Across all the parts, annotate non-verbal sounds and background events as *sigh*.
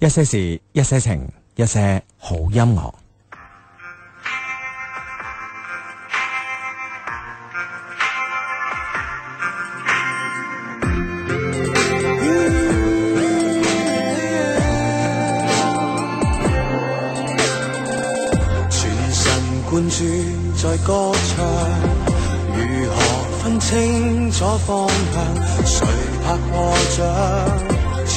一些事，一些情，一些好音樂。全神貫注在歌唱，如何分清楚方向？誰拍過掌？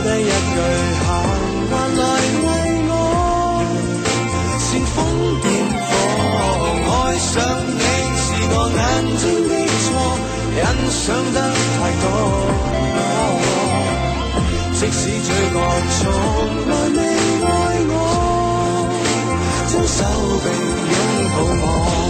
留低一句閒話來慰我，煽風點火，愛上你是我眼睛的錯，欣賞得太多。啊、即使最愛從來未愛我，將手臂擁抱我。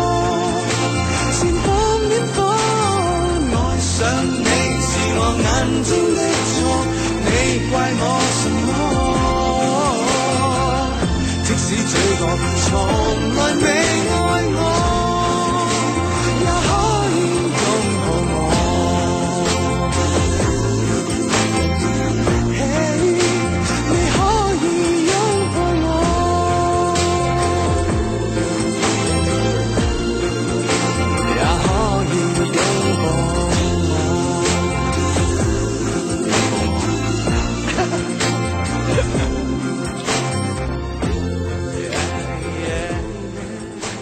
想你是我眼中的錯，你怪我什麼？即使最多，從來未。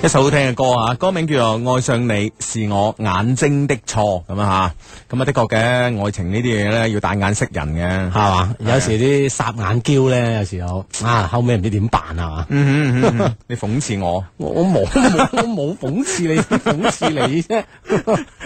一首好聽嘅歌啊，歌名叫做《愛上你是我眼睛的錯》咁啊吓，咁啊的確嘅，愛情呢啲嘢咧要大眼識人嘅，係嘛？有時啲撒眼嬌咧，有時候啊後尾唔知點辦啊。你諷刺我，我冇冇冇諷刺你，諷刺你啫。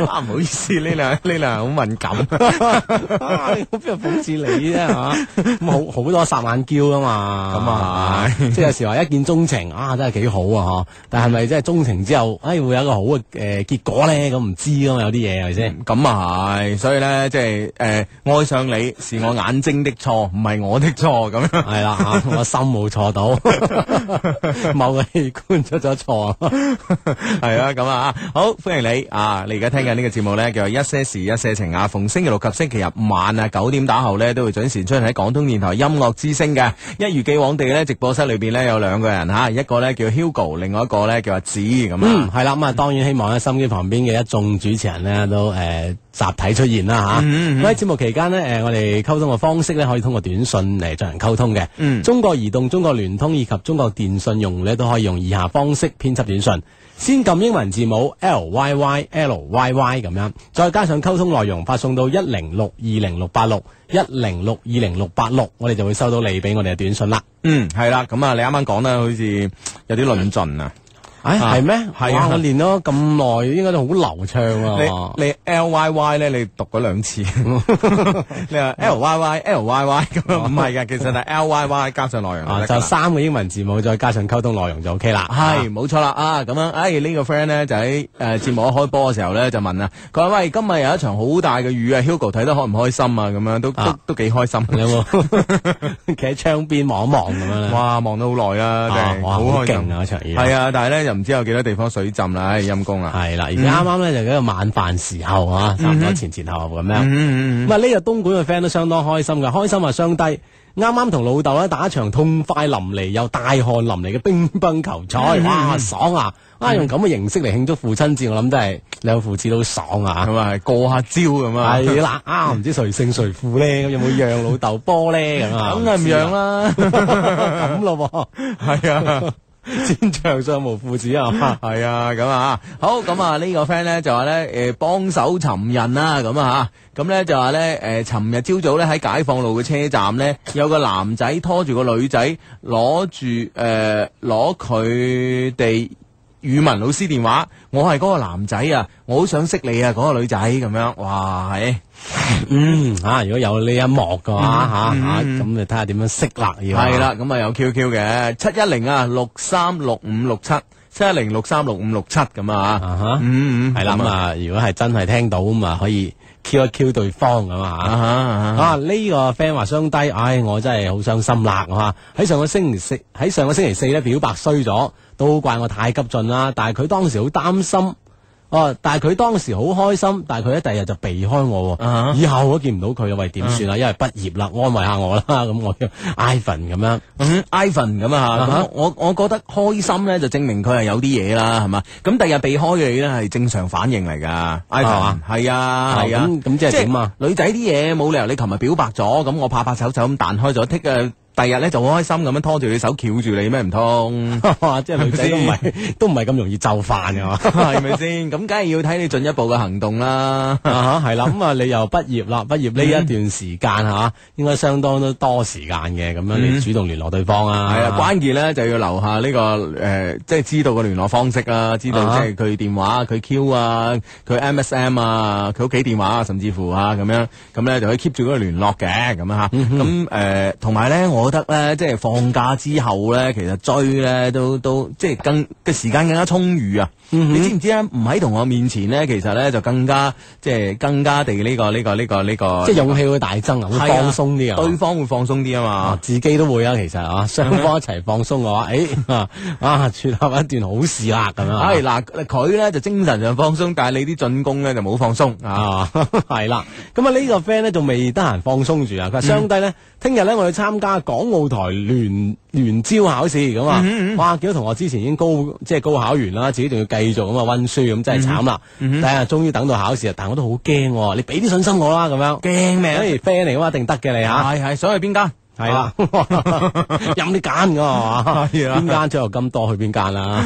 啊，唔好意思，呢兩呢兩好敏感。我邊度諷刺你啫？係咁好好多撒眼嬌噶嘛。咁啊，即係有時話一見鍾情啊，真係幾好啊！但係咪？即係鍾情之後，哎會有一個好嘅誒、呃、結果咧，咁唔知啊嘛有啲嘢係咪先？咁啊係，所以咧即係誒愛上你是我眼睛的錯，唔係我的錯，咁樣係啦吓，我心冇錯到， *laughs* 某個器官出咗錯，係啊咁啊，好歡迎你啊！你而家聽緊呢個節目咧，叫做一些事一些情啊，逢星期六及星期日晚啊九點打後咧，都會準時出現喺廣東電台音樂之聲嘅，一如既往地咧，直播室裏邊咧有兩個人吓，一個咧叫 Hugo，另外一個咧叫。子咁啊，係啦、嗯，咁啊，當然希望喺心機旁邊嘅一眾主持人呢都誒、呃、集體出現啦吓。喺、啊、節、嗯嗯、目期間呢，誒，我哋溝通嘅方式呢，可以通過短信嚟進行溝通嘅。嗯、中國移動、中國聯通以及中國電信用戶呢，都可以用以下方式編輯短信：先撳英文字母 L Y Y L Y Y 咁樣，再加上溝通內容，發送到一零六二零六八六一零六二零六八六，我哋就會收到你俾我哋嘅短信啦。嗯，係啦，咁啊，你啱啱講咧，好似有啲論盡啊。哎，係咩？係啊，我練咗咁耐，應該都好流暢啊！你 L Y Y 咧，你讀咗兩次，你話 L Y Y L Y Y 咁樣？唔係噶，其實係 L Y Y 加上內容啊，就三個英文字母再加上溝通內容就 OK 啦。係，冇錯啦啊！咁樣，哎呢個 friend 咧就喺誒節目一開波嘅時候咧就問啦，佢話喂，今日有一場好大嘅雨啊，Hugo 睇得開唔開心啊？咁樣都都都幾開心嘅喎，企喺窗邊望一望咁樣咧。哇，望到好耐啊！好勁啊！嗰場雨係啊，但係咧唔知有幾多地方水浸啦，唉，陰公啊！係啦，而家啱啱咧就喺個晚飯時候啊，差唔多前前後後咁樣。咁啊、嗯嗯嗯嗯，呢日東莞嘅 friend 都相當開心噶，開心啊，雙低。啱啱同老豆咧打一場痛快淋漓又大汗淋漓嘅乒乓球賽，哇、嗯嗯嗯啊，爽啊！啊，用咁嘅形式嚟慶祝父親節，我諗都係兩父子都爽啊，咁、嗯嗯、啊，過下招咁啊。係啦，啱唔、 *laughs* 嗯嗯嗯、知誰勝誰負咧，咁有冇讓老豆波咧？咁啊，梗係唔讓啦，咁咯，係啊。戰場上無父子啊，嘛，係啊咁啊，好咁啊、這個、呢個 friend 咧就話咧，誒幫手尋人啦咁啊吓，咁咧、啊、就話咧，誒尋日朝早咧喺解放路嘅車站咧，有個男仔拖住個女仔，攞住誒攞佢哋。呃語文老師電話，我係嗰個男仔啊，我好想識你啊，嗰、嗰個女仔咁樣，哇，嗯嚇、啊，如果有呢一幕嘅話嚇嚇，咁就睇下點樣識啦，要係啦，咁啊有 QQ 嘅七一零啊六三六五六七七一零六三六五六七咁啊嚇、嗯，嗯嗯，係啦了，咁啊、嗯、如果係真係聽到咁啊可以。Q 一 Q 對方咁嘛！啊呢、啊啊啊呢個 friend 話傷低，唉、哎、我真係好傷心啦！我、啊、喺上個星期四喺上個星期四咧表白衰咗，都怪我太急進啦。但係佢當時好擔心。哦！但係佢當時好開心，但係佢一第日就避開我喎。以後我都見唔到佢啊！喂，點算啊？因為畢業啦，安慰下我啦。咁我叫 Ivan 咁樣，Ivan 咁，啊我我覺得開心咧，就證明佢係有啲嘢啦，係嘛？咁第日避開嘅嘢咧係正常反應嚟㗎，Ivan 係啊係啊。咁即係點啊？女仔啲嘢冇理由，你琴日表白咗，咁我拍拍手手咁彈開咗，剔啊！第日咧就好開心咁樣拖住你手，翹住你咩唔通？ *laughs* 即係女仔都唔係 *laughs* 都唔係咁容易就範嘅，係咪先？咁梗係要睇你進一步嘅行動啦，吓係啦。咁、huh, 啊，你又畢業啦，畢業呢一段時間吓， *laughs* 應該相當都多時間嘅。咁樣你主動聯絡對方啊，係啊。 *laughs* 關鍵咧就要留下呢、這個誒、呃，即係知道個聯絡方式啊，知道、uh huh. 即係佢電話、佢 Q 啊、佢 MSM 啊、佢屋企電話啊，甚至乎啊咁樣，咁咧就可以 keep 住個聯絡嘅咁樣吓咁誒，同埋咧我。我覺得咧，即係放假之後咧，其實追咧都都即係更嘅時間更加充裕啊！嗯嗯你知唔知咧？唔喺同學面前咧，其實咧就更加即係更加地呢個呢個呢個呢個，這個這個、即係勇氣會大增啊，會放鬆啲啊，啊，對方會放鬆啲啊嘛、啊，自己都會啊，其實啊，雙方一齊放鬆嘅話，誒啊、 *laughs* 哎、啊，撮合一段好事啦，咁啊，係嗱佢咧就精神上放鬆，但係你啲進攻咧就冇放鬆啊，係啦、嗯，咁啊呢個 friend 咧仲未得閒放鬆住啊，佢話上帝咧，聽日咧我要參加港澳台聯聯招考試咁啊，嗯嗯哇！幾多同學之前已經高即係高考完啦，自己仲要繼續咁啊溫書，咁真係慘啦。嗯嗯但係終於等到考試啊！但係我都好驚，你俾啲信心我啦，咁樣驚咩？friend 嚟啊 *laughs* 嘛，一定得嘅你吓、啊，係係 *laughs* 想去邊間？係啦，啊、 *laughs* 任你揀噶嘛，邊間獎學金咁多去邊間啦。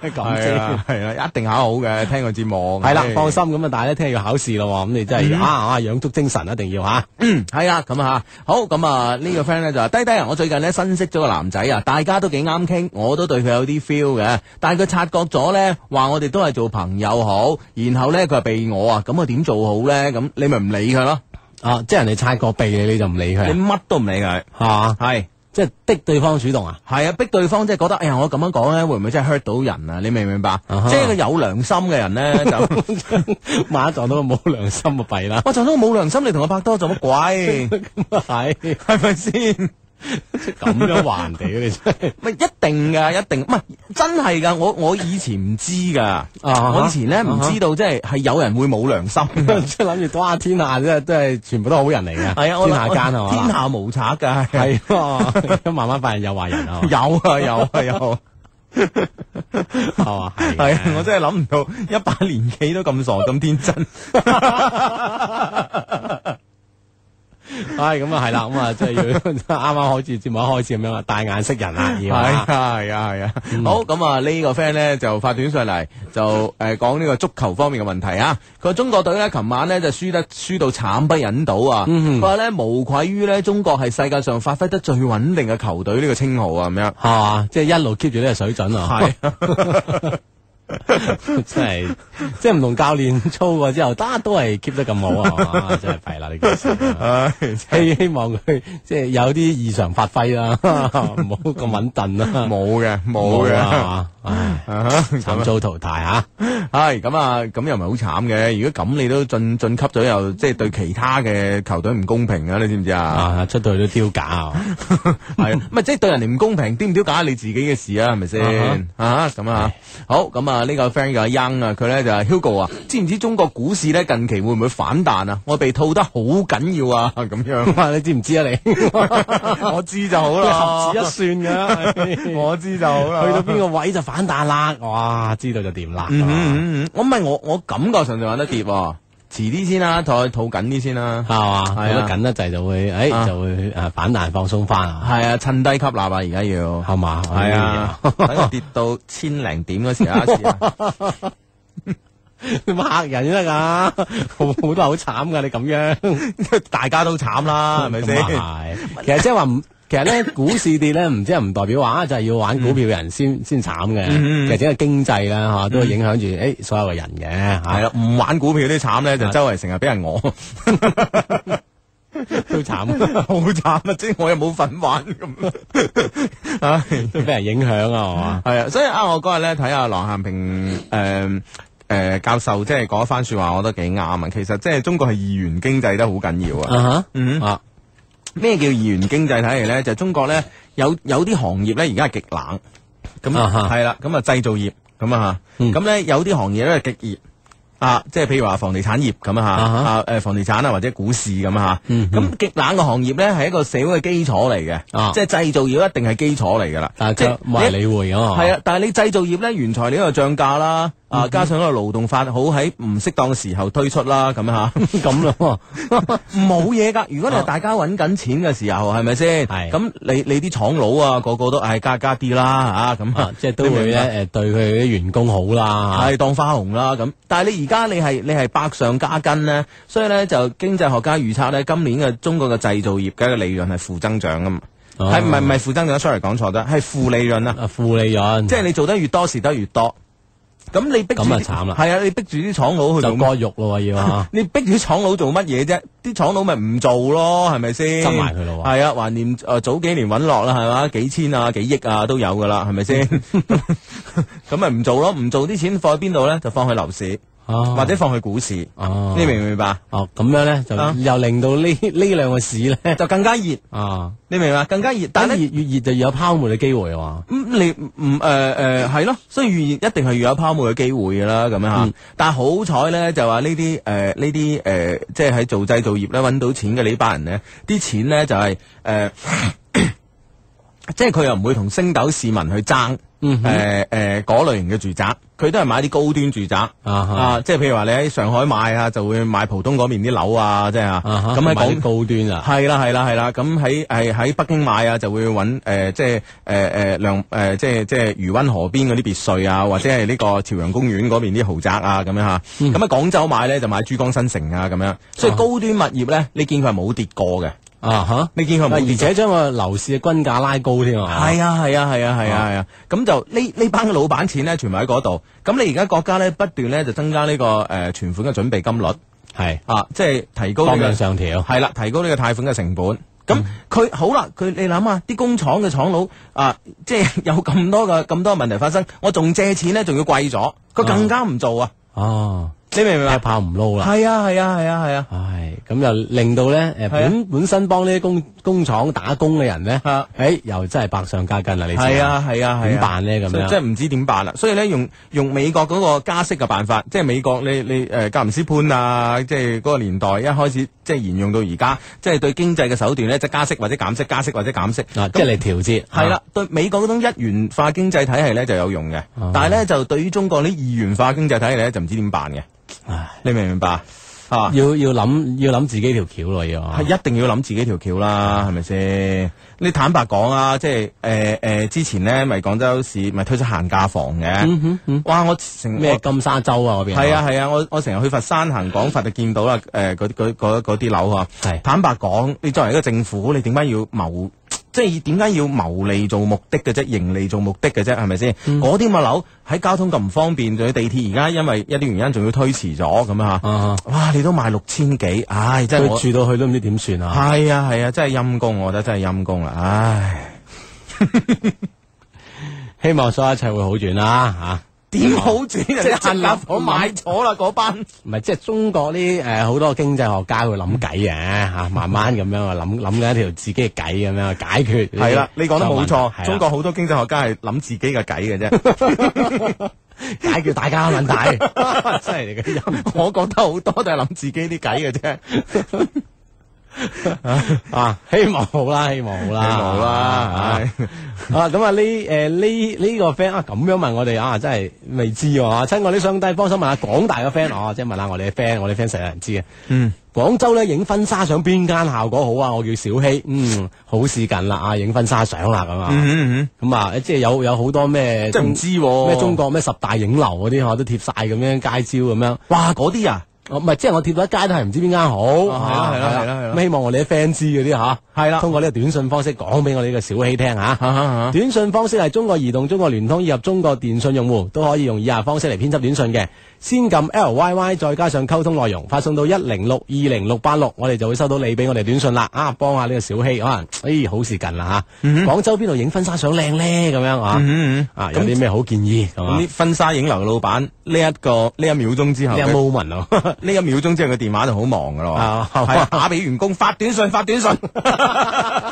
係係啊，一定考好嘅。聽我節目，係啦 *laughs* 的， *laughs* 放心。咁、嗯、啊，但係咧，聽日要考試咯。咁你真係啊啊，養足精神一定要吓。嗯，係啊，咁 *laughs* 啊，好。咁啊，呢、這個 friend 咧就話， *laughs* 低弟，我最近咧新識咗個男仔啊，大家都幾啱傾，我都對佢有啲 feel 嘅。但係佢察覺咗咧，話我哋都係做朋友好。然後咧，佢係避我啊，咁我點做好咧？咁你咪唔理佢咯。啊！即係人哋猜過避你，你就唔理佢啊。你乜都唔理佢，係係、啊、即係逼對方主動啊？係啊！逼對方即係覺得，哎呀，我咁樣講咧，會唔會真係 hurt 到人啊？你明唔明白？Uh huh. 即係個有良心嘅人咧，就馬上 *laughs* *laughs* 撞到個冇良心嘅弊啦。我撞到個冇良心，你同我拍拖做乜鬼？係 *laughs* *laughs* 不是，係咪先？咁樣話人哋咧，咪一定噶，一定唔係真係噶。我我以前唔知噶，我以前咧唔知道，即係係有人會冇良心，即係諗住哇，天下，即係即係全部都係好人嚟嘅。係啊，天下間係嘛，天下無賊噶，係啊，咁慢慢發現有壞人啊，有啊，有啊，有啊。係啊，係啊，我真係諗唔到一把年紀都咁傻咁天真。係咁啊，係啦、 *laughs* 哎，咁、嗯、啊，即係要啱啱開始節目開始咁樣啦，帶眼識人啊，而係，係啊，係啊，好，咁啊，呢個 friend 咧就發短信上嚟，就誒講呢個足球方面嘅問題啊，佢話中國隊咧，琴晚咧就輸得輸到慘不忍睹啊，佢話咧無愧於咧中國係世界上發揮得最穩定嘅球隊呢，這個稱號啊，咁樣係嘛，即係、啊就是、一路 keep 住呢個水準啊。 *laughs* 是啊 *laughs* 真係即係唔同教練操過之後，都都係 keep 得咁好啊！真係弊啦呢件事。希希望佢即係有啲異常發揮啦，唔好咁穩陣啦。冇嘅，冇嘅，慘遭淘汰啊！係咁啊，咁又唔係好慘嘅。如果咁你都進晉級咗，又即係對其他嘅球隊唔公平啊！你知唔知啊？出到去都丟架係咪即係對人哋唔公平？丟唔丟架你自己嘅事啊？係咪先啊？咁啊，好咁啊。呢個 friend 叫 Young 啊，佢咧就話、是、Hugo 啊，知唔知中國股市咧近期會唔會反彈啊？我被套得好緊要啊，咁樣啊，你知唔知啊？你我知就好啦，合指一算嘅，我知就好啦，去到邊個位就反彈啦，哇， *laughs* 知道就掂啦，嗯哼嗯嗯，我唔係我我感覺上就玩得跌、啊。遲啲先啦、啊，肚肚緊啲先啦、啊，係嘛吧，肚得緊得滯就會，誒、啊欸、就會誒反彈放鬆翻啊，係啊，趁低吸納吧啊，而家要，係嘛，係啊，等跌到千零點嗰時下 *laughs* *laughs* 啊，吓 *laughs* 人先得噶，冇得好慘噶，你咁樣， *laughs* 大家都慘啦，係咪先？ *laughs* 其實即係話唔。其實咧，股市跌咧，唔知係唔代表話就係要玩股票嘅人先先慘嘅。其實整個經濟啦，吓都影響住誒所有嘅人嘅。係咯，唔玩股票都慘咧，就周圍成日俾人我，都慘，好慘啊！即係我又冇份玩咁啊，都俾人影響啊，係嘛？係啊，所以啊，我嗰日咧睇阿郎咸平誒誒教授即係講番說話，我都幾啱啊。其實即係中國係二元經濟都好緊要啊。嗯啊。咩叫二元經濟體嚟咧？就是、中國咧有有啲行業咧而家係極冷，咁係啦，咁啊製造業咁啊吓，咁咧有啲行業咧係極熱，啊，即係譬如話房地產業咁啊吓，誒、uh huh. 房地產啊或者股市咁啊吓，咁極冷嘅行業咧係一個社會嘅基礎嚟嘅，uh huh. 即係製造業一定係基礎嚟噶啦，但係即唔係你會咯，係啊，但係你製造業咧原材料又漲價啦。啊！加上嗰個勞動法好喺唔適當嘅時候推出啦，咁嚇咁咯，冇嘢噶。如果你係大家揾緊錢嘅時候，係咪先？係咁吧、啊，你你啲廠佬啊，個個都嗌「加加啲啦，嚇、啊、咁、啊，即係都會咧誒、啊、對佢啲員工好啦，係、啊、當花紅啦。咁、啊、但係你而家你係你係百上加斤呢。所以咧就經濟學家預測咧今年嘅中國嘅製造業嘅利潤係負增長噶嘛？係唔係唔係負增長？sorry 講錯咗，係負利潤啊，啊！負利潤，啊、即係你做得越多，蝕得越多。咁你逼咁，啊慘啦！係啊，你逼住啲廠佬去做割肉咯，要啊！ *laughs* 你逼住啲廠佬做乜嘢啫？啲廠佬咪唔做咯，係咪先？執埋佢咯！係啊，懷念誒，早幾年揾落啦，係嘛？幾千啊，幾億啊，都有噶啦，係咪先？咁咪唔做咯，唔做啲錢放喺邊度咧？就放喺樓市。啊、或者放去股市，啊、你明唔明白？哦、啊，咁樣咧就又令到呢呢、啊、兩個市咧就更加熱啊！你明白？更加熱，但係越越熱就越有泡沫嘅機會喎、嗯。你唔誒誒係咯，所以越熱一定係越有泡沫嘅機會噶啦，咁樣吓。嗯、但係好彩咧，就話呢啲誒呢啲誒，即係喺做製造業咧揾到錢嘅呢班人咧，啲錢咧就係、是、誒。呃 *laughs* 即係佢又唔會同升斗市民去爭，誒誒嗰類型嘅住宅，佢都係買啲高端住宅啊，即係譬如話你喺上海買啊，就會買浦東嗰邊啲樓啊，即係啊，咁喺高端啊，係啦係啦係啦，咁喺係喺北京買啊，就會揾誒即係誒誒梁誒即係即係溫榆河邊嗰啲別墅啊，或者係呢個朝陽公園嗰邊啲豪宅啊，咁樣吓，咁喺廣州買咧就買珠江新城啊，咁樣，所以高端物業咧，你見佢係冇跌過嘅。啊吓，你見佢唔係，而且將個樓市嘅均價拉高添啊！係啊係啊係啊係啊係啊，咁就呢呢班嘅老闆錢呢，全部喺嗰度。咁你而家國家呢，不斷呢就增加呢個誒存款嘅準備金率，係啊，即係提高。放量上調係啦，提高呢個貸款嘅成本。咁佢好啦，佢你諗下啲工廠嘅廠佬啊，即係有咁多嘅咁多問題發生，我仲借錢呢，仲要貴咗，佢更加唔做啊。啊！你明唔明白？怕唔撈啦！係啊係啊係啊係啊！係咁、啊啊啊啊、又令到咧，誒、呃、本、啊、本身幫呢啲工工廠打工嘅人咧，誒、啊欸、又真係百上加斤啦！你係啊係啊係啊！點、啊啊、辦咧咁樣？即係唔知點辦啦！所以咧用用美國嗰個加息嘅辦法，即係美國你你誒，教唔識判啊！即係嗰個年代一開始，即係沿用到而家，即係對經濟嘅手段咧，即係加息或者減息，加息或者減息、啊、即係嚟調節係啦。對美國嗰種一元化經濟體系咧就有用嘅，啊、但係咧就對於中國呢二元化經濟體系咧就唔知點辦嘅。唉你明唔明白？啊，要要諗，要諗自己條橋咯，要係一定要諗自己條橋啦，係咪先？你坦白講啊，即係誒誒，之前咧咪廣州市咪推出限價房嘅，嗯？嗯，哇，我成咩金沙洲啊嗰邊？係啊係啊，我我成日去佛山行廣佛就見到啦，誒、呃，嗰啲樓啊。係是坦白講，你作為一個政府，你點解要謀？即係點解要謀利做目的嘅啫？盈利做目的嘅啫，係咪先？嗰啲物樓喺交通咁唔方便，仲要地鐵而家因為一啲原因，仲要推遲咗咁啊！哇，你都賣六千幾，唉、哎，真係住到去都唔知點算啊！係啊係啊,啊，真係陰功，我覺得真係陰功啦，唉， *laughs* 希望所有一切會好轉啦啊！啊點好轉啊！即係新加坡買咗啦，嗰那班唔係即係中國啲誒好多經濟學家會諗計嘅吓，慢慢咁樣啊諗諗緊一條自己嘅計咁樣解決。係啦、啊，你講得冇錯，啊、中國好多經濟學家係諗自己嘅計嘅啫，解決大家嘅問題。犀利嘅我覺得好多都係諗自己啲計嘅啫。 *laughs* 啊！希望好啦，希望好啦，希望啦啊咁啊，呢誒呢呢個 friend 啊，咁、 *laughs* 啊這個啊、樣問我哋啊，真係未知喎、啊！親我啲兄弟幫，幫手問下廣大嘅 friend 啊，即係問下我哋嘅 friend，我哋 friend 成日人知嘅。嗯，廣州咧影婚紗相邊間效果好啊？我叫小希。嗯，好事近啦，啊，影婚紗相啦咁啊。咁啊，即係有有好多咩？即係唔知咩、啊、中國咩十大影樓嗰啲，我都貼晒咁樣街招咁樣。哇，嗰啲啊！我唔係，即係我貼到一街都係唔知邊間好，係啦係啦係啦，咁、嗯、希望我哋啲 fans 嗰啲吓，係、啊、啦，的通過呢個短信方式講俾我哋呢個小希聽吓，啊啊啊啊、短信方式係中國移動、中國聯通以及中國電信用戶都可以用以下方式嚟編輯短信嘅。先撳 L Y Y，再加上溝通內容，發送到一零六二零六八六，我哋就會收到你俾我哋短信啦。啊，幫下呢個小希可能，咦，好事近啦嚇！廣州邊度影婚紗相靚咧？咁樣啊，啊，有啲咩好建議？咁婚紗影樓嘅老闆呢一、這個呢一、這個這個、秒鐘之後，moment 啊？呢一、這個、秒鐘之後嘅電話就好忙嘅咯， *laughs* 啊，打俾、啊啊、員工發短信，發短信。啊 *laughs*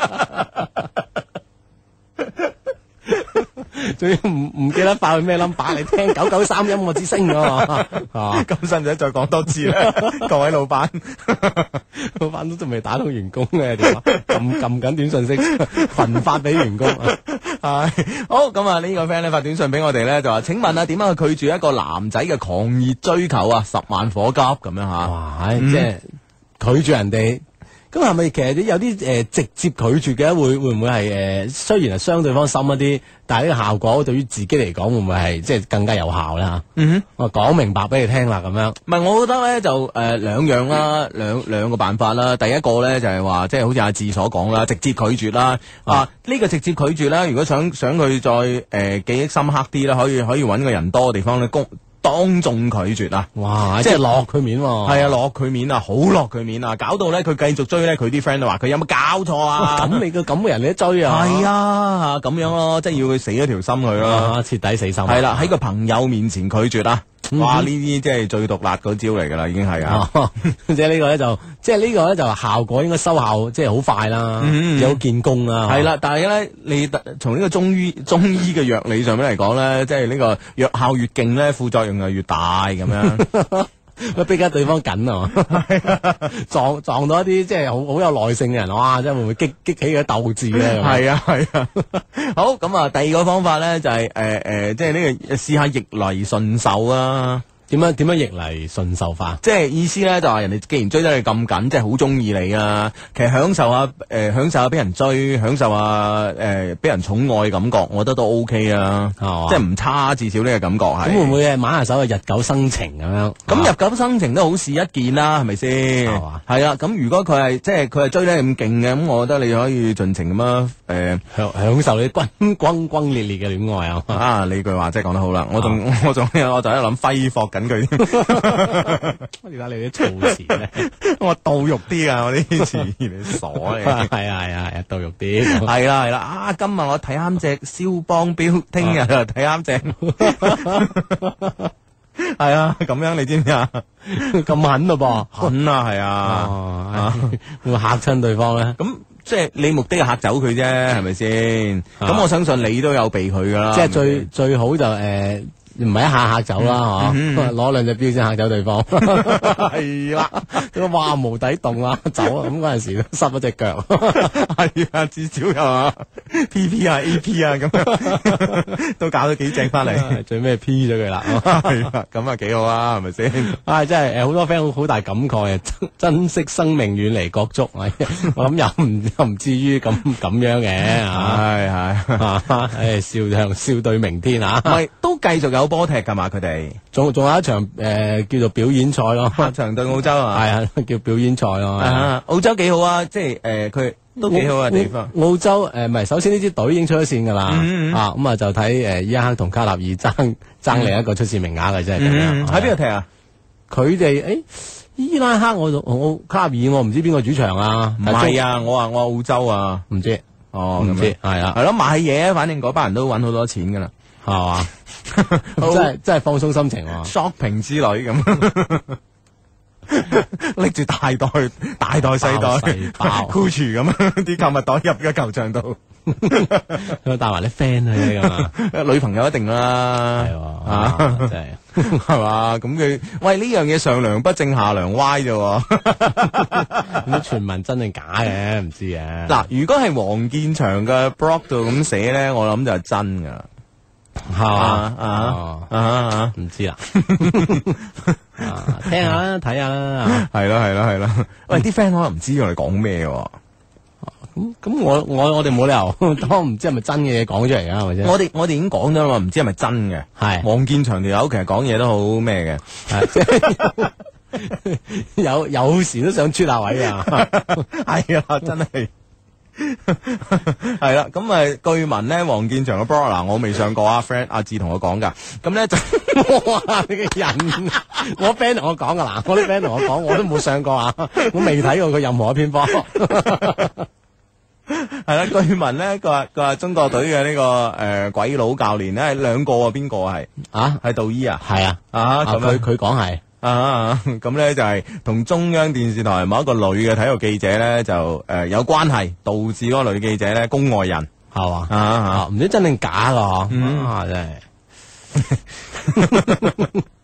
所唔唔記得發去咩 number 你聽九九三音樂之聲㗎嘛、啊。咁使唔使再講多次咧？ *laughs* 各位老闆，啊、老闆都仲未打通員工嘅、啊，撳撳緊短信息群發俾員工係、啊 *laughs* 哎、好。咁啊，呢個 friend 咧發短信俾我哋咧，就話請問啊，點樣拒絕一個男仔嘅狂熱追求啊？十萬火急咁樣吓哇，嗯、即係拒絕人哋。咁係咪其實有啲誒、呃、直接拒絕嘅？會會唔會係誒、呃？雖然係傷對方心一啲，但係呢個效果對於自己嚟講，會唔會係即係更加有效咧？嗯哼，我講明白俾你聽啦，咁樣。唔係，我覺得咧就誒、呃、兩樣啦，兩兩個辦法啦。第一個咧就係、是、話，即、就、係、是、好似阿志所講啦，直接拒絕啦。啊，呢、啊這個直接拒絕咧，如果想想佢再誒、呃、記憶深刻啲咧，可以可以搵個人多嘅地方咧，公。當眾拒絕啊！哇，即係是落佢面喎、啊，係啊，落佢面啊，好落佢面啊，搞到咧佢繼續追咧，佢啲 friend 都話佢有冇搞錯啊！咁你個咁嘅人你都追啊？係啊，咁樣咯、啊，即係要佢死咗條心佢咯、啊，徹底死心、啊。係啦、啊，喺個朋友面前拒絕啦！哇！呢啲即係最毒辣嗰招嚟噶啦，已經係啊！即係呢個咧就，即係呢個咧就效果應該收效，即係好快啦，有見功啦。係啦，但係咧，你從呢個中醫中醫嘅藥理上面嚟講咧，即係呢個藥效越勁咧，副作用就越大咁樣。 *laughs* 逼得對方緊啊， *laughs* 撞！撞撞到一啲即係好好有耐性嘅人，哇！即係會唔會激激起佢鬥志咧？係啊係啊！啊 *laughs* 好，咁啊，第二個方法咧就係誒誒，即係呢、呢個試下逆來順受啊！點樣點樣逆嚟順受化？即係意思咧，就係人哋既然追得你咁緊，即係好中意你啊！其實享受下，誒、呃，享受下俾人追，享受下誒，俾、呃、人寵愛嘅感覺，我覺得都 O、OK、K 啊，哦、啊即係唔差，至少呢個感覺咁、嗯、會唔會啊？馬下手日久生情咁、啊、樣？咁、哦、日久生情都好事一件啦、啊，係咪先？係嘛、哦啊？咁、啊、如果佢係即係佢係追得咁勁嘅，咁我覺得你可以盡情咁啊，誒、呃，享享受啲轟，轟轟烈烈嘅戀愛啊！ *laughs* 啊，呢句話即係講得好啦！我仲、啊、 *laughs* 我仲我仲喺度諗揮霍緊。佢， *laughs* *laughs* 我而家你啲措辭咧，我倒玉啲噶，我啲詞嚟傻嘅，係啊係啊係啊，倒玉啲，係啦係啦，啊，今日我睇啱隻肖邦錶，聽日睇啱隻，係 *laughs* *laughs* 啊，咁樣你知唔知啊？咁 *laughs* 狠咯噃， *laughs* 狠啊，係啊， *laughs* 會嚇親對方咧。咁 *laughs* 即係你目的係嚇走佢啫，係咪先？咁 *laughs* 我相信你都有避佢噶啦。即係 *laughs* 最 *laughs* 最好就誒、是。呃唔係一下下走啦，嗬、嗯！攞兩隻標先嚇走對方，係 *laughs* 啦，話無底洞啊，走啊！咁嗰陣時濕咗隻腳，係 *laughs* 啊，至少有 P P 啊 A P 啊，咁、啊啊、 *laughs* 都搞到幾正翻嚟、啊，最尾 P 咗佢啦，咁 *laughs* 啊幾好啊，係咪先？唉，真係誒，好多 friend 好大感慨啊，珍惜生命遠離各，遠離國足我諗又唔又唔至於咁咁樣嘅，唉、啊，係、啊哎，笑笑，笑對明天啊！唔係 *laughs* 都繼續有。波踢噶嘛？佢哋仲仲有一場誒叫做表演賽咯，場對澳洲啊，係啊叫表演賽咯。澳洲幾好啊，即係誒佢都幾好嘅地方。澳洲誒唔係，首先呢支隊已經出咗線噶啦，啊咁啊就睇誒伊拉克同卡納爾爭爭另一個出線名額啦，即係喺邊度踢啊？佢哋誒伊拉克我我卡納爾我唔知邊個主場啊？唔係啊，我話我澳洲啊，唔知哦，唔知係啊，係咯買嘢，反正嗰班人都揾好多錢噶啦。係嘛，真係即係放鬆心情，shopping 之旅咁，拎住大袋大袋細袋 Coach 啲購物袋入嘅球場度，帶埋啲 friend 去啊，女朋友一定啦，係真係嘛，咁佢喂呢樣嘢上梁不正下梁歪啫，咁傳聞真定假嘅唔知啊。嗱，如果係黃建祥嘅 blog 度咁寫咧，我諗就係真噶。係嘛，啊啊唔知啦，聽下啦，睇下啦，係啦，係啦，係啦。喂，啲 friend 可能唔知我哋講咩嘅。咁咁，我我我哋冇理由，當唔知係咪真嘅嘢講出嚟啊？係咪先？我哋我哋已經講咗啦嘛，唔知係咪真嘅？係望見長條友，其實講嘢都好咩嘅，有有時都想出下位啊，係啊真係。係啦，咁啊， *laughs* 據聞咧，黃健翔嘅 blog 嗱，我未上過啊，friend 阿志同我講噶，咁咧就我啊你嘅人，我 friend 同我講噶啦，我啲 friend 同我講，我都冇上過啊，我未睇過佢任何一篇 blog，係 *laughs* 啦， *laughs* 據聞咧，佢話佢話中國隊嘅呢個誒、呃、鬼佬教練咧，兩個啊，邊個係啊？係杜伊啊？係啊？啊？佢佢講係。啊，咁咧就係同中央電視台某一個女嘅體育記者咧就誒、呃、有關係，導致嗰個女記者咧宮外孕，係嘛吧？啊唔、啊啊、知真定假咯，嗯、啊真係。 *laughs* *laughs*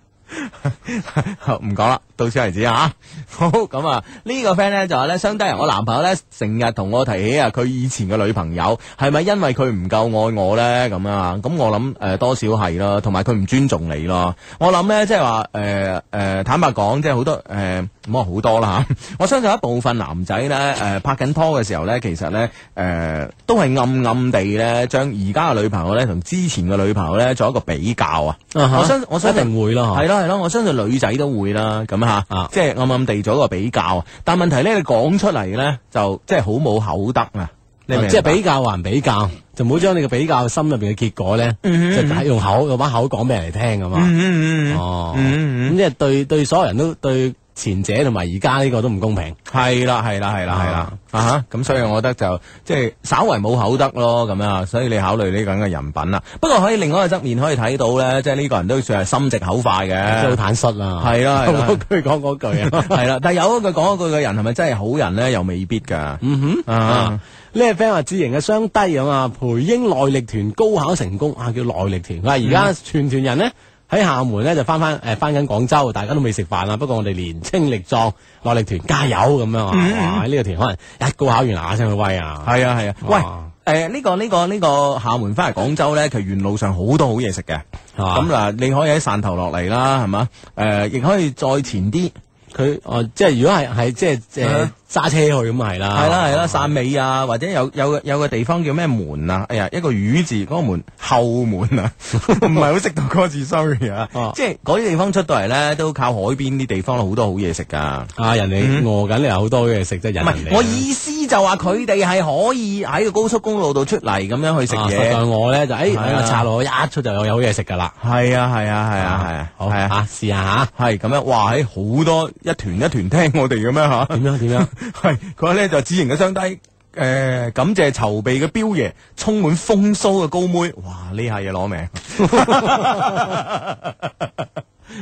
唔講啦，到此為止吓，啊。好咁，啊，這個、呢個 friend 咧就話咧，相當於我男朋友咧成日同我提起啊，佢以前嘅女朋友係咪因為佢唔夠愛我咧？咁啊，咁我諗誒、呃，多少係咯，同埋佢唔尊重你咯。我諗咧，即係話誒誒，坦白講，即係好多誒，咁、呃、啊好多啦吓。我相信一部分男仔咧，誒、呃、拍緊拖嘅時候咧，其實咧誒、呃、都係暗暗地咧，將而家嘅女朋友咧同之前嘅女朋友咧做一個比較啊。吓、uh huh,，我我一定會咯了，係咯。係咯、啊，我相信女仔都會啦，咁、啊、吓，啊、即係暗暗地做一個比較但問題咧，你講出嚟咧，就即係好冇口德啊！你明啊，即係比較還比較，就唔好將你個比較心入邊嘅結果咧，嗯嗯，就用口用把口講俾人哋聽㗎嘛。嗯嗯哦，咁即係對對所有人都對。前者同埋而家呢個都唔公平，係啦係啦係啦係啦啊！咁、啊啊、所以我覺得就即係、就是、稍為冇口德咯咁啊，所以你考慮呢種嘅人品啦。不過可以另外一個側面可以睇到咧，即係呢個人都算係心直口快嘅，即係好坦率啊！係啦，講句講嗰句啊，係啦。但係有一句講一句嘅人係咪真係好人咧？又未必㗎。嗯哼啊，呢個 friend 話志盈嘅商低啊嘛，培英內力團高考成功啊，叫內力團。佢話而家全團人呢。 *laughs* *laughs* 喺廈門咧就翻翻誒翻緊廣州，大家都未食飯啦。不過我哋年青力壯，落力團加油咁樣、嗯、啊！喺、這、呢個團可能一個、啊、考，考完啊聲去威啊！係啊係啊！啊喂誒呢個呢個呢個，廈、這個這個、門翻嚟廣州咧，其實沿路上好多好嘢食嘅，咁嗱、啊，你可以喺汕頭落嚟啦，係嘛？誒、呃，亦可以再前啲。佢哦，即係如果係係即係即係揸車去咁係啦，係啦係啦，汕尾啊，或者有有有個地方叫咩門啊？哎呀，一個魚字、嗰個門後門啊，唔係好識讀嗰字 sorry 啊，哦、即係啲地方出到嚟咧，都靠海邊啲地方好多好嘢食噶。啊，人哋餓緊，你又、嗯、好多嘢食，真係唔係我意思。就話佢哋係可以喺個高速公路度出嚟咁樣去食嘢。啊、我咧就喺茶樓一出就有有嘢食噶啦。係啊係啊係啊係啊。係啊試下吓。係咁樣，哇！喺好哇、欸、多一團一團聽我哋嘅咩吓？點樣點樣？係佢咧就指形嘅雙低，誒、呃，感謝籌備嘅彪爺，充滿風騷嘅高妹，哇！呢下嘢攞命。 *laughs* *laughs*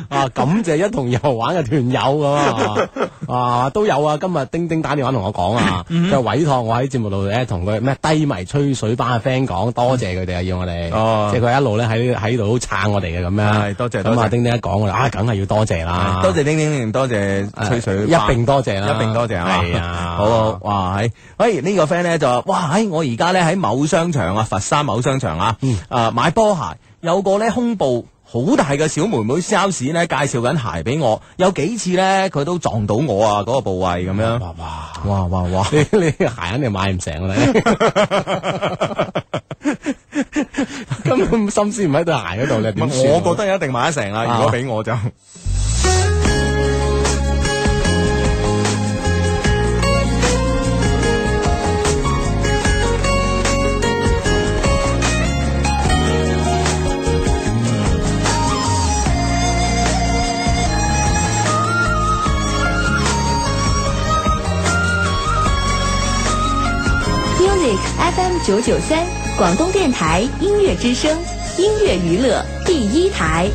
啊！感謝一同遊玩嘅團友咁啊，啊，都有啊。今日丁丁打電話同我講啊，嗯、就委託我喺節目度咧同佢咩低迷吹水班嘅 friend 講，多謝佢哋啊，要我哋。哦、嗯，即係佢一路咧喺喺度撐我哋嘅咁樣多。多謝。咁啊，丁丁一講我哋啊，梗係要多謝啦。多謝丁丁，多謝吹水、啊。一併多謝啦，一併多謝，並多謝啊。係啊， *laughs* 好哇，喺、哎、喂、這個、呢個 friend 咧就話哇，喺、哎、我而家咧喺某商場啊，佛山某商場啊，誒買波鞋，有個咧胸部。好大嘅小妹妹 sales 咧，介紹緊鞋俾我，有幾次咧佢都撞到我啊嗰、嗰個部位咁樣哇。哇哇哇哇哇！哇 *laughs* 你你鞋肯定買唔成啦， *laughs* *laughs* 根本心思唔喺對鞋嗰度咧，點算？我覺得一定買得成啦，如果俾我就。啊 FM 九九三，廣東電台音樂之聲，音樂娛樂第一台。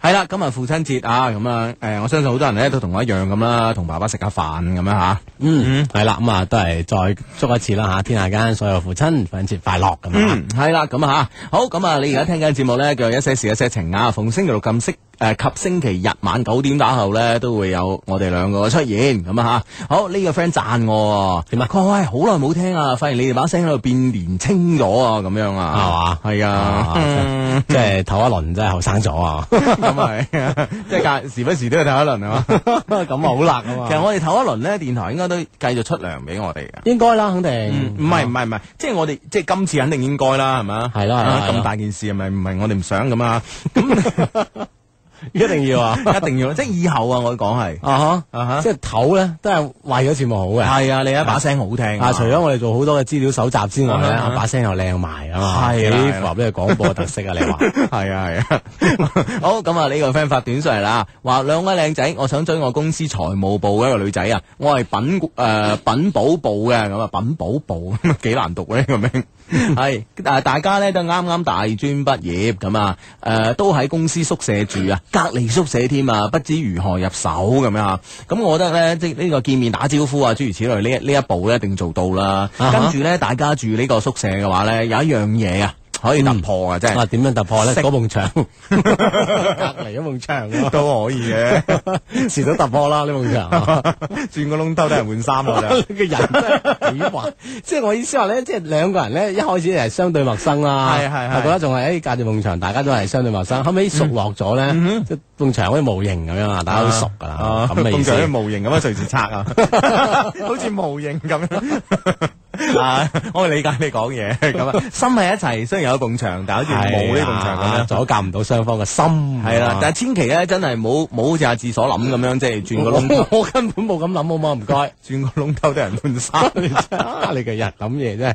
係啦，今日父親節啊，咁、嗯、啊，誒、欸，我相信好多人咧都同我一樣咁啦，同爸爸食下飯咁樣吓。嗯，係啦、嗯，咁啊，都、嗯、係再祝一次啦，吓、啊，天下間所有父親父親節快樂咁啊，嗯樣啊。嗯，係啦，咁啊吓，好，咁啊，你而家聽緊節目咧叫一些事一些情啊，逢星嘅錄音室。誒，及星期日晚九點打後咧，都會有我哋兩個出現咁啊！吓，好呢個 friend 讚我點啊？喂喂，好耐冇聽啊！發現你哋把聲喺度變年青咗啊！咁樣啊，係嘛？係啊，即係頭一輪真係後生咗啊！咁係，即係時不時都要頭一輪啊！嘛，咁啊好辣啊！嘛。其實我哋頭一輪咧，電台應該都繼續出糧俾我哋嘅，應該啦，肯定唔係唔係唔係，即係我哋即係今次肯定應該啦，係嘛？係啦，咁大件事，咪唔係我哋唔想咁啊？一定要啊， *laughs* 一定要，即係以後啊，我講係，啊、uh huh，即係唞咧，都係為咗節目好嘅。係啊，你一把聲好聽啊，uh huh。除咗我哋做好多嘅資料搜集之外咧，一把聲又靚埋啊嘛，幾符合呢個廣播特色啊？你話係啊係啊，好，咁啊呢個 friend 發短信嚟啦，話兩位靚仔，我想追我公司財務部嘅一個女仔啊，我係品誒、呃、品保部嘅，咁啊品保部幾難讀呢個名。係，誒， *laughs* 大家咧都啱啱大專畢業咁啊，誒、呃，都喺公司宿舍住啊，隔離宿舍添啊，不知如何入手咁樣吓，咁我覺得咧，即、係、呢個見面打招呼啊，諸如此類呢呢一步咧，一定做到啦。啊、哈跟住咧，大家住呢個宿舍嘅話咧，有一樣嘢啊。可以突破啊！真係啊，點樣突破咧？嗰埲牆隔籬一埲牆都可以嘅，遲早突破啦！呢埲牆轉個窿兜都係換衫㗎啦！個人真係，即係我意思話咧，即係兩個人咧一開始係相對陌生啦，係係覺得仲係喺隔住埲牆，大家都係相對陌生。後尾熟絡咗咧，埲牆好似模型咁樣啊，大家都熟噶啦。咁你意思？咁樣模型咁啊，隨時拆啊，好似模型咁樣。啊，我理解你講嘢咁啊，心喺一齊，雖然有埲牆，但係好似冇呢埲牆咁樣，阻隔唔到雙方嘅心。係啦，但係千祈咧，真係冇冇好似阿志所諗咁樣，即係轉個窿。我根本冇咁諗，好冇？唔該，轉個窿偷啲人換衫，你嘅日諗嘢啫。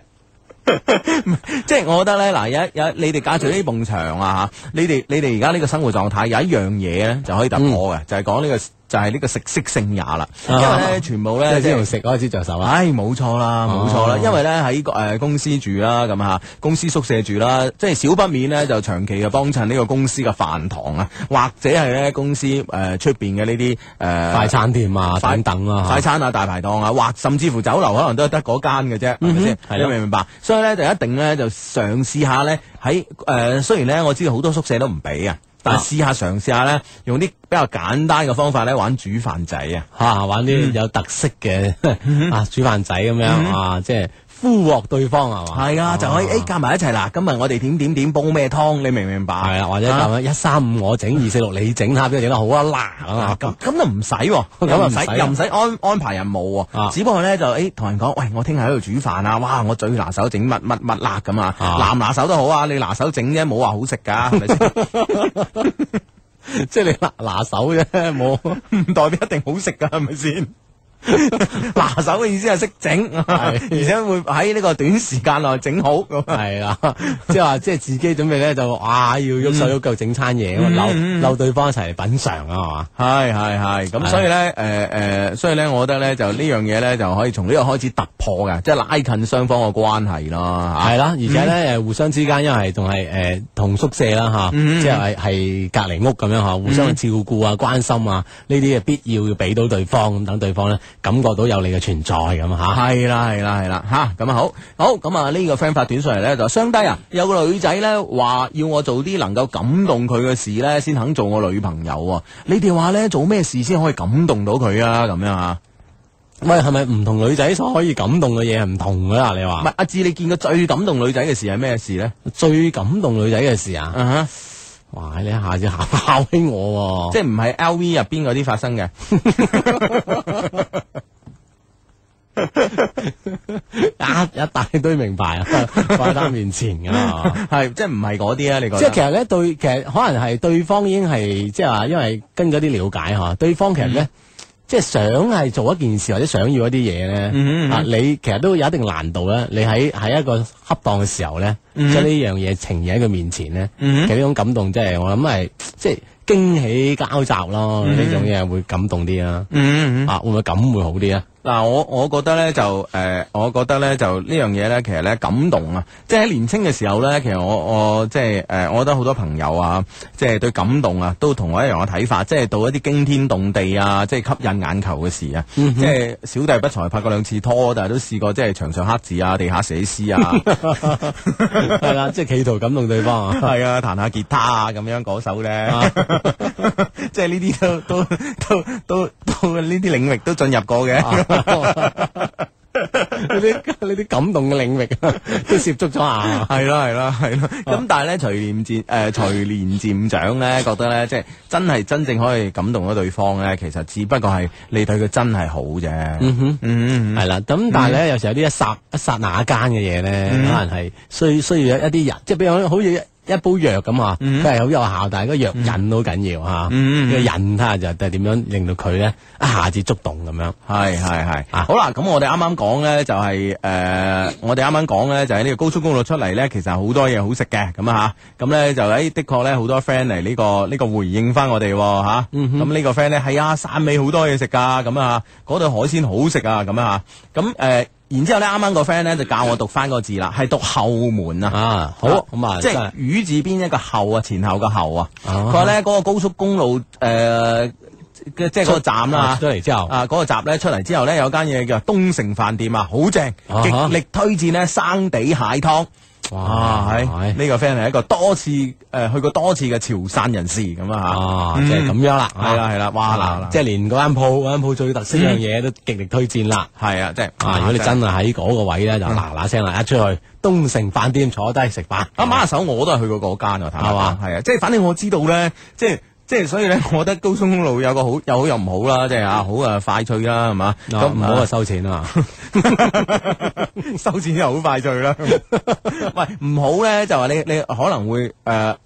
即係我覺得咧，嗱，有有你哋隔住呢埲牆啊，吓，你哋你哋而家呢個生活狀態，有一樣嘢咧就可以等我嘅，就係講呢個。就係呢個食色性也啦，因為咧全部咧即係由食開始着手啊！唉、哎，冇錯啦，冇錯啦，哦、因為咧喺誒公司住啦，咁嚇公司宿舍住啦，即係少不免呢，就長期嘅幫襯呢個公司嘅飯堂啊，或者係咧公司誒出邊嘅呢啲誒快餐店啊等等啦，快餐啊大排檔啊，或甚至乎酒樓，可能都係得嗰間嘅啫，係咪先？係明唔明白？所以咧就一定咧就嘗試下咧喺誒，雖然咧我知道好多宿舍都唔俾啊。但係試下嘗試下咧，用啲比較簡單嘅方法咧，玩煮飯仔啊，嚇、啊，玩啲有特色嘅、嗯、 *laughs* 啊，煮飯仔咁、啊、樣、嗯、啊，即係。呼獲對方係嘛？係啊，就可以誒夾埋一齊啦！今日我哋點點點煲咩湯，你明唔明白？係啊，或者咁樣一三五我整，二四六你整，下邊個整得好啊，嗱，咁？咁就唔使喎，咁唔使又唔使安安排任務喎。只不過咧就誒同人講，喂，我聽日喺度煮飯啊，哇！我最拿手整乜乜乜辣咁啊，拿唔拿手都好啊，你拿手整啫，冇話好食㗎，係咪先？即係你拿拿手啫，冇唔代表一定好食㗎，係咪先？ *laughs* 拿手嘅意思係識整，是而且會喺呢個短時間內整好。係啦的， *laughs* 即係話，即係自己準備咧就啊要喐手喐腳整餐嘢，咁溜溜對方一齊嚟品嘗啊嘛。係係係，咁所以咧誒誒，所以咧我覺得咧就呢樣嘢咧就可以從呢度開始突破嘅，即係拉近雙方嘅關係咯。係啦，而且咧誒，嗯、互相之間因為仲係誒同宿舍啦吓，嗯、即係係隔籬屋咁樣吓，互相照顧啊、關心啊，呢啲嘅必要要俾到對方，咁等對方咧。感覺到有你嘅存在咁啊，吓係啦係啦係啦吓咁啊，啊，好好咁啊。這個、呢個 friend 發短信嚟咧，就相低啊，有個女仔咧話要我做啲能夠感動佢嘅事咧，先肯做我女朋友啊。你哋話咧做咩事先可以感動到佢啊？咁樣吓，喂係咪唔同女仔所以可以感動嘅嘢係唔同噶，啊？你話唔係阿志，啊、你見過最感動女仔嘅事係咩事呢？最感動女仔嘅事啊！Uh huh. 哇！你一下子吓吓飛我，啊，即係唔係 L V 入邊嗰啲發生嘅， *laughs* *laughs* *laughs* 一大一大堆名牌放喺面前噶嘛、啊，係即係唔係嗰啲啊？你即係其實咧，對，其實可能係對方已經係即係話，因為跟咗啲了解吓，對方其實咧。嗯即係想係做一件事或者想要一啲嘢咧，mm hmm. 啊，你其實都有一定難度咧。你喺喺一個恰當嘅時候咧，將呢樣嘢呈現喺佢面前咧，mm hmm. 其實呢種感動即係，我諗係即係驚喜交集咯。呢、mm hmm. 種嘢會感動啲啦，mm hmm. 啊，會唔會感會好啲啊？嗱，我我覺得咧就，誒，我覺得咧就呢樣嘢咧，其實咧感動啊，即係喺年輕嘅時候咧，其實我我即係，誒，我覺得好多朋友啊，即係對感動啊，都同我一樣嘅睇法，即係到一啲驚天動地啊，即係吸引眼球嘅事啊，即係小弟不才拍過兩次拖，但係都試過即係牆上刻字啊，地下寫詩啊，係啦，即係企圖感動對方啊，係啊，彈下吉他啊，咁樣嗰首咧，即係呢啲都都都都。呢啲領域都進入過嘅， *laughs* *laughs* 呢啲呢啲感動嘅領域都涉足咗下， *laughs* 係咯係咯係咯，咁、啊、但係咧，隨年漸誒隨年漸長咧，覺得咧，即係真係真正可以感動咗對方咧，其實只不過係你對佢真係好啫。嗯係啦。咁但係咧，有時候有啲一剎一剎那、嗯、哼間嘅嘢咧，可能係需需要，需要一啲人，即係比如好似。一煲藥咁啊，都係好有效，但係個藥引都好緊要吓，嗯哼啊這個引睇、就是啊、下就點樣令到佢咧，一下子觸動咁樣。係係係，啊、好啦，咁我哋啱啱講咧就係、是、誒、呃，我哋啱啱講咧就喺呢個高速公路出嚟咧，其實多好多嘢好食嘅，咁啊吓，咁咧就喺的確咧好多 friend 嚟呢個呢個回應翻我哋吓，咁呢個 friend 咧係啊，汕尾好多嘢食噶，咁啊嗰度海鮮好食啊，咁啊吓，咁誒。然之後咧，啱啱個 friend 咧就教我讀翻個字啦，係讀後門啊！啊，好，咁啊，即係魚字邊一個後啊，前後個後啊。佢話咧，嗰個高速公路誒，即係嗰個站啦，出嚟之後啊，嗰個閘咧，出嚟之後咧，有間嘢叫東城飯店啊，好正，極力推薦呢，生地蟹湯。哇，係呢個 friend 係一個多次誒去過多次嘅潮汕人士，咁啊吓，即係咁樣啦，係啦係啦，哇嗱，即係連嗰間鋪嗰間鋪最特色嘅嘢都極力推薦啦，係啊，即係啊，如果你真係喺嗰個位咧，就嗱嗱聲啦，一出去東城飯店坐低食飯，阿馬手我都係去過嗰間啊，係嘛？係啊，即係反正我知道咧，即係。即係所以咧，我覺得高速公路有個好又好又唔好啦，即係啊，啊啊啊啊好啊快脆啦，係嘛？咁唔好啊收錢就嘛，收錢又好快脆啦。唔唔好咧，就話你你可能會誒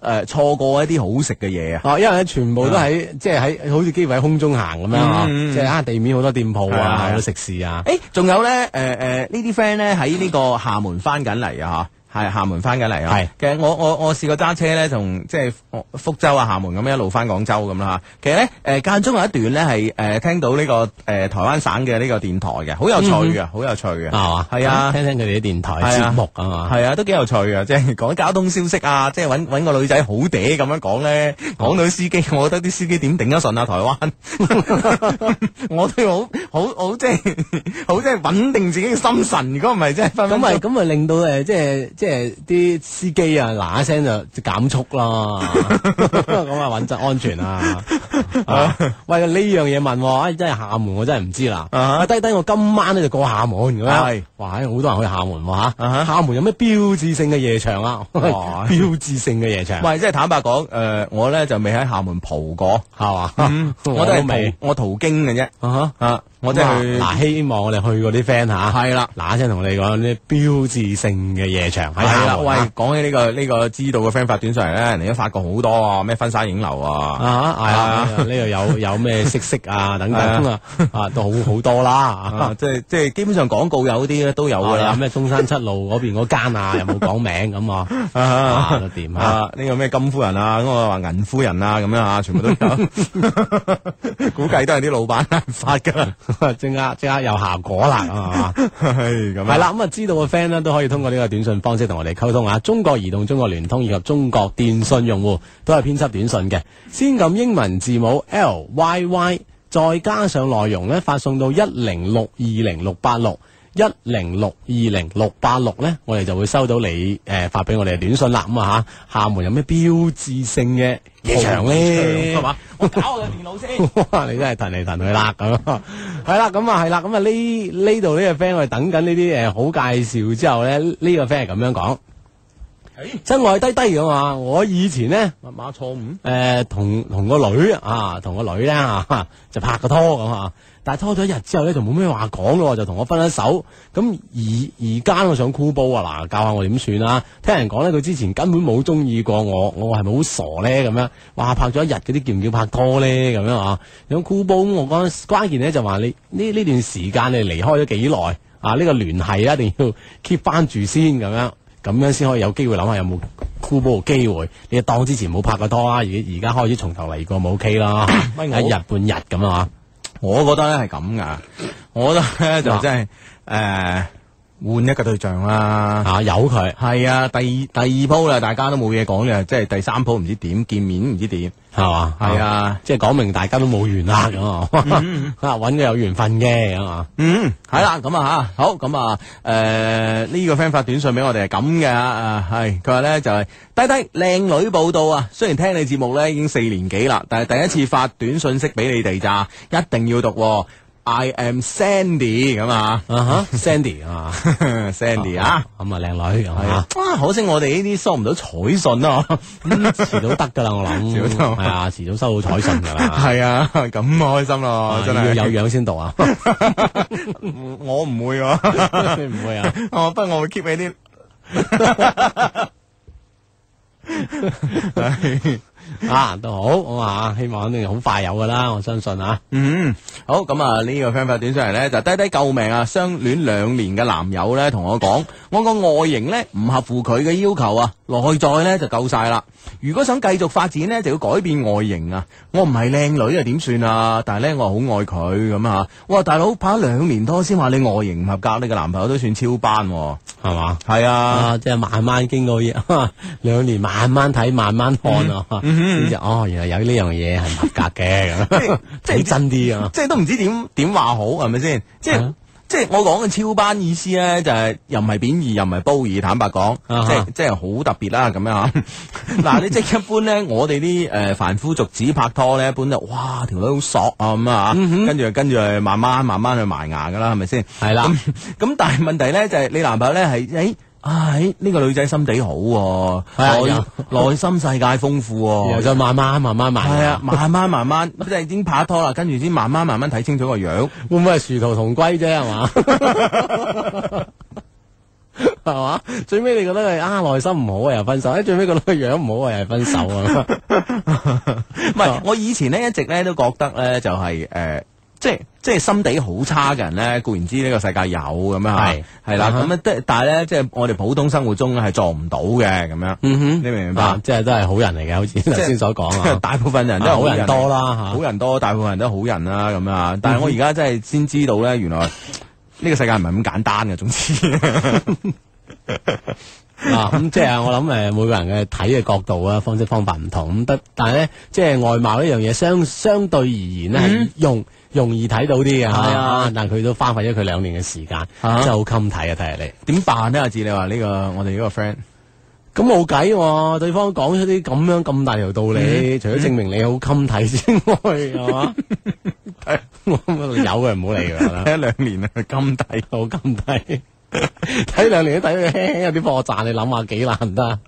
誒錯過一啲好食嘅嘢啊！因為咧全部都喺即係喺好似機位喺空中行咁樣，嗯、啊，即係喺地面好多店鋪，嗯嗯、啊，好多食肆啊。誒，仲有咧誒誒呢啲 friend 咧喺呢個廈門翻緊嚟啊！係廈門翻緊嚟啊！其實我我我試過揸車咧，同即係福州啊、廈門咁一路翻廣州咁啦。其實咧，誒間中有一段咧係誒聽到呢、這個誒、呃、台灣省嘅呢個電台嘅，好有趣嘅，好、嗯、有趣嘅。係啊，啊聽，聽聽佢哋啲電台節目啊嘛。係啊，啊，都幾有趣啊。即係講交通消息啊，即係搵搵個女仔好嗲咁樣講咧，講到司機，嗯、我覺得啲司機點頂得順啊台灣， *laughs* 我都好好好即係好即係穩定自己嘅心神，如果唔係即係咁咪咁咪令到誒即係。即係啲司機啊，嗱一聲就減速啦，咁啊穩陣安全啊。喂，呢樣嘢問，我真係廈門，我真係唔知啦。低低，我今晚咧就過廈門咁樣。係，哇，好多人去廈門吓。廈門有咩標誌性嘅夜場啊？標誌性嘅夜場。喂，即係坦白講，誒，我咧就未喺廈門蒲過，係嘛？我都未，我途經嘅啫。啊。我真係嗱，希望我哋去嗰啲 friend 嚇。係啦，嗱，先同你講啲標誌性嘅夜場。係啊，喂，講起呢個呢個知道嘅 friend 發短信嚟咧，人哋都發過好多啊，咩婚紗影樓啊，係啊，呢度有有咩色色啊，等等啊，都好好多啦。即係即係基本上廣告有啲咧都有噶啦，咩中山七路嗰邊嗰間啊，有冇講名咁啊？點啊？呢個咩金夫人啊？咁我話銀夫人啊，咁樣啊，全部都有。估計都係啲老闆發噶。即刻即刻有效果啦，係嘛？ *laughs* 係這啦，咁、嗯、啊，知道嘅 friend 咧都可以通過呢個短信方式同我哋溝通啊。中國移動、中國聯通以及中國電信用戶都係編輯短信嘅，先撳英文字母 L Y Y，再加上內容呢，發送到一零六二零六八六一零六二零六八六咧，我哋就會收到你誒、呃、發俾我哋嘅短信啦。咁啊吓，廈門有咩標誌性嘅場咧，係嘛？ *laughs* 我搞我嘅電腦先。 *laughs* 你真係騰嚟騰去啦咁啊！係啦，咁啊係啦，咁啊呢呢度呢個 friend 我哋等緊呢啲誒好介紹之後咧，呢個 friend 係咁樣講。誒嘿，身外低低咁嘛，我以前咧密碼錯誤。誒、呃，同同個女啊，同個女咧啊，就拍個拖咁啊。但係拖咗一日之後咧，就冇咩話講咯，就同我分咗手。咁而而家我想箍煲啊，嗱，教下我點算啊？聽人講咧，佢之前根本冇中意過我，我係咪好傻咧？咁樣話拍咗一日嗰啲叫唔叫拍拖咧？咁樣啊？想箍煲，我覺得關鍵咧就話你呢呢段時間你離開咗幾耐啊？呢個聯繫一定要 keep 翻住先，咁樣咁、啊、樣先可以有機會諗下有冇箍煲嘅機會。你當之前冇拍過拖啊，而而家開始從頭嚟過，冇 OK 啦， *coughs* 一日半日咁啊～ *coughs* *coughs* 我覺得呢係咁㗎，我覺得呢就真係誒。嘩呃換一個對象啦，吓由佢係啊，第第二鋪啦，大家都冇嘢講嘅，即係第三鋪唔知點見面，唔知點係嘛，係啊，啊即係講明大家都冇緣啦咁啊，搵個有緣分嘅咁啊，嗯，係啦、 *laughs* 啊，咁啊吓，好咁啊，誒、呃，呢、這個 friend 發短信俾我哋係咁嘅啊，係、啊，佢話咧就係低低，靚女報道啊，雖然聽你節目咧已經四年幾啦，但係第一次發短信息俾你哋咋，一定要讀、哦。I am Sandy 咁啊，Sandy 啊，Sandy 啊，咁啊靚女，uh, *laughs* 啊，可惜我哋呢啲收唔到彩信啊。遲 *laughs* 早得噶啦，我諗，係啊，遲早收到彩信噶啦，係啊，咁開心咯，真係， *laughs* 要有樣先讀啊， *laughs* *laughs* 我唔會喎，唔會啊， *laughs* *laughs* 不啊不，不過我會 keep 起啲。 *laughs* *laughs* *laughs* Suzanne *laughs* 啊，都好，我話啊，希望肯定好快有噶啦，我相信啊。嗯，好，咁、嗯、啊，呢、這個 friend 發短信嚟咧，就低低救命啊！相戀兩年嘅男友咧，同我講，我個外形咧唔合乎佢嘅要求啊，內在咧就夠晒啦。如果想繼續發展呢，就要改變外形啊。我唔係靚女啊，點算啊？但係咧，我好愛佢咁啊。哇，大佬拍咗兩年拖先話你外形唔合格，你嘅男朋友都算超班，係嘛？係啊，即係慢慢經過，兩年慢慢睇，慢慢看啊。嗯 *laughs* 嗯、哦，原來有呢樣嘢係唔合格嘅，即睇真啲啊！即係都唔知點點話好，係咪先？即係即係我講嘅超班意思咧、就是，就係又唔係貶義，又唔係褒義。坦白講，啊、即係、啊、即係好特別啦。咁樣吓，嗱你 *laughs* 即係一般咧，我哋啲誒凡夫俗子拍拖咧，一般就哇條女好索啊咁啊，跟住跟住慢慢慢慢去埋牙噶啦，係咪先？係啦，咁但係問題咧就係、是、你男朋友咧係誒。欸係呢、哎這個女仔心地好，內內心世界豐富、啊，又再、哎、呀慢慢慢慢埋、哎呀。係啊，慢慢慢慢， *laughs* 即係已經拍拖啦，跟住先慢慢慢慢睇清楚個樣，會唔會係殊途同歸啫？係嘛，係嘛？ *laughs* *laughs* 最尾你覺得佢啊，內心唔好又分手，喺、啊、最尾覺得個樣唔好又分手啊？唔係，我以前呢一直咧都覺得咧就係、是、誒。呃即係即係心地好差嘅人咧，固然知呢個世界有咁樣吓，係啦咁咧，的嗯、哼但係咧即係我哋普通生活中係做唔到嘅咁樣，嗯、哼你明唔明白、啊？即係都係好人嚟嘅，好似頭先所講啊。是大部分人都係好人，好人多啦，吓好人多，啊、大部分人都係好人啦咁啊。但係我而家真係先知道咧，原來呢個世界唔係咁簡單嘅，總之。嗯哼 *laughs* 嗱咁、 *laughs* 啊嗯、即係我諗誒、啊，每個人嘅睇嘅角度啊，方式方法唔同咁得、嗯，但係咧即係外貌呢樣嘢相相對而言咧，係容、嗯、容易睇到啲嘅吓。但佢都花費咗佢兩年嘅時間，真係好襟睇啊！睇下、啊、你點辦呢，阿志，你話呢、呢個我哋呢個 friend 咁冇計，對方講出啲咁樣咁大條道理，嗯、除咗證明你 *laughs* 好襟睇之外，係嘛？係我有嘅唔好理佢啦，一兩年啊，咁睇我咁睇。睇兩 *laughs* 年都睇到輕輕有啲破綻，你諗下幾難得，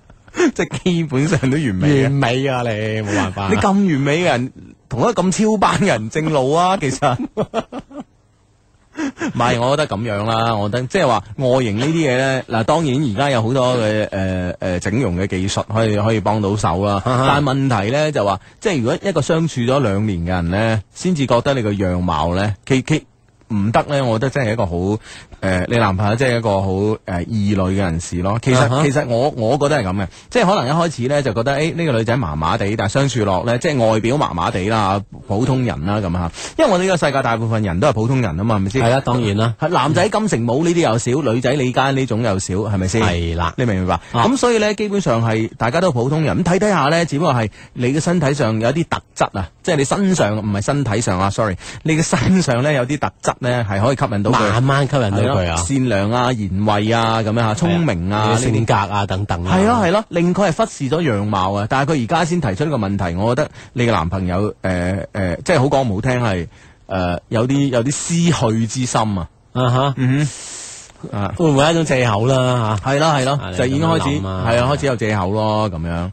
*laughs* 即係基本上都完美，完美啊，你冇辦法、啊， *laughs* 你咁完美嘅人，同一個咁超班嘅人正路啊，其實唔係， *laughs* *laughs* 我覺得咁樣啦，我覺得即係話外形呢啲嘢咧，嗱當然而家有好多嘅，誒誒整容嘅技術可以可以幫到手啊， *laughs* 但係問題咧就話、是，即係如果一個相處咗兩年嘅人咧，先至覺得你個樣貌咧，K K 唔得呢，我覺得真係一個好誒、呃，你男朋友真係一個好誒異類嘅人士咯。其實、uh huh. 其實我我覺得係咁嘅，即係可能一開始呢，就覺得誒呢、欸呢個女仔麻麻地，但係相處落呢，即係外表麻麻地啦，普通人啦咁嚇。因為我哋呢個世界大部分人都係普通人啊嘛，係咪先？係啦，當然啦。男仔金城武呢啲又少，嗯、女仔李嘉呢種又少，係咪先？係啦的，你明唔明白？咁、uh huh. 所以呢，基本上係大家都普通人。咁睇睇下呢，只不過係你嘅身體上有啲特質啊，即係你身上唔係身體上啊，sorry，你嘅身上呢有啲特質。咩係可以吸引到佢？慢慢吸引到佢啊！善良啊、賢惠啊咁樣吓，聰、啊、明啊、性格啊等等啊。係咯係咯，令佢係忽視咗樣貌啊！但係佢而家先提出呢個問題，我覺得你嘅男朋友誒誒、呃呃，即係好講唔好聽係誒、呃，有啲有啲思去之心啊！啊哈嗯。啊， *laughs* 會唔會係一種借口啦？嚇， *laughs* 係咯係咯，樣啊、就已經開始，係啊 *laughs* 了，開始有借口咯咁樣。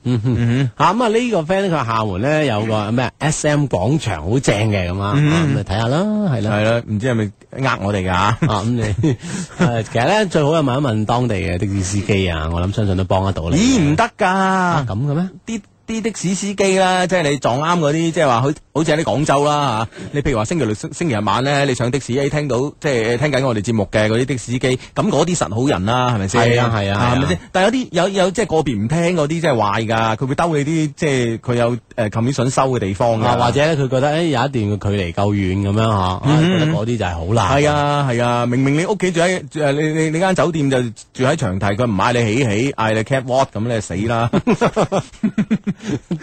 嚇咁啊，呢個 friend 佢話廈門咧有個咩 SM 廣場，好正嘅咁啊，咁咪睇下啦，係咯、 *laughs* 嗯。係、嗯、咯，唔知係咪呃我哋噶嚇？咁、啊、你、嗯，其實咧最好就問一問當地嘅的，的士司機啊，我諗相信都幫得到你。咦？唔得㗎？咁嘅咩？啲。啊啲的士司機啦，即係你撞啱嗰啲，即係話好似喺啲廣州啦。你譬如話星期六、星期日晚咧，你上的士，你聽到即係聽緊我哋節目嘅嗰啲的士司機，咁嗰啲實好人啦，係咪先？係啊，係啊，係咪先？但係有啲有有即係個別唔聽嗰啲，即係壞㗎。佢會兜你啲即係佢有誒琴日想收嘅地方啊，或者佢覺得有一段嘅距離夠遠咁樣嚇，覺得嗰啲就係好難。係啊，係啊，明明你屋企住喺你你間酒店就住喺長堤，佢唔嗌你起起，嗌你 cat walk，咁你死啦。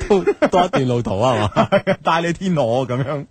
都多一段路途啊嘛，帶你天羅咁樣，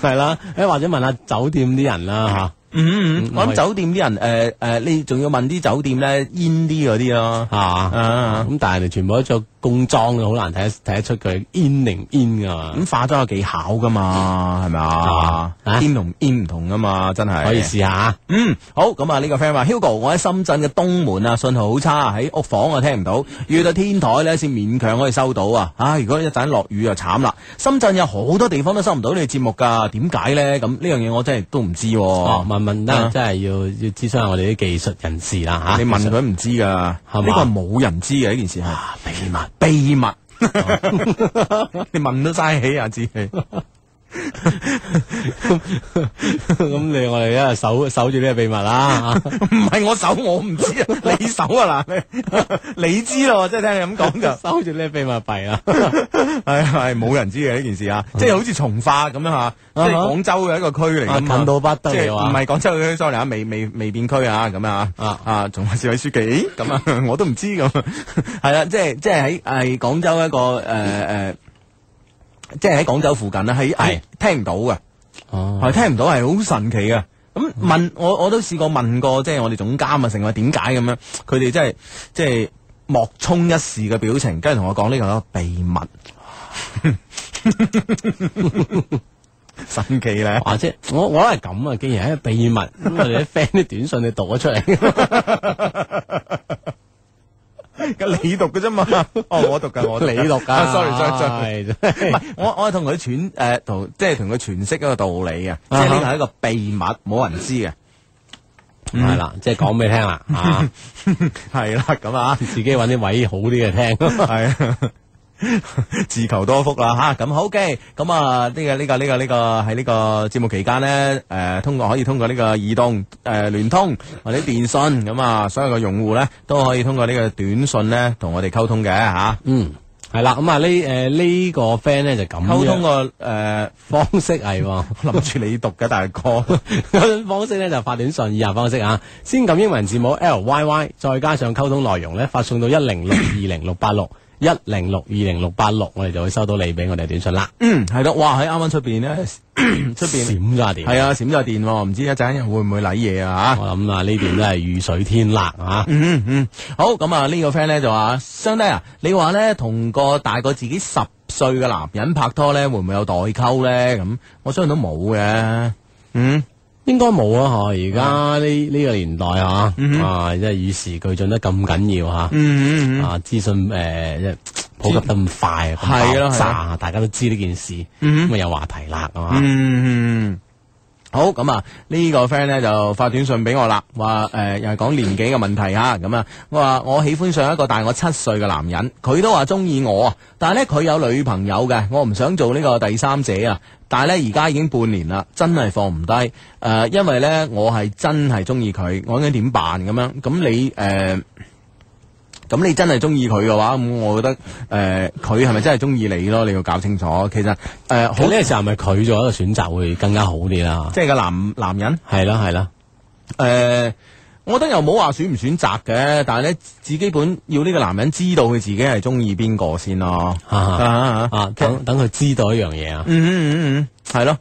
係啦，誒，或者問下酒店啲人啦吓。嗯,嗯我諗酒店啲人誒誒，嗯呃、你仲要問啲酒店咧，煙啲嗰啲咯，係咁但係你全部都着工裝嘅，好難睇睇得出佢煙定煙噶。咁、嗯嗯、化妝有技巧噶嘛，係咪、嗯、啊？煙同煙唔同噶嘛，真係可以試下。嗯，好。咁啊呢個 friend 話，Hugo，我喺深圳嘅東門啊，信號好差，喺屋房啊聽唔到，要到天台咧先勉強可以收到啊。啊，如果一陣落雨就慘啦。深圳有好多地方都收唔到你哋節目噶，點解咧？咁呢樣嘢我真係都唔知。啊。啊問得、啊啊、真係要要諮詢下我哋啲技術人士啦嚇，啊、你問佢唔知噶，術，係咪？呢個係冇人知嘅呢件事啊，秘密秘密，你問都嘥氣啊，子氣。 *laughs* 咁 *laughs* 你我哋一日守守住呢個秘密啦。唔係 *laughs* 我守，我唔知啊。 *laughs* 你守啊嗱， *laughs* 你知咯，即係聽你咁講就守住呢個秘密弊啊。係冇人知嘅呢件事啊，即係好似從化咁樣吓，即係廣州嘅一個區嚟。 *laughs* 到不得嘅唔係廣州嘅 *laughs* sorry 未未未變區啊，咁啊啊啊，從化、 *laughs* 啊、市委書記咁、欸、啊，我都唔知咁。係 *laughs* 啦， *laughs* *laughs* 即係即係喺係廣州一個誒誒。呃 *laughs* *laughs* 即係喺廣州附近啦，喺係聽唔到嘅，係、哦、聽唔到，係好神奇嘅。咁問我，我都試過問過，即係我哋總監啊，成話點解咁樣？佢哋真係即係莫衷一是嘅表情，跟住同我講呢、這個、個秘密， *laughs* *laughs* *laughs* 神奇咧了！哇，即我我都係咁啊，竟然係一個秘密。 *laughs* 我哋啲 friend 啲短信你讀咗出嚟.。 *laughs* 你讀嘅啫嘛， *laughs* 哦，我讀噶，我讀 *laughs* 你讀噶的、啊，sorry sorry，係唔係？我我係同佢傳誒同，即係同佢詮釋一個道理嘅。 *laughs* 即係呢個係一個秘密，冇人知嘅，係啦、嗯，即係講俾你聽啦， *laughs* 啊，係啦， *laughs* 咁啊， *laughs* 自己揾啲位好啲嘅聽，係。 *laughs* *laughs* 自求多福啦吓，咁好嘅，咁啊呢個呢個呢個呢個喺呢個節目期間呢，誒通過可以通過呢個移動誒聯通或者電信，咁啊所有嘅用戶呢，都可以通過呢個短信呢同我哋溝通嘅吓，嗯，係啦，咁啊呢誒呢個 friend 呢就咁樣溝通個誒方式係諗住你讀嘅大哥，方式呢，就發短信以下方式啊，先撳英文字母 L Y Y，再加上溝通內容呢，發送到一零六二零六八六。一零六二零六八六，6 6 86, 我哋就會收到你俾我哋短信啦。嗯，係咯，哇！喺啱啱出邊咧，出邊閃咗下電，係啊，閃咗下電，唔知一陣會唔會瀨嘢啊？吓，我諗啊，呢邊都係雨水天啦，吓。 *coughs* 啊、嗯嗯嗯，好，咁啊，呢個 friend 咧就話，兄弟啊，你話咧同個大過自己十歲嘅男人拍拖咧，會唔會有代溝咧？咁我相信都冇嘅，嗯。應該冇啊，嗬！而家呢呢個年代，嗬，啊，即係與時俱進得咁緊要吓，啊，資訊誒，即、啊呃、普及得咁快、啊，係啦，大家都知呢件事，咁啊、嗯、哼有話題啦、啊，係嘛、嗯哼，好，咁啊，這個、呢個 friend 咧就發短信俾我啦，話誒、呃、又係講年紀嘅問題吓、啊，咁啊，我話我喜歡上一個大我七歲嘅男人，佢都話中意我，但係咧佢有女朋友嘅，我唔想做呢個、個第三者啊。但係咧，而家已經半年啦，真係放唔低。誒、呃，因為咧，我係真係中意佢，我應該點辦咁樣？咁你誒，咁、呃、你真係中意佢嘅話，咁我覺得誒，佢係咪真係中意你咯？你要搞清楚。其實誒，呢、呃、個時候咪佢做一個選擇會更加好啲啦。即係個男男人。係啦，係啦，誒、呃。我覺得又冇話選唔選擇嘅，但係咧，自己本要呢個男人知道佢自己係中意邊個先咯。吓，等等佢知道一樣嘢啊。嗯嗯嗯嗯，係咯。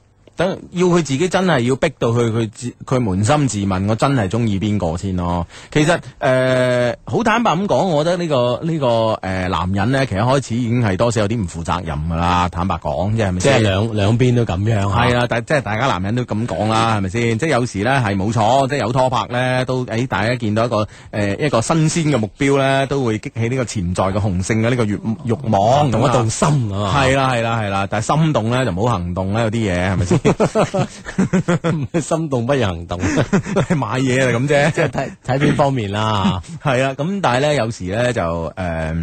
要佢自己真係要逼到佢，佢自佢捫心自問，我真係中意邊個先咯，啊？其實誒，好、呃、坦白咁講，我覺得呢、呢個呢、呢個誒、呃、男人呢，其實開始已經係多少有啲唔負責任噶啦。坦白講啫，係咪即係是兩兩邊都咁樣。係啊，啊即係大家男人都咁講啦，係咪先？即係有時呢係冇錯，即係有拖拍呢，都誒、哎，大家見到一個誒、呃、一個新鮮嘅目標呢，都會激起呢個潛在嘅雄性嘅呢個欲慾望動一動心啊。係啦係啦係啦，但係心動呢，就冇行動呢，有啲嘢係咪先？ *laughs* 心動不如行動， *laughs* 買嘢啊咁啫，即係睇睇邊方面啦。係 *laughs* 啊，咁但係咧，有時咧就誒，即、呃、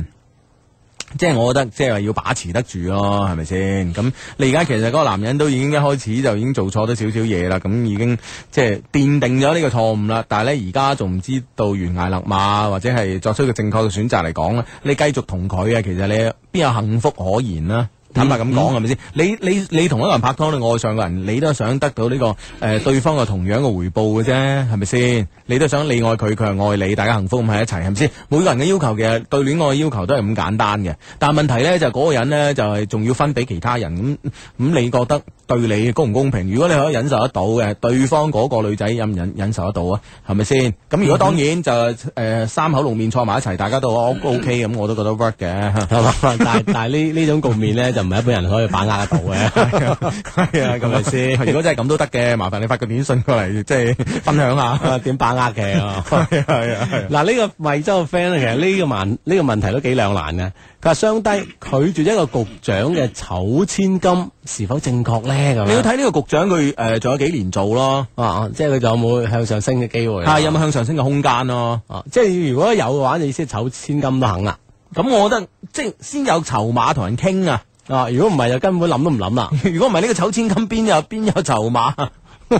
係、就是、我覺得，即、就、係、是、話要把持得住咯、哦，係咪先？咁你而家其實嗰個男人都已經一開始就已經做錯咗少少嘢啦，咁已經即係奠定咗呢個錯誤啦。但係咧，而家仲唔知道懸崖勒馬，或者係作出個正確嘅選擇嚟講咧，你繼續同佢啊，其實你邊有幸福可言啊？咁啊咁講係咪先？你你你同一個人拍拖，你愛上個人，你都想得到呢、這個誒、呃、對方嘅同樣嘅回報嘅啫，係咪先？你都想你愛佢，佢係愛你，大家幸福咁喺一齊，係咪先？每個人嘅要求其實對戀愛嘅要求都係咁簡單嘅。但係問題呢，就係、是、嗰個人呢，就係、是、仲要分俾其他人咁咁、嗯嗯，你覺得對你公唔公平？如果你可以忍受得到嘅，對方嗰個女仔忍唔忍忍受得到啊？係咪先？咁如果當然就誒、呃、三口六面坐埋一齊，大家都 O K 咁，嗯、我都覺得 work 嘅， *laughs* 但係但係呢呢種局面呢，就～ *laughs* 唔係一般人可以把握得到嘅，係啊，咁咪先。如果真係咁都得嘅，麻煩你發個短信過嚟，即係分享下點把握嘅。啊係啊。嗱呢個惠州嘅 friend 其實呢個問呢個問題都幾兩難嘅。佢話雙低，拒絕一個局長嘅籌千金是否正確咧？咁你要睇呢個局長佢，誒，仲有幾年做咯？即係佢仲有冇向上升嘅機會？係有冇向上升嘅空間咯？即係如果有嘅話，你先籌千金都肯啦。咁我覺得即係先有籌碼同人傾啊。啊！如果唔係就根本諗都唔諗啦。如果唔係呢個籌錢金邊有邊有籌碼，啊？ *laughs*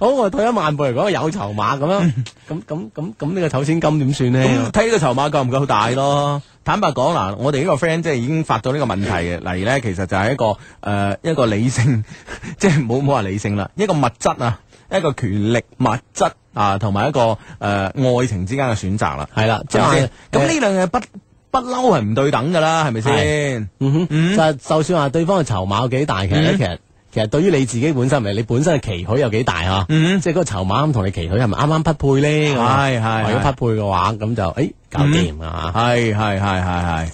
好，我退一萬步嚟講，有籌碼咁樣。咁咁咁咁呢個籌錢金點算呢？睇呢、嗯、個籌碼夠唔夠大咯？坦白講嗱，我哋呢個 friend 即係已經發到呢個問題嘅嚟咧，其實就係一個誒、呃、一個理性，即係唔好唔好話理性啦，一個物質啊，一個權力物質啊，同埋一個誒、呃、愛情之間嘅選擇啦。係啦、啊，即係咁呢兩嘢不不嬲係唔對等噶啦，係咪先？嗯嗯、就就算話對方嘅籌碼有幾大，其實咧，其實其實對於你自己本身嚟，你本身嘅期許有幾大啊。即係嗰個籌碼啱同你期許係咪啱啱匹配咧？係係，如果匹配嘅話，咁就誒搞掂啊！係係係係係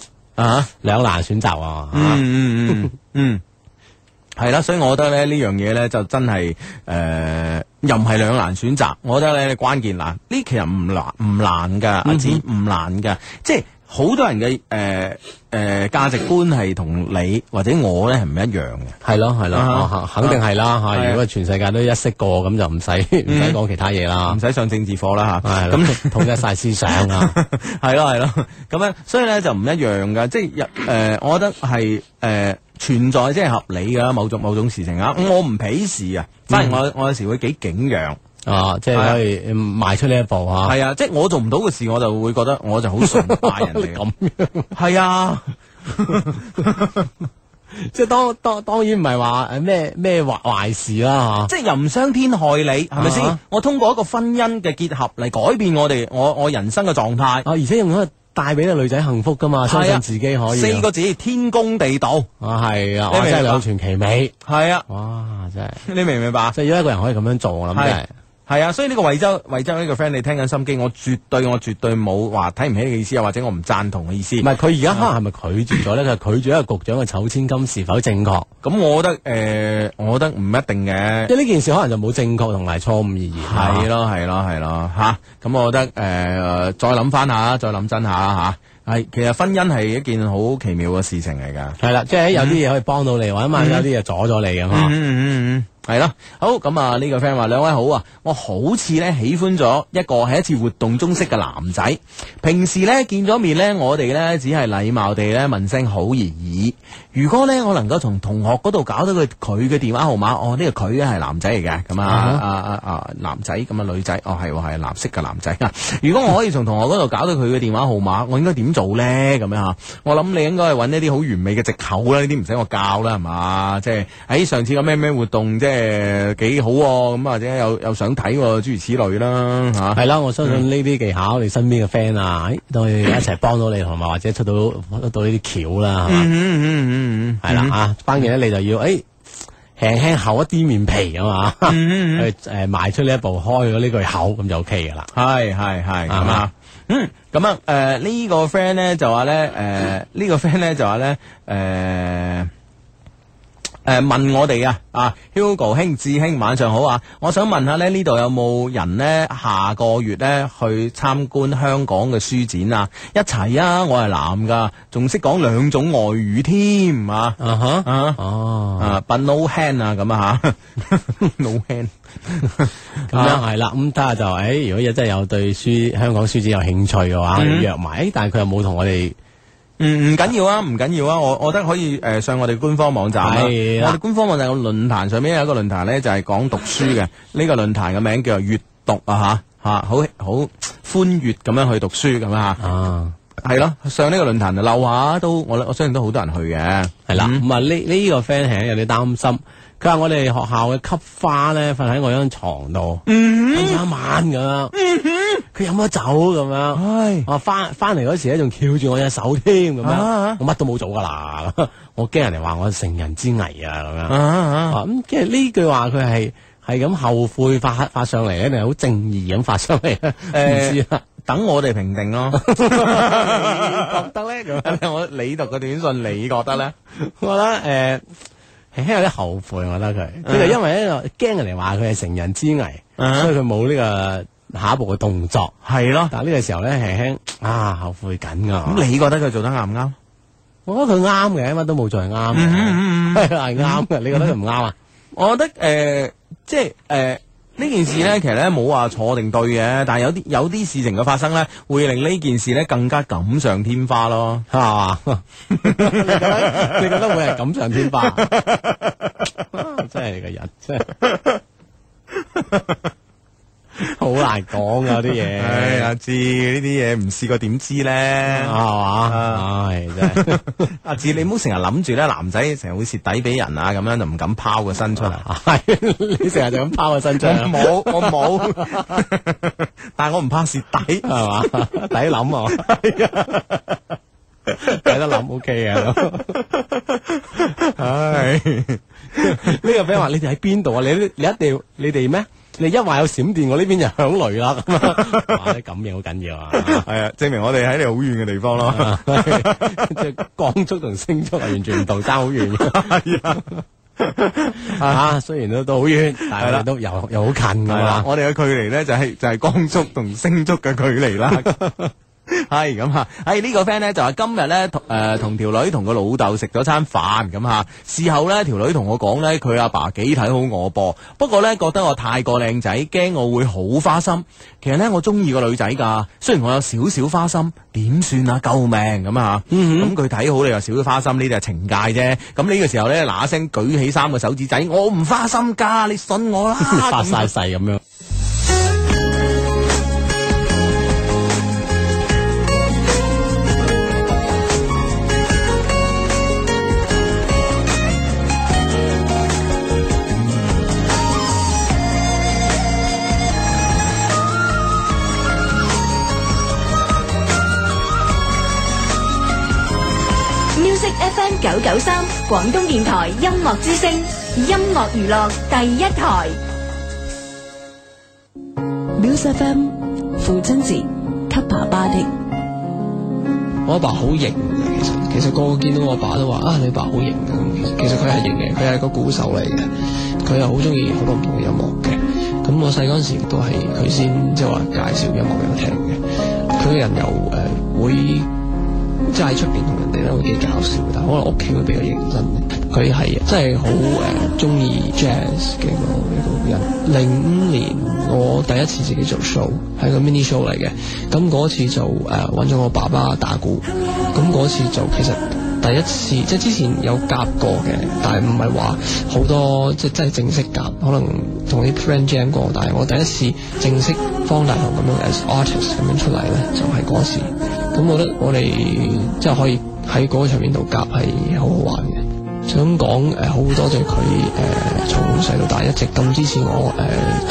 啊，兩難選擇啊！嗯嗯嗯係 *laughs* 啦，所以我覺得咧呢樣嘢咧就真係誒，又唔係兩難選擇。我覺得咧關鍵嗱呢，呢呃、難呢呢其實唔難唔難噶，阿志唔難噶、啊，即係。好多人嘅誒誒價值觀係同你或者我咧係唔一樣嘅，係咯係咯，啊、肯定係啦吓！的如果全世界都一識過咁就唔使唔使講其他嘢啦，唔使上政治課啦吓，咁的那統一晒思想啊，係咯係咯，咁樣所以咧就唔一樣噶，即係誒，我覺得係誒、呃、存在即係合理噶某種某種事情啊，嗯、我唔鄙視啊，反而我我有時會幾景仰。啊，即係可以邁出呢一步啊。係啊，即係我做唔到嘅事，我就會覺得我就好崇拜人哋咁。係啊，即係當當當然唔係話誒咩咩壞壞事啦，即係又唔傷天害理，係咪先？我通過一個婚姻嘅結合嚟改變我哋我我人生嘅狀態。啊，而且用咗帶俾呢女仔幸福噶嘛，相信自己可以。四個字天公地道。啊，係啊，我真係兩全其美。係啊，哇，真係。你明唔明白？即係如果一個人可以咁樣做，我諗真係。係啊，所以呢個惠州惠州呢個 friend，你聽緊心機，我絕對我絕對冇話睇唔起嘅意思啊，或者我唔贊同嘅意思。唔係佢而家可能係咪拒絕咗咧？就 *coughs* 拒絕一個局長嘅醜千金是否正確？咁我覺得誒、呃，我覺得唔一定嘅，即呢件事可能就冇正確同埋錯誤意義。係咯係咯係咯吓，咁我覺得誒，再諗翻下再諗真下吓。係、啊，是其實婚姻係一件好奇妙嘅事情嚟噶。係啦、啊，即係有啲嘢可以幫到你，嗯、或者萬有啲嘢阻咗你嘅嘛。嗯嗯嗯。嗯嗯嗯係啦，好咁啊！呢個 friend 話兩位好啊，我好似咧喜歡咗一個係一次活動中識嘅男仔，平時咧見咗面咧，我哋咧只係禮貌地咧問聲好而已。如果咧我能夠從同學嗰度搞到佢佢嘅電話號碼，哦呢個佢係男仔嚟嘅，咁、嗯、的啊啊啊男仔，咁啊女仔，哦係係藍色嘅男仔。如果 *laughs* 我可以從同學嗰度搞到佢嘅電話號碼，我應該點做咧？咁樣吓，我諗你應該係搵一啲好完美嘅借口啦，呢啲唔使我教啦，係嘛、即係哎？即係喺上次個咩咩活動即係。誒，幾、呃、好咁、啊、或者有有想睇、啊，諸如此類啦、啊，吓係啦。我相信呢啲技巧，嗯、你身邊嘅 friend 啊，都可以一齊幫到你，同埋 *coughs* 或者出到出到呢啲橋啦，係嘛。嗯嗯嗯嗯嗯，係啦啊！關鍵咧，嗯、你就要誒，輕、哎、輕厚一啲面皮啊嘛，啊嗯嗯、去誒邁、呃、出呢一步，開咗呢句口，咁就 OK 噶啦。係係係，係嘛、啊是嗯。嗯，咁、嗯、啊，誒、呃、呢、呃呃呢個 friend 咧就話咧，誒、呃、呢、呃呢個 friend 咧就話咧，誒、呃。呃呃嗯嗯呃呢個誒，問我哋啊，啊，Hugo 兄智兄，晚上好啊！我想問下呢，呢度有冇人呢？有有人下個月呢去參觀香港嘅書展啊？一齊啊！我係男噶，仲識講兩種外語添啊！Uh huh. 啊哈啊哦啊，no hand 啊咁啊吓 *laughs* ，no hand 咁樣係啦。咁等下就誒，如果真係有對書香港書展有興趣嘅話，約埋。但係佢又冇同我哋。唔唔緊要啊，唔緊要啊，我我覺得可以誒、呃、上我哋官方網站是、啊、我哋官方網站個論壇上面有一個論壇咧，就係、是、講讀書嘅。呢 *laughs* 個論壇嘅名叫做閱讀啊吓吓，好好歡悅咁樣去讀書咁啊。啊，係咯、啊啊啊，上呢個論壇就留下都我我相信都好多人去嘅，係啦、啊。唔啊呢呢個 friend 係有啲擔心。佢話我哋學校嘅級花咧，瞓喺我張床度，一晚咁樣，佢飲咗酒咁樣，我翻翻嚟嗰時咧，仲翹住我隻手添咁樣，我乜都冇做噶啦，我驚人哋話我乘人之危啊咁樣，咁即係呢句話佢係係咁後悔發發上嚟咧定係好正義咁發上嚟？唔知啊，等我哋評定咯，覺得咧咁，我你讀個短信你覺得咧？我咧誒。係輕有啲後悔，我覺得佢，佢、huh. 就因為呢個驚人哋話佢係乘人之危，uh huh. 所以佢冇呢個下一步嘅動作。係咯、uh，huh. 但係呢個時候咧，係輕,輕啊後悔緊㗎。咁你覺得佢做得啱唔啱？我覺得佢啱嘅，因乜都冇做，啱嘅、mm，係啱嘅。Mm hmm. 你覺得佢唔啱啊？我覺得誒、呃，即係誒。呃呢件事咧，其實咧冇話錯定對嘅，但係有啲有啲事情嘅發生咧，會令呢件事咧更加錦上添花咯，係、啊、嘛？ *laughs* *laughs* 你覺得會係錦上添花？ *laughs* *laughs* 真係你個人，真係。好難講啊，啲嘢，阿志呢啲嘢唔試過點知咧，係嘛？唉，真係阿志，你唔好成日諗住咧，男仔成日會蝕底俾人啊，咁樣就唔敢拋個身出嚟。你成日就咁拋個身出嚟？冇，我冇，但係我唔怕蝕底，係嘛？抵諗啊，抵得諗，OK 啊，呢個 friend 話你哋喺邊度啊？你你一定要你哋咩？你一話有閃電，我呢邊就響雷啦。咁啊， *laughs* 講啲咁嘢好緊要啊。係啊， *laughs* 證明我哋喺你好遠嘅地方咯、啊。即係 *laughs* 光速同聲速完全唔同，爭好遠。係啊， *laughs* 的 *laughs* 啊雖然都都好遠，但係都又的又好近噶、啊、嘛。我哋嘅距離咧就係、是、就係、是、光速同聲速嘅距離啦。 *laughs* *laughs* 係咁吓，誒、 *laughs* 哎這個、呢個 friend 咧就話今日咧誒同條女同個老豆食咗餐飯咁吓，事後咧條女同我講咧佢阿爸幾睇好我噃，不過咧覺得我太過靚仔，驚我會好花心。其實咧我中意個女仔噶，雖然我有少少花心，點算啊？救命咁啊吓！咁佢睇好你又少少花心，呢啲係情戒啫。咁呢個時候咧嗱一聲舉起三個手指仔，我唔花心噶，你信我啦， *laughs* 發晒誓咁樣。 *laughs* 九九三廣東電台音樂之聲音樂娛樂第一台。music FM 父親節給爸爸的。我阿爸好型，其實其實個個見到我阿爸，爸都話啊，你爸好型嘅。其實佢係型嘅，佢係一個鼓手嚟嘅，佢又好中意好多唔同嘅音樂嘅。咁我細嗰陣時都係佢先即係話介紹音樂俾我聽嘅。佢人又誒、呃、會。即係喺出邊同人哋咧會幾搞笑，但係可能屋企會比較認真。佢係真係好誒中意 jazz 嘅一個一個人。零五年我第一次自己做 show，係個 mini show 嚟嘅。咁嗰次就誒揾咗我爸爸打鼓。咁嗰次就其實第一次，即係之前有夾過嘅，但係唔係話好多即係真係正式夾，可能同啲 friend jam 過。但係我第一次正式方大同咁樣 as artist 咁樣出嚟咧，就係嗰時。咁我覺得我哋即係可以喺嗰個場面度夾係好好玩嘅。想講誒，好多謝佢誒，從細到大一直咁支持我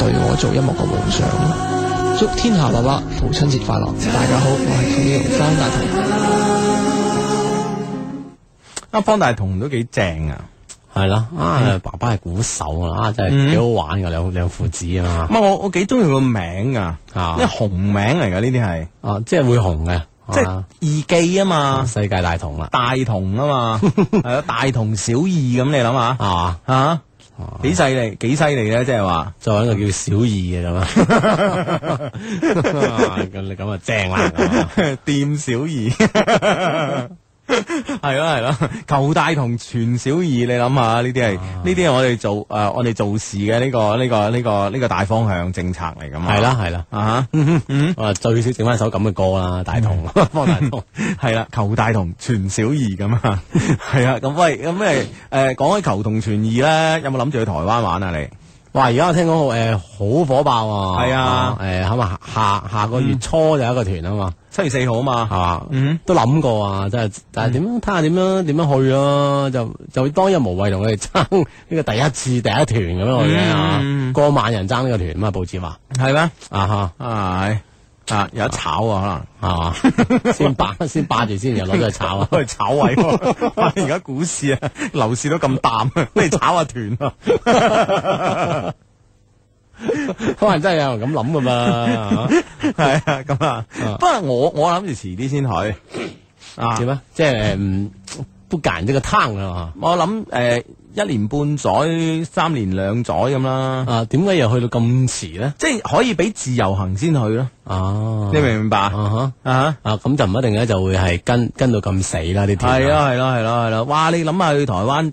誒，對我做音樂個夢想。祝天下爸爸父親節快樂！大家好，我係陳耀宗方大同。啊，方大同都幾正啊，係啦的。啊，哎、爸爸係鼓手啊，真係幾好玩噶，你有、嗯、有父子啊嘛。唔、嗯，我我幾中意佢個名噶，啊，呢的紅名嚟噶呢啲係，啊，即係會紅嘅。即係二記啊嘛，世界大同啦，大同啊嘛，係咯，大同小異咁，你諗下 *laughs* 啊，啊，幾犀利，幾犀利咧，即係話作為一個叫小二嘅咁，咁你咁啊正啦，掂 *laughs* 碇小二異笑。係咯，係咯，求、 *laughs* 啊啊啊、大同存小異，你諗下呢啲係呢啲係我哋做誒、呃、我哋做事嘅呢、這個呢、這個呢、這個呢、這個大方向政策嚟噶嘛？係啦係啦啊！最少整翻一首咁嘅歌啦，大同方大同係啦，求、 *laughs* 啊啊、大同存小異咁 *laughs* 啊！係啊，咁喂咁咩？誒、呃，講開求同存異咧，有冇諗住去台灣玩啊？你哇！而家我聽講好誒、好、呃、火爆啊！係啊，誒、呃、咁、呃、啊，下下，下個月初就有一個團啊嘛。嗯七月四號啊嘛，係嘛，都諗過啊，真係，但係點樣睇下點樣點樣去啊？就就當日無謂同佢哋爭呢個第一次第一團咁樣嘅吓，過萬人爭呢個團嘛，報紙話係咩？啊吓，啊，有得炒啊，可能係嘛？先霸先霸住先，又攞去炒啊，去炒位。而家股市啊，樓市都咁淡，不如炒下團啊。可能真係有人咁諗噶嘛？係 *laughs* *laughs* 啊，咁啊，不過 *laughs* 我我諗住遲啲先去啊。點啊？即係唔都夾人一個攤噶啦？我諗誒，一年半載、三年兩載咁啦。啊，點解又去到咁遲咧？即係可以俾自由行先去咯。哦、啊，你明唔明白啊，咗啊？咁、啊、就唔一定咧，就會係跟跟到咁死啦呢啲。係啊係咯係咯係咯！哇，你諗下去台灣。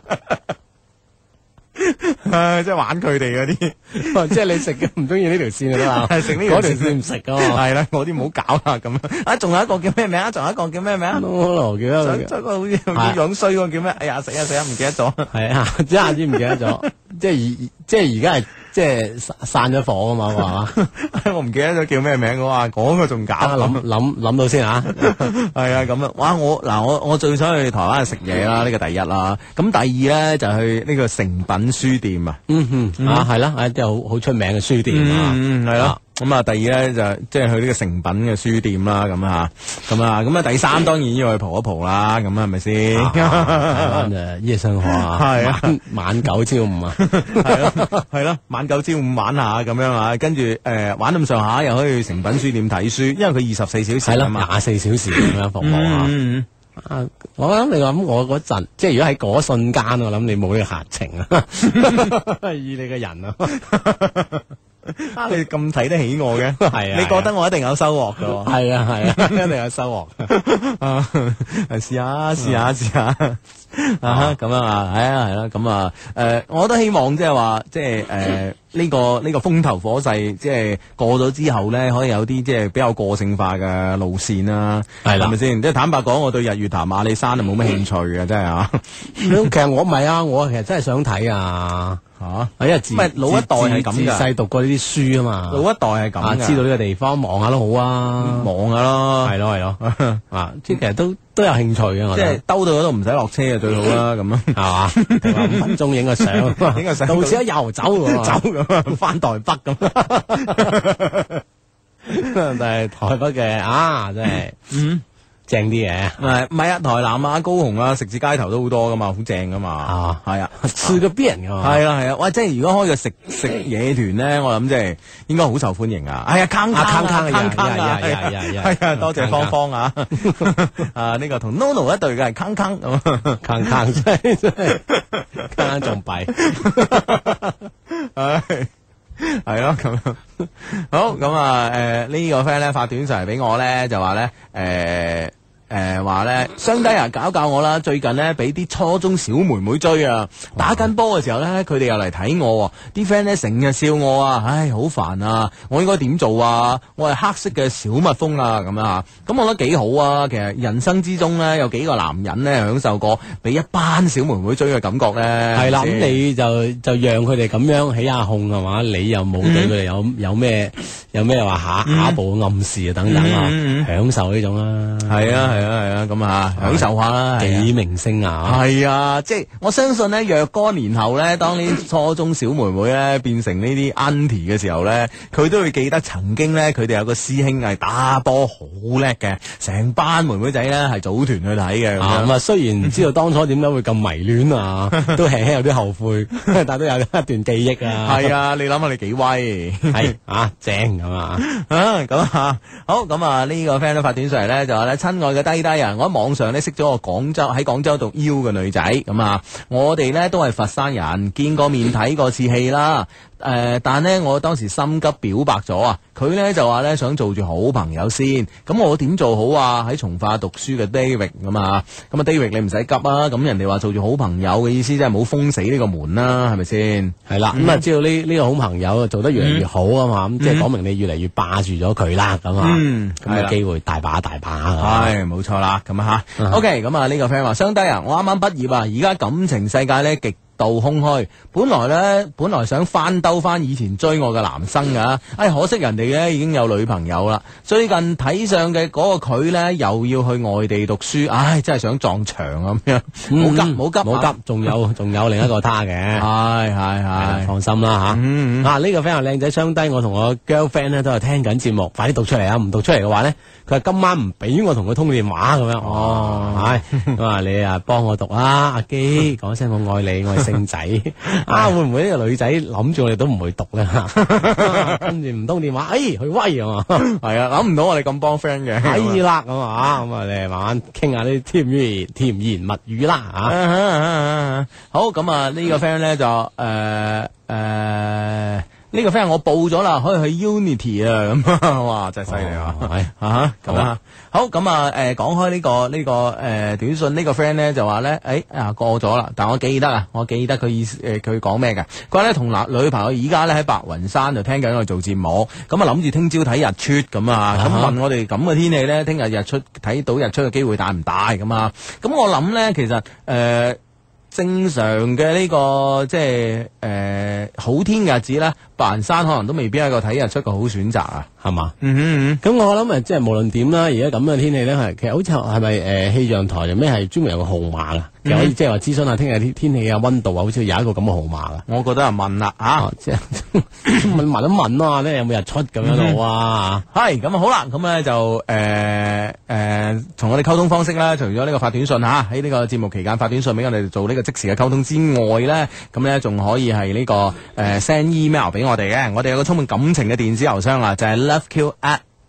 唉、 *laughs* 啊，即係玩佢哋嗰啲，即係你食嘅唔中意呢條線啦，嘛， *laughs* 食呢條線唔食噶，係 *laughs* *laughs* *laughs* 啦，我啲唔好搞啊咁樣。 *laughs* 啊，仲有一個叫咩名啊？仲有一個叫咩名啊？羅羅叫一好似叫樣衰個叫咩？嗯、 *laughs* *laughs* 哎呀，食啊食啊，唔記得咗。係啊，真係啲唔記得咗，即係而即係而家係。即係散咗火啊嘛，我唔記得咗叫咩名，我話講個仲搞諗諗諗到先啊，係啊咁啊，樣，哇我嗱我我最想去台灣食嘢啦，呢個、嗯、第一啦，咁第二咧就係、去呢個誠品書店啊，嗯哼，啊係啦，即啲好好出名嘅書店啊，嗯，係啊。咁啊，第二咧就即、是、係去呢個成品嘅書店啦，咁啊，咁啊，咁啊，第三當然要去蒲一蒲、啊 *laughs* 啊、啦，咁、呃、啊，係咪先？誒，夜生活，係啊，晚九朝五啊，係咯，係咯，晚九朝五玩下咁樣啊，跟住誒玩咁上下，又可以去成品書店睇書，因為佢二十四小時，廿四 *laughs* 小時咁樣服務啊。 *laughs* 嗯嗯我諗你諗我嗰陣，即係如果喺嗰瞬間，我諗你冇呢個閒情啊， *laughs* *laughs* 以你嘅的人啊。 *laughs* 啊、你咁睇得起我嘅，係啊，你覺得我一定有收穫噶，係 *laughs* 啊，係啊，一定有收穫。啊，試下啊，試下試下，啊，咁樣啊，係啊，係啦，咁啊，誒、啊啊呃，我都希望即係話，即係誒，呢、 *laughs* 這個呢、這個風頭火勢，即、就、係、是、過咗之後咧，可以有啲即係比較個性化嘅路綫啦、啊，係啦、啊，係咪先吧？即係坦白講，我對日月潭阿里山就冇乜興趣嘅，真係啊。 *laughs* *laughs* 其實我唔係啊，我其實真係想睇啊。吓，因為老一代係咁嘅，細讀過呢啲書啊嘛，老一代係咁，知道呢個地方望下都好啊，望下咯，係咯係咯，啊，即係其實都都有興趣嘅，即係兜到都唔使落車啊最好啦，咁啊，係嘛，五分鐘影個相，到時一遊走走咁，翻台北咁，但係台北嘅啊，真係。正啲嘢，唔係唔係啊！台南啊，高雄啊，食至街頭都好多㗎嘛，好正㗎嘛，啊係啊，處個邊人㗎，係啦係啊，哇！即係如果開個食食嘢團咧，我諗即係應該好受歡迎啊！哎呀，康啊康康，多謝芳芳啊，啊呢個同 Nono 一對嘅，康康咁，康康真真係康康仲弊，係係咯咁樣，好咁啊誒呢個 friend 咧發短信嚟俾我咧，就話咧誒。誒話咧，相低人、啊、搞搞我啦。最近呢，俾啲初中小妹妹追啊，嗯、打緊波嘅時候呢，佢哋又嚟睇我喎、啊。啲 friend 咧成日笑我啊，唉，好煩啊！我應該點做啊？我係黑色嘅小蜜蜂啊，咁樣嚇、啊。咁、嗯、我覺得幾好啊。其實人生之中呢，有幾個男人呢，享受過俾一班小妹妹追嘅感覺咧？係啦、嗯，咁、啊、你就就讓佢哋咁樣起下控係嘛？你又冇對佢哋有、嗯、有咩有咩話下下，下，下部暗示啊等等啊？享受呢種啊？係啊，係。係啊，係啊，咁 *noise* 啊樂，享受下啦，幾明星啊，係 *music* 啊，即係我相信咧，若干年後咧，當啲初中小妹妹咧變成呢啲 auntie 嘅時候咧，佢都會記得曾經咧，佢哋有個師兄係打波好叻嘅，成班妹妹仔咧係組團去睇嘅。咁啊，雖然唔知道當初點解會咁迷戀啊，都輕輕有啲後悔， *laughs* 但係都有一段記憶啊。係啊，你諗下你幾威，係 *laughs* 啊，正咁啊， *laughs* 啊，咁啊，好，咁啊，呢、呢個 friend 都發短信嚟，咧就話咧，親愛嘅。西單人，我喺網上咧識咗個廣州喺廣州讀 U 嘅女仔，咁啊，我哋咧都係佛山人，見過面睇過次戲啦。誒、呃，但呢，我當時心急表白咗啊，佢呢就話呢，想做住好朋友先，咁我點做好啊？喺從化讀書嘅 David 咁啊，咁啊 David 你唔使急啊，咁人哋話做住好朋友嘅意思，即係冇封死呢個門啦，係咪先？係啦，咁啊，知道呢呢個好朋友做得越嚟越好啊嘛，咁即係講明你越嚟越霸住咗佢啦，咁啊，咁嘅機會大把大把，啊，係冇錯啦，咁啊吓，OK，咁啊呢個 friend 話，兄弟啊，我啱啱畢業啊，而家感情世界呢。極。度空虛，本來咧本來想翻兜翻以前追我嘅男生噶，唉、哎，可惜人哋咧已經有女朋友啦。最近睇上嘅嗰個佢咧又要去外地讀書，唉、哎、真係想撞牆咁樣，唔好急唔好急，唔好急。仲、啊、有仲有另一個他嘅，係係係，放心啦吓，吓呢、嗯嗯啊呢個 friend 靚仔雙低，我同我 girlfriend 咧都係聽緊節目，快啲讀出嚟啊！唔讀出嚟嘅話咧。佢今晚唔俾我同佢通電話咁樣，哦，係、 *laughs* 哎，咁啊，你啊幫我讀啦，阿、啊、基講聲我愛你，我係星仔，啊， *laughs* 會唔會呢個女仔諗住我哋都唔會讀咧？跟住唔通電話，哎，佢威啊嘛，係啊，諗唔到我哋咁幫 friend 嘅，係啦，咁啊，咁、這、啊、個，你慢慢傾下啲甜言蜜語啦，嚇、呃，好、呃，咁、呃、啊，呢個 friend 咧就誒誒。呢個 friend 我報咗啦，可以去 Unity 啊咁， *laughs* 哇真係犀利啊！吓咁啊，嗯、好咁啊，誒、嗯、講開呢、這個呢、這個誒、呃、短信個呢個 friend 咧就話咧，誒、哎、啊過咗啦，但我記得啊，我記得佢意思誒佢講咩嘅，佢咧同男女朋友而家咧喺白雲山就聽緊我做節目，咁啊諗住聽朝睇日出咁啊，咁、uh huh. 問我哋咁嘅天氣咧，聽日日出睇到日出嘅機會大唔大咁啊？咁、嗯嗯、我諗咧，其實誒、呃、正常嘅呢、這個即係誒、呃呃、好天嘅日子咧。行山可能都未必係個睇日出個好選擇啊，係嘛？咁我諗誒，即係無論點啦，而家咁嘅天氣咧，係其實好似係咪誒氣象台有咩係專門有個號碼啊？又可以即係話諮詢下聽日啲天氣啊、溫度啊，好似有一個咁嘅號碼啊。我覺得問啦，啊，哦、即係 *laughs* 問一 *laughs* 問，問，問啊，咧有冇日出咁樣度、嗯嗯、啊？係咁好啦，咁咧就誒誒，從、呃呃、我哋溝通方式啦，除咗呢個發短信吓，喺呢個節目期間發短信俾我哋做呢個即時嘅溝通之外咧，咁咧仲可以係呢、這個誒 send、呃這個這個這個呃、email 俾我。我哋嘅，我哋有個充滿感情嘅電子郵箱啦，就係、是、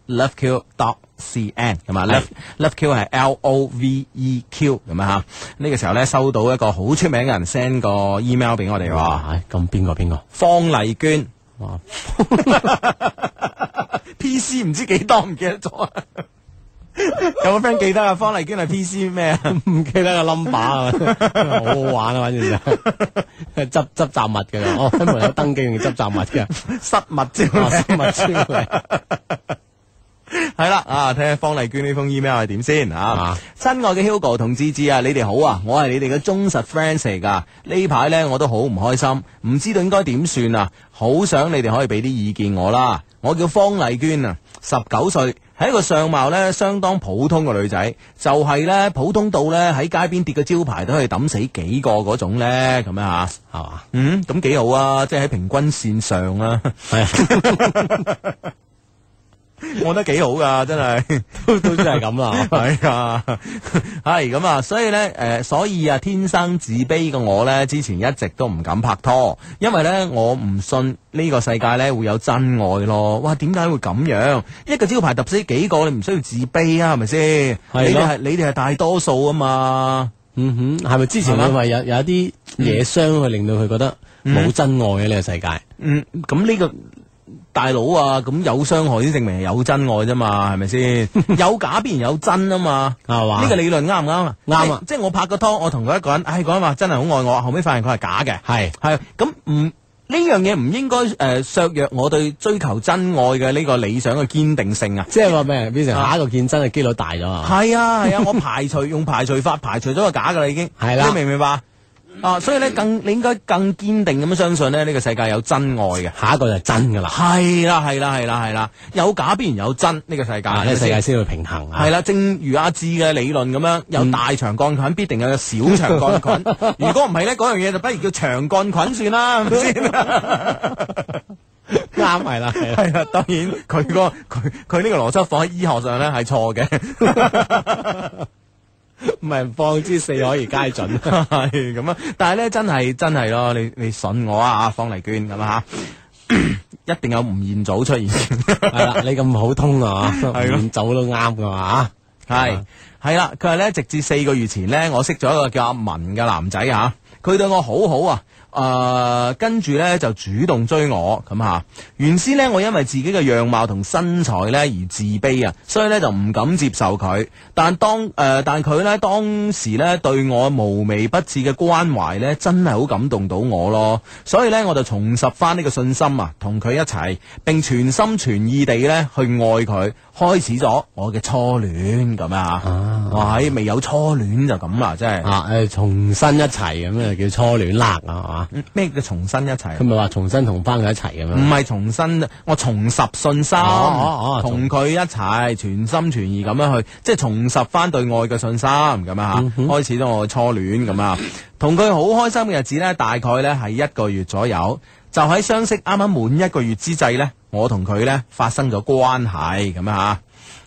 loveq@loveq. 點 cn 咁啊，love 是 loveq 係 l o v e q 咁啊吓，呢、嗯、個時候咧收到一個好出名嘅人 send 個 email 俾我哋話，咁邊個邊個？誰誰方麗娟，哇 *laughs* *laughs* ，PC 唔知幾多，唔記得咗。有冇 friend 記得啊？方麗娟係 PC 咩？唔記得個 number，好 *laughs* 好玩啊！反正就執、是、執 *laughs* 雜物嘅， *laughs* 哦，有登記嘅執雜物嘅失物招，失物招嚟。係啦，啊，睇下方麗娟封呢封 email 係點先啊！親、啊、愛嘅 Hugo 同芝芝啊，你哋好啊，我係你哋嘅忠實 fans 嚟噶。呢排咧我都好唔開心，唔知道應該點算啊，好想你哋可以俾啲意見我啦。我叫方麗娟啊，十九歲。係一個相貌咧相當普通嘅女仔，就係、是、咧普通到咧喺街邊跌個招牌都可以抌死幾個嗰種咧，咁樣吓，係嘛、啊？嗯，咁幾好啊，即係喺平均線上啊。 *laughs* 我覺得幾好噶，真係都,都真係咁啦，係 *laughs* *laughs* 啊，係咁啊，所以咧，誒、呃，所以啊，天生自卑嘅我咧，之前一直都唔敢拍拖，因為咧，我唔信呢個世界咧會有真愛咯。哇，點解會咁樣？一個招牌揼死幾個，你唔需要自卑啊，係咪先？係啊，你哋係你哋係大多數啊嘛。嗯哼，係咪之前佢咪有有一啲嘢傷，去令到佢覺得冇真愛嘅呢個世界？嗯，咁、嗯、呢、這個。大佬啊，咁有傷害先證明係有真愛啫嘛，係咪先？有假必然有真啊嘛，係嘛、啊？呢個理論啱唔啱啊？啱啊！即係、哎、我拍個拖、ok，我同佢一個人，哎講話真係好愛我，後尾發現佢係假嘅，係係咁唔呢樣嘢唔應該誒削弱我對追求真愛嘅呢個理想嘅堅定性啊！即係話咩變成下一個見真嘅幾率大咗 *laughs* 啊？係啊係啊，我排除用排除法排除咗個假噶啦已經，係啦 *laughs* 你明唔明白？啊！所以咧，更你應該更堅定咁樣相信咧，呢、這個世界有真愛嘅。下一個就係真㗎啦。係啦，係啦，係啦，係啦，有假必然有真，呢、這個世界。呢個世界先會平衡，啊。係啦，正如阿智嘅理論咁樣，有大腸桿菌必定有小腸桿菌。 *laughs* 如果唔係呢，嗰樣嘢就不如叫腸桿菌算啦，係咪啱？係啦，係啦，當然佢、那個佢佢呢個邏輯放喺醫學上咧係錯嘅。 *laughs* *laughs* 唔係放之四海而皆準，係咁啊！但係咧，真係真係咯，你你信我啊，方麗娟咁吓，一定有吳彥祖出現，係啦， *laughs* 你咁好通啊，吳彥祖都啱噶嘛，吓係係啦，佢話咧，直至四個月前咧，我識咗一個叫阿文嘅男仔啊，佢對我好好啊。誒，跟住、呃、呢，就主動追我，咁吓。原先呢，我因為自己嘅樣貌同身材呢而自卑啊，所以呢就唔敢接受佢。但當誒、呃，但佢呢，當時呢對我無微不至嘅關懷呢，真係好感動到我咯。所以呢，我就重拾翻呢個信心啊，同佢一齊，並全心全意地呢去愛佢，開始咗我嘅初戀咁啊，啊。哇、哎，未有初戀就咁啊，真係啊，誒，重新一齊咁就叫初戀啦，啊咩叫重新一齊？佢咪話重新同翻佢一齊咁樣？唔係重新，我重拾信心，同佢、啊啊啊、一齊，從全心全意咁樣去，即係重拾翻對愛嘅信心咁樣吓。嗯、哼開始咗我嘅初戀咁啊，同佢好開心嘅日子呢，大概呢係一個月左右。就喺相識啱啱滿一個月之際呢，我同佢呢發生咗關係咁樣吓。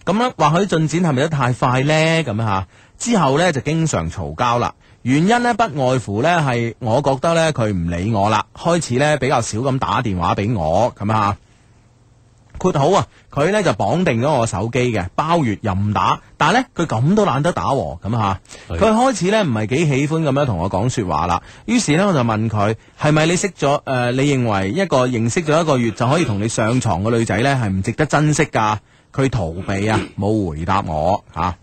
咁樣或許進展係咪得太快呢？咁樣吓之後呢就經常嘈交啦。原因呢，不外乎呢，係我覺得呢，佢唔理我啦，開始呢，比較少咁打電話俾我咁啊。括好啊，佢呢就綁定咗我手機嘅包月任打，但係呢，佢咁都懶得打喎，咁啊。佢的開始呢，唔係幾喜歡咁樣同我講說話啦，於是呢，我就問佢係咪你識咗誒、呃？你認為一個認識咗一個月就可以同你上床嘅女仔呢，係唔值得珍惜噶？佢逃避啊，冇回答我吓。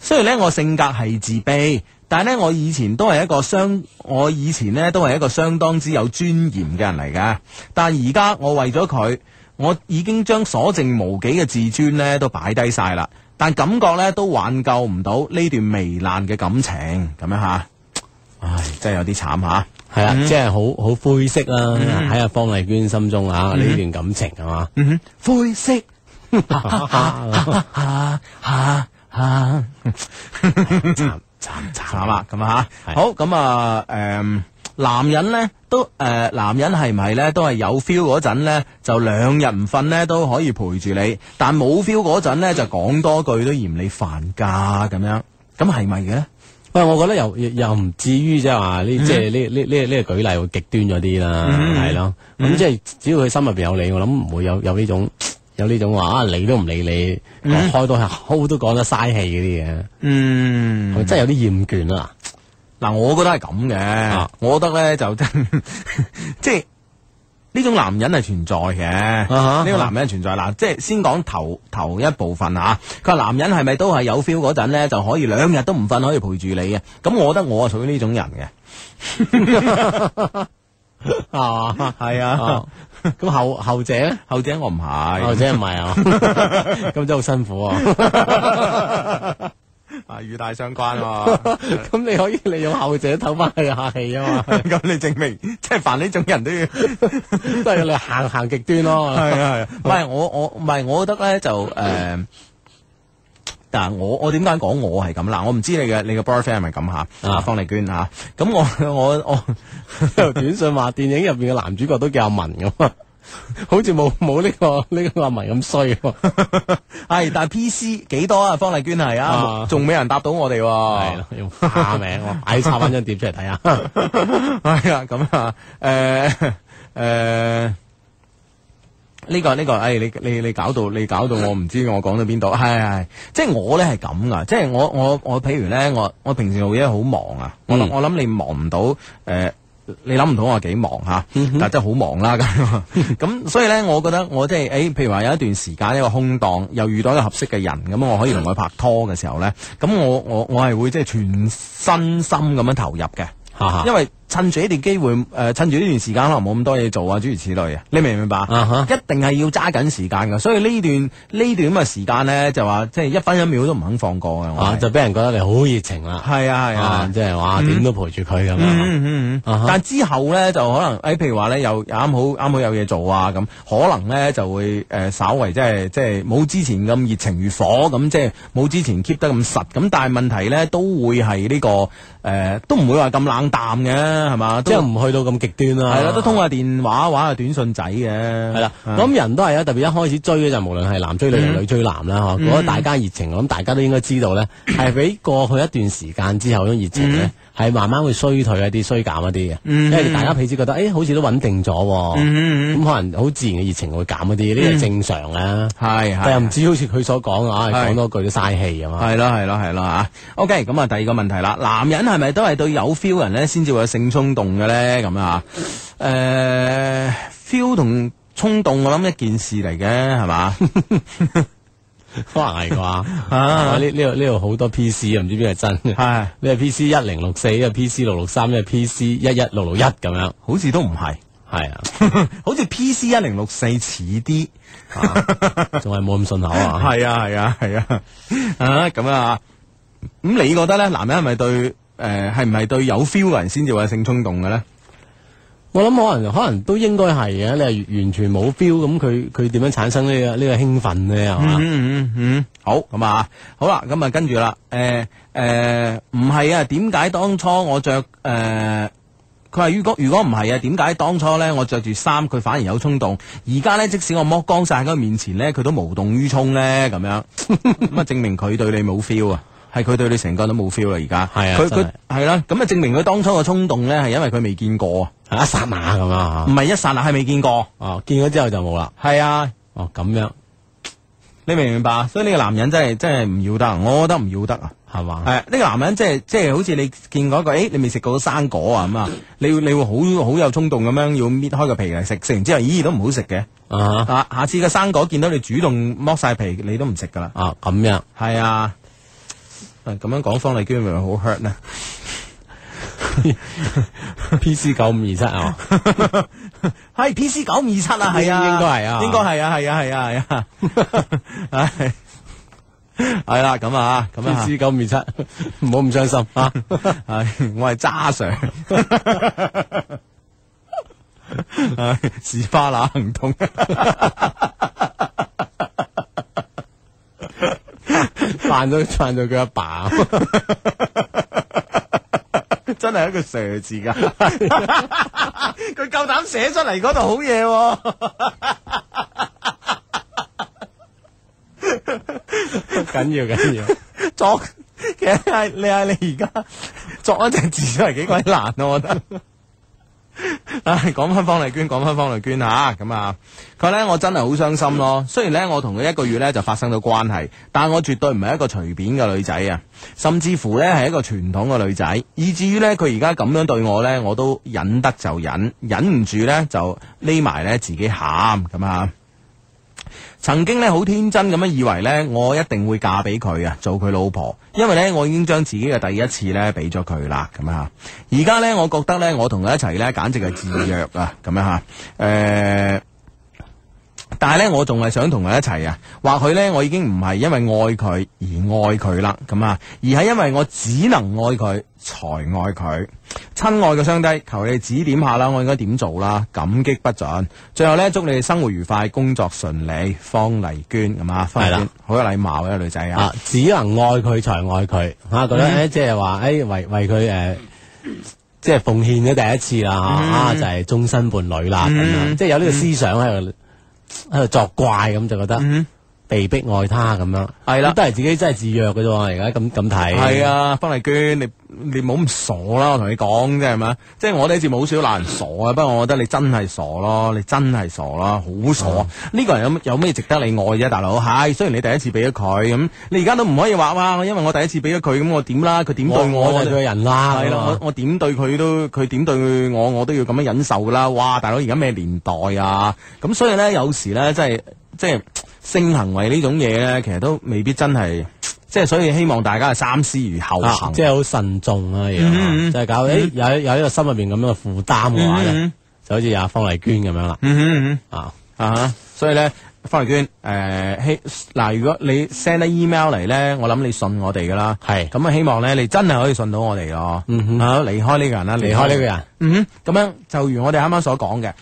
雖然呢，我性格係自卑。但係咧，我以前都係一個相，我以前咧都係一個相當之有尊嚴嘅人嚟㗎。但而家我為咗佢，我已經將所剩無幾嘅自尊呢都擺低晒，啦。但感覺呢，都挽救唔到呢段糜爛嘅感情咁樣吓，唉，真係有啲慘吓。係啊，即係好好灰色啦。喺阿方麗娟心中啊，呢、嗯、段感情係嘛、嗯，灰色。慘慘啊，咁啊吓，好咁啊，誒是的、啊呃，男人咧都誒、呃，男人係咪咧都係有 feel 嗰陣咧，就兩日唔瞓咧都可以陪住你，但冇 feel 嗰陣咧就講多句都嫌你煩噶咁樣，咁係咪嘅咧？喂，我覺得又又唔至於即係話呢，即係呢呢呢呢個舉例會極端咗啲啦，係咯、嗯的，咁即係只要佢心入邊有你，我諗唔會有有呢種。有呢種話，理、啊、都唔理你，講開到口都係 h 都講得嘥氣嗰啲嘢，嗯，是是真係有啲厭倦啦。嗱，我覺得係咁嘅，啊、我覺得咧就真 *laughs* 即係呢種男人係存在嘅。呢個、啊、哈男人存在，嗱、啊，即係先講頭頭一部分吓。佢、啊、話男人係咪都係有 feel 嗰陣咧就可以兩日都唔瞓可以陪住你嘅？咁我覺得我係屬於呢種人嘅，係 *laughs* 係 *laughs* 啊。咁後後者咧，後者我唔係，後者唔係啊，咁真係好辛苦啊，啊 *laughs* 與大相關啊，咁 *laughs* *laughs* 你可以利用後者唞翻下氣啊嘛，咁 *laughs* *laughs* 你證明即係、就是、凡呢種人都要 *laughs* *laughs* 都要你行行極端咯，係啊係啊，唔係我我唔係我覺得咧就誒。呃嗯嗱，我我點解講我係咁啦？我唔知你嘅你嘅 boyfriend 係咪咁吓？力啊，方麗娟吓，咁、啊、我我我由 *laughs* 短信話，電影入邊嘅男主角都叫阿文咁，好似冇冇呢個呢、呢個文咁衰。係、 *laughs* *laughs* 哎，但係 PC 幾多啊？方麗娟係啊，仲未、啊、人答到我哋、哦。係用假名， *laughs* 我唉插翻張碟出嚟睇下。係、 *laughs* 哎、啊，咁、呃、啊，誒、呃、誒。呃呢個呢個，誒、這個哎、你你你搞到你搞到我唔知我講到邊度，係、哎、係，即係我咧係咁噶，即係我我我譬如咧，我我平時做嘢好忙啊、嗯，我諗我諗你忙唔到，誒、呃、你諗唔到我幾忙嚇，但真係好忙啦咁，咁、 *laughs* 嗯、 *laughs* 所以咧，我覺得我即係誒，譬如話有一段時間一個空檔，又遇到一個合適嘅人，咁我可以同佢拍拖嘅時候咧，咁我我我係會即係全身心咁樣投入嘅。Uh huh. 因為趁住呢段機會，誒、呃，趁住呢段時間可能冇咁多嘢做啊，諸如此類啊，你明唔明白、uh huh. 一定係要揸緊時間嘅，所以呢段呢段咁嘅時間呢，就話即係一分一秒都唔肯放過嘅。就俾人覺得你好熱情啦。係啊係啊，huh. uh huh. 即係哇，點都陪住佢咁樣。但之後呢，就可能誒，譬如話呢，又啱好啱好有嘢做啊咁，可能呢，就會誒稍為即係即係冇之前咁熱情如火咁，即係冇之前 keep 得咁實咁。但係問題呢，都會係呢個。誒、呃，都唔會話咁冷淡嘅，係嘛，即係唔去到咁極端啦、啊。係啦，都通下電話，玩下短信仔嘅。係啦的，咁的人都係啊，特別一開始追嘅就無論係男追女女追男啦，嗬、嗯。我、啊、覺得大家熱情，嗯、我諗大家都應該知道咧，係比過去一段時間之後種熱情咧。嗯係慢慢會衰退一啲、衰減一啲嘅，因為大家彼此覺得誒、欸，好似都穩定咗，咁、嗯嗯、可能好自然嘅熱情會減一啲，呢個、嗯、正常啦。係，但又唔知好似佢所講啊，講是多句都嘥氣啊嘛。係啦，係啦，係啦。OK，咁、嗯、啊，第二個問題啦，男人係咪都係對有 feel 人咧，先至會有性衝動嘅咧？咁啊，誒，feel 同衝動，我諗一件事嚟嘅，係嘛？ *laughs* 可能係啩？呢呢度呢度好多 P C 啊，唔、啊、知邊係真。係呢個 P C 一零六四，呢個 P C 六六三，呢個 P C 一一六六一咁樣，好，都的 *laughs* 好似都唔係，係啊，好似 P C 一零六四似啲，仲係冇咁順口啊？係啊係啊係啊啊咁樣啊！咁、啊、你覺得咧，男人係咪對誒係唔係對有 feel 嘅人先至會有性衝動嘅咧？我諗可能可能都應該係嘅，你係完全冇 feel 咁，佢佢點樣產生呢、呢個呢、呢個興奮咧？係嘛、嗯，嗯嗯嗯，好咁、呃呃、啊，好啦，咁啊跟住啦，誒誒，唔係啊，點解當初我着誒？佢、呃、話如果如果唔係啊，點解當初咧我着住衫佢反而有衝動？而家咧即使我剝光晒喺佢面前咧，佢都無動於衷咧，咁樣咁啊，嗯、證明佢對你冇 feel 啊！係佢對你成個都冇 feel 啦！而家係啊，佢佢係啦，咁啊證明佢當初嘅衝動咧，係因為佢未見過啊，一刹那咁啊，唔係一刹那，係未見過啊，見咗之後就冇啦。係啊，哦咁樣，你明唔明白？所以呢個男人真係真係唔要得，我覺得唔要得啊，係嘛？係啊呢個男人即係即係，好似你見過一個，誒，你未食過生果啊咁啊，你你會好好有衝動咁樣要搣開個皮嚟食，食完之後，咦都唔好食嘅。下次個生果見到你主動剝晒皮，你都唔食噶啦啊咁樣，係啊。咁樣講，方麗娟會唔會好 hurt 呢 P C 九五二七啊，係 P C 九五二七啊，係啊，應該係啊，應該係啊，係 *laughs* 啊愧，係啊 mente，係 *laughs* 啊愧，係、anyway，係啦，咁啊，咁啊，P C 九五二七，唔好咁傷心啊，我係揸常，是花乸唔通？犯咗犯咗佢阿爸，爸， *laughs* 真係一個蛇字㗎，佢夠膽寫出嚟嗰度好嘢，緊要緊要，作 *laughs* 其實你係你係你而家作一隻字出嚟幾鬼難，我覺得。唉，講翻、啊、方麗娟，講翻方麗娟吓，咁啊，佢咧、啊、我真係好傷心咯。雖然咧我同佢一個月咧就發生咗關係，但我絕對唔係一個隨便嘅女仔啊，甚至乎咧係一個傳統嘅女仔，以至於咧佢而家咁樣對我咧，我都忍得就忍，忍唔住咧就匿埋咧自己喊咁啊。曾經咧好天真咁樣以為咧，我一定會嫁俾佢啊，做佢老婆。因為咧，我已經將自己嘅第一次咧俾咗佢啦，咁吓。而家咧，我覺得咧，我同佢一齊咧，簡直係自虐啊，咁樣吓，誒、呃。但係咧，我仲係想同佢一齊啊！或許咧，我已經唔係因為愛佢而愛佢啦，咁啊，而係因為我只能愛佢才愛佢。親愛嘅兄弟，求你指點下啦，我應該點做啦？感激不盡。最後咧，祝你哋生活愉快，工作順利。方黎娟，咁啊，係啦，的好有禮貌嘅女仔啊！啊只能愛佢才愛佢，吓、嗯、覺得咧，即係話，誒，為為佢誒，即、呃、係、就是、奉獻咗第一次啦，吓、嗯啊、就係、是、終身伴侶啦，咁樣、嗯，嗯、即係有呢個思想喺度、嗯。嗯嗯喺度、呃、作怪咁就覺得。嗯被逼愛他咁樣係啦，了都係自己真係自弱嘅啫。而家咁咁睇係啊，方麗娟，你你冇咁傻啦！我同你講即係嘛，即係我第一次好少鬧人傻嘅。不過我覺得你真係傻咯，你真係傻咯，好傻呢的個人有有咩值得你愛啫？大佬係雖然你第一次俾咗佢咁，你而家都唔可以話哇，我因為我第一次俾咗佢咁，我點啦？佢點對我就人啦，係咯？我我點對佢都佢點對我，我，我都要咁樣忍受啦。哇，大佬而家咩年代啊？咁所以咧，有時咧，即係即係。t 性行為呢種嘢咧，其實都未必真係，即係所以希望大家係三思而後行，即係好慎重啊！而家就係搞啲有有呢個心入邊咁樣嘅負擔嘅話，就好似阿方麗娟咁樣啦。啊啊！所以咧，方麗娟，誒希嗱，如果你 send 啲 email 嚟咧，我諗你信我哋噶啦。係咁啊！希望咧，你真係可以信到我哋囉。嗯哼，離開呢個人啦，離開呢個人。嗯哼，咁樣就如我哋啱啱所講嘅，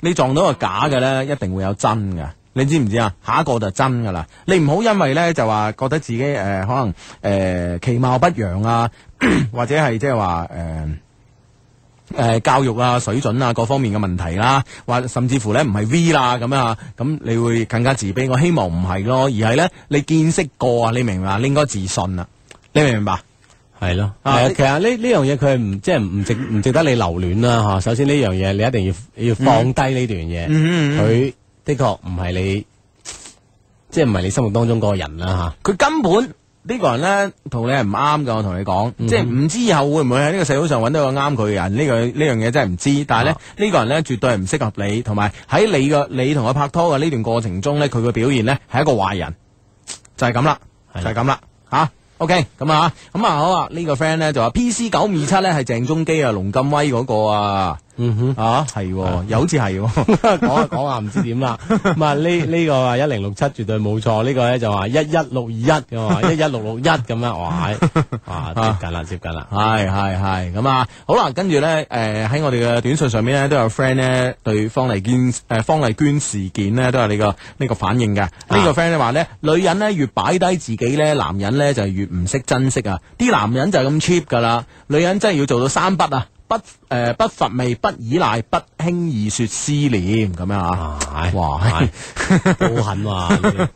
你撞到個假嘅咧，一定會有真嘅。你知唔知啊？下一個就真噶啦！你唔好因為咧就話覺得自己誒，可能誒其貌不揚啊， *coughs* 或者係即係話誒誒教育啊水準啊各方面嘅問題啦，啊，或甚至乎咧唔係 V 啦咁啊，咁你會更加自卑。我希望唔係咯，而係咧你見識過啊，你明唔明？你應該自信啊，你明唔明白？係咯的，啊，其實呢呢你樣嘢，佢唔即係唔值唔，嗯，值得你留戀啦吓。首先呢樣嘢，你一定要要放低呢段嘢，佢，嗯。嗯嗯嗯嗯的確唔係你，即係唔係你心目當中嗰、啊、個人啦吓。佢根本呢、啊、個人咧同你係唔啱嘅，我同你講，即係唔知以後會唔會喺呢個社會上揾到個啱佢嘅人。呢個呢樣嘢真係唔知。但係咧呢個人咧絕對係唔適合你，同埋喺你個你同佢拍拖嘅呢段過程中咧，佢嘅表現咧係一個壞人，就係咁啦，的就係咁啦吓。OK，咁啊，咁啊好啊，這個、呢個 friend 咧就話 PC 九二七咧係鄭中基啊、龍金威嗰個啊。嗯哼，啊係，又的好似係，講下講下唔知點啦。咁啊呢呢個啊一零六七絕對冇錯，呢、這個咧就話一一六二一咁一一六六一咁樣哇，接近啦、啊嗯，接近啦，係係係咁啊。好啦，跟住咧，誒喺我哋嘅短信上面咧都有 friend 咧，對方麗娟誒、呃、方麗娟事件呢，都有呢、這個呢、這個反應嘅。呢、啊、個 friend 咧話呢，女人呢，越擺低自己呢，男人呢，就係越唔識珍惜啊。啲男人就係咁 cheap 噶啦，女人真係要做到三筆啊。不誒、呃，不乏味，不依賴，不輕易說思念，咁樣啊？哎、哇，好、哎、狠啊！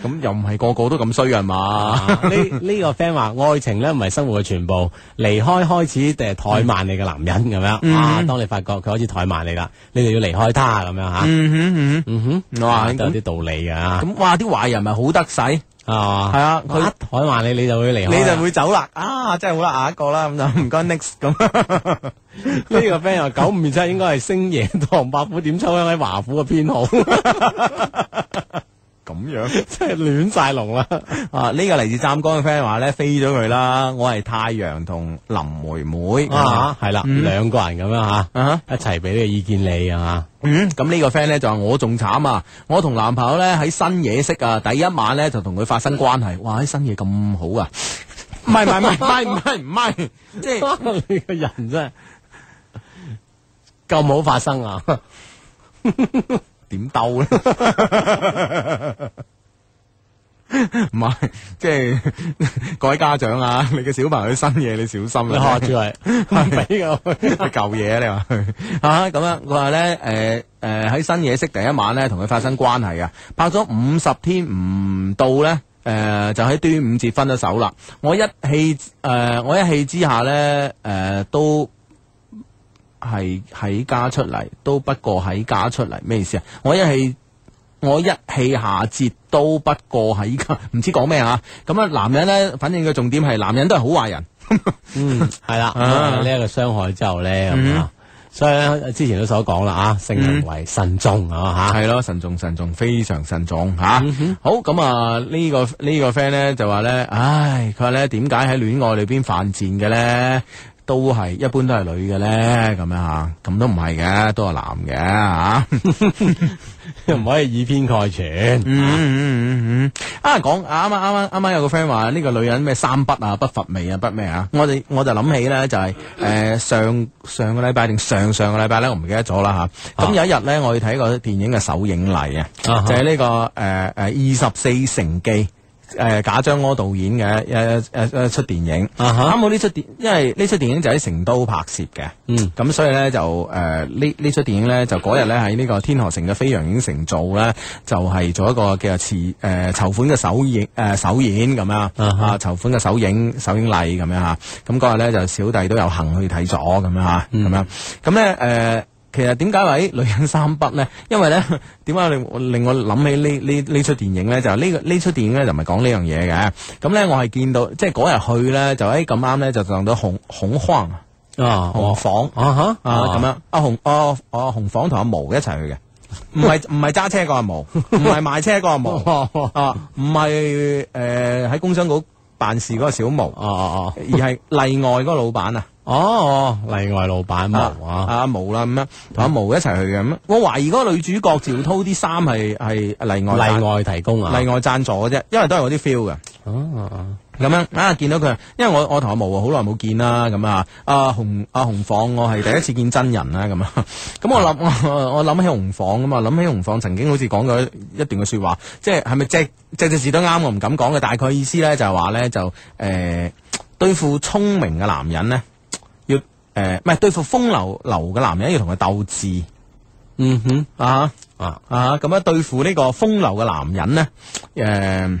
咁 *laughs* *laughs* 又唔係個個都咁衰嘅嘛？呢呢、啊 *laughs* 呢個 friend 話，愛情咧唔係生活嘅全部，離開開始定係怠慢你嘅男人，咁樣啊，嗯、啊，當你發覺佢開始怠慢你啦，你就要離開他咁樣吓、啊嗯。嗯哼嗯哼，哇，啲道理嘅啊，咁哇，啲壞人咪好得勢。啊，嘛？係啊，佢一台話你，你就會嚟開、啊，你就會走啦。啊，真係好啦，下、啊、一個啦，咁就唔該 next。咁呢個 friend 又九五年應該係星爺 *laughs* 唐伯虎點秋香喺華府嘅編號。 *laughs* *laughs* 咁樣即係亂晒龍啦！啊，呢個嚟自湛江嘅 friend 話咧飛咗佢啦，我係太陽同林妹妹啊，係啦兩個人咁樣吓，一齊俾呢個意見你啊，嗯，咁呢、嗯、個 friend 咧就話我仲慘啊，我同男朋友咧喺新嘢識啊，第一晚咧就同佢發生關係，哇，啲新嘢咁好啊，唔係唔係唔係唔係唔係，即係你個人真係咁 *laughs* 好發生啊！ *laughs* 點斗啊？唔係，即係各位家長啊，你嘅小朋友去新嘢，你小心啊！吓住係，唔俾個舊嘢啊！你話吓咁樣，佢話咧，誒誒，喺新嘢識第一晚咧，同佢發生關係啊，拍咗五十天唔到咧，誒就喺端午節分咗手啦。我一氣誒，我一氣之下咧，誒都。係喺家出嚟，都不過喺家出嚟，咩意思啊？我一氣，我一氣下節都不過喺家，唔知講咩吓。咁啊，男人咧，反正個重點係，男人都係好壞人。 *laughs* 嗯，係啦。呢一、啊、個傷害之後咧，咁啊、嗯，所以咧，之前都所講啦吓，性、啊、為慎重、嗯、啊吓，係咯，慎重慎重，非常慎重吓。啊嗯、哼好，咁啊、這個，呢、這個呢個 friend 咧就話咧，唉，佢話咧點解喺戀愛裏邊犯賤嘅咧？都係一般都係女嘅咧，咁樣吓，咁都唔係嘅，都係男嘅吓，唔可以以偏概全。嗯嗯嗯嗯，啊講啊啱啱啱啱有個 friend 話呢個女人咩三不啊不乏味啊不咩啊，我哋我就諗起咧就係、是、誒、呃、上、上、上上個禮拜定上上個禮拜咧，我唔記得咗啦吓。咁、啊啊、有一日咧，我去睇個電影嘅首映禮啊，就係呢、這個誒誒、呃、二十四城記。誒，賈樟、呃、柯導演嘅誒誒誒出電影，啱、uh huh. 好呢出電，因為呢出電影就喺成都拍攝嘅，咁、uh huh. 所以咧就誒呢呢出電影咧就嗰日咧喺呢個天河城嘅飛揚影城做咧，就係、是、做一個叫做籌誒籌款嘅首映。誒、呃、首演咁樣、uh huh. 啊，籌款嘅首映，首映禮咁樣吓，咁嗰日咧就小弟都有行去睇咗咁樣吓，咁、uh huh. 樣咁咧誒。其實點解話女人三筆呢？因為咧點解令令我諗起呢呢呢出電影咧？就係呢個呢出電影咧，就唔係講呢樣嘢嘅。咁咧，我係見到即係嗰日去咧，就喺咁啱咧，哎、就撞到紅恐慌啊紅房咁樣。阿紅阿阿紅房同阿毛一齊去嘅，唔係唔係揸車個阿毛，唔係賣車個阿毛唔係誒喺工商局辦事嗰個小毛，哦哦哦，哦而係例外嗰個老闆啊，哦，例外老闆，啊啊啊、毛啊，阿毛啦咁樣，同阿毛一齊去嘅咁，啊，我懷疑嗰個女主角趙濤啲衫係係例外例外提供啊，例外贊助嘅啫，因為都係我啲 feel 嘅。啊啊啊咁樣啊！見到佢，因為我我同阿毛啊，好耐冇見啦，咁啊，阿洪阿洪晃我係第一次見真人啦，咁啊，咁我諗我諗起洪晃啊嘛，諗起洪晃曾經好似講過一段嘅說話，即係係咪只只字都啱我唔敢講嘅，大概意思咧就係話咧就誒對付聰明嘅男人呢，要誒唔係對付風流流嘅男人要同佢鬥智，嗯哼啊啊啊咁樣對付呢個風流嘅男人呢。誒、uh。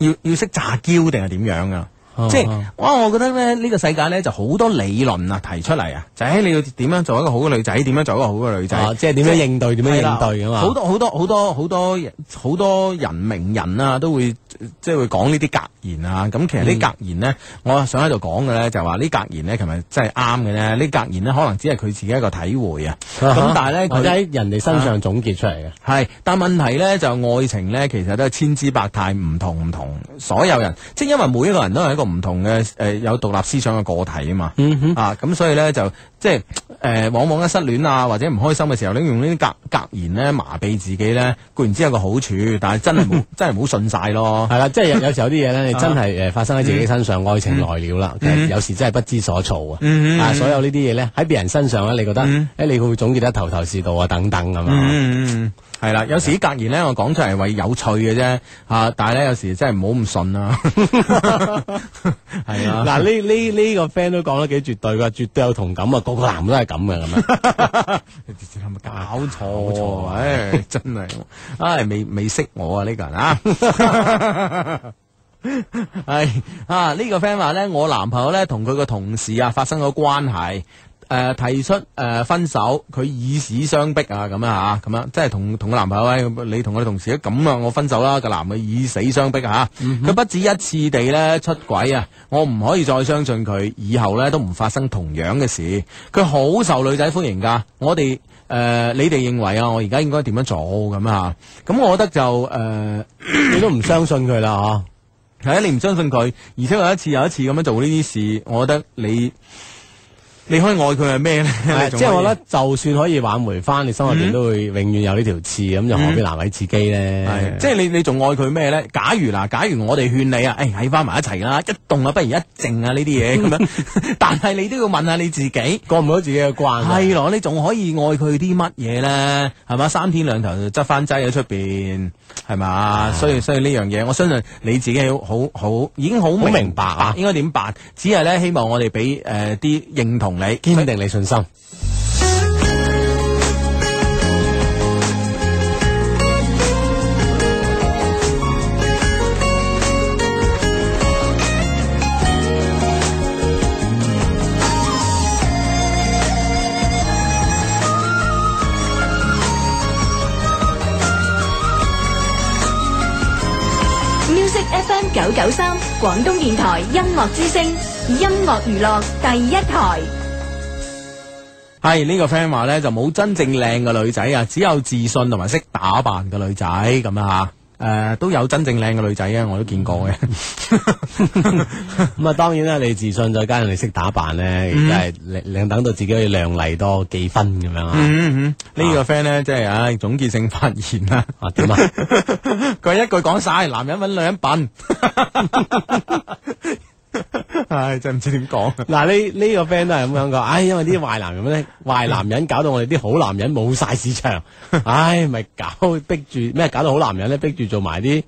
要要識詐嬌定係點樣噶？哦、即係、哦、哇，我覺得咧呢個世界咧就好多理論啊，提出嚟，啊，就喺你要點樣做一個好嘅女仔？點樣做一個好嘅女仔？哦、即係點樣應對？即、點樣應對噶嘛？好多好多好多好多好多人名人啊，都會。即係會講呢啲格言啊，咁其實呢格言呢，嗯、我想喺度講嘅呢，就話呢格言呢，係咪真係啱嘅呢。呢格言呢，可能只係佢自己一個體會啊哈。咁但係呢，佢喺人哋身上總結出嚟嘅係，但係問題呢就愛情呢，其實都係千姿百態，唔同唔同所有人。即、就、係、是、因為每一個人都係一個唔同嘅誒、呃、有獨立思想嘅個體啊嘛。咁、嗯哼啊、所以呢，就即係誒、呃，往往一失戀啊或者唔開心嘅時候，你用呢啲格格言呢，麻痹自己呢，固然之有個好處，但係真係 *laughs* 真係唔好信晒咯。係啦，即係、哦、 *laughs* 有有時候啲嘢咧，你真係誒發生喺自己身上，嗯、愛情來了啦，嗯、其實有時真係不知所措啊！啊，嗯嗯嗯、所有呢啲嘢咧，喺別人身上咧，你覺得嗯嗯誒，你會總結得頭頭是道啊？等等咁樣！嗯嗯嗯嗯係啦，有時格言咧，我講出嚟為有趣嘅啫，吓！但係咧，有時真係唔好咁信啦。係啊，嗱 *laughs* *laughs* 的，呢呢呢個 friend 都講得幾絕對噶，絕對有同感啊，個、那個男都係咁嘅咁樣。 *laughs* *laughs* 你直接係咪搞錯？唉、 *laughs* 哎，真係，唉、哎，未未識我啊呢、這個人啊。係 *laughs* 啊，呢、這個 friend 話咧，我男朋友咧同佢個同事啊發生咗關係。誒、呃，提出誒、呃、分手，佢以死相逼，啊，咁啊吓，咁樣即係同同個男朋友，你同我哋同事咁啊，我分手啦，個男嘅以死相逼吓、啊，佢、嗯、哼不止一次地咧出軌啊，我唔可以再相信佢，以後咧都唔發生同樣嘅事。佢好受女仔歡迎㗎，我哋誒、呃，你哋認為啊，我而家應該點樣做咁啊？咁我覺得就誒、呃，你都唔相信佢啦嗬？係 *coughs* 啊，你唔相信佢，而且有一次又一次咁樣做呢啲事，我覺得你。你可以愛佢係咩咧？的即係我覺得，就算可以挽回翻，你心入邊都會永遠有呢條刺咁，嗯、就何必難為自己咧？的的即係你你仲愛佢咩咧？假如嗱，假如我哋勸你啊，誒喺翻埋一齊啦，一動啊，不如一靜啊，呢啲嘢咁樣。 *laughs* 但係你都要問下你自己 *laughs* 過唔過自己嘅關？係咯，你仲可以愛佢啲乜嘢咧？係嘛，三天兩頭就執翻劑喺出邊係嘛？所以所以呢樣嘢，我相信你自己好好，好已經好，好明白、啊、應該點辦。只係咧，希望我哋俾誒啲認同。你堅定你信心。Music FM 九九三，廣東電台音樂之聲，音樂娛樂第一台。係、這個、呢個 friend 話咧就冇真正靚嘅女仔啊，只有自信同埋識打扮嘅女仔咁樣吓，誒、呃、都有真正靚嘅女仔嘅，我都見過嘅。咁啊，當然啦，你自信再加人你識打扮咧，而家係靚等到自己可以靚麗多幾分咁樣啊。呢個 friend 咧即係啊總結性發言啦點啊，佢 *laughs* *laughs* 一句講晒，男人揾女人笨。 *laughs* *laughs* 唉、 *laughs* 哎，真係唔知點講。嗱，呢呢、這個 friend 都係咁樣講。唉、哎，因為啲壞男人咧，壞 *laughs* 男人搞到我哋啲好男人冇晒市場。唉、哎，咪搞逼住咩？搞到好男人咧逼住做埋啲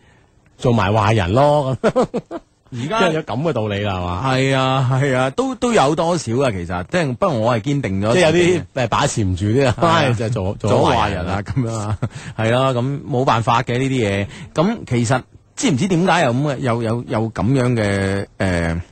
做埋壞人咯。而 *laughs* 家在有咁嘅道理啦，係嘛？係啊，係啊，都、啊、都有多少啊。其實，即係不過我係堅定咗，即係有啲把持唔住啲啊，哎、就係做做壞人啊，咁樣 *laughs* *laughs* 啊，係咯，咁冇辦法嘅呢啲嘢。咁其實。知唔知點解又咁啊？有有有咁樣嘅誒、呃、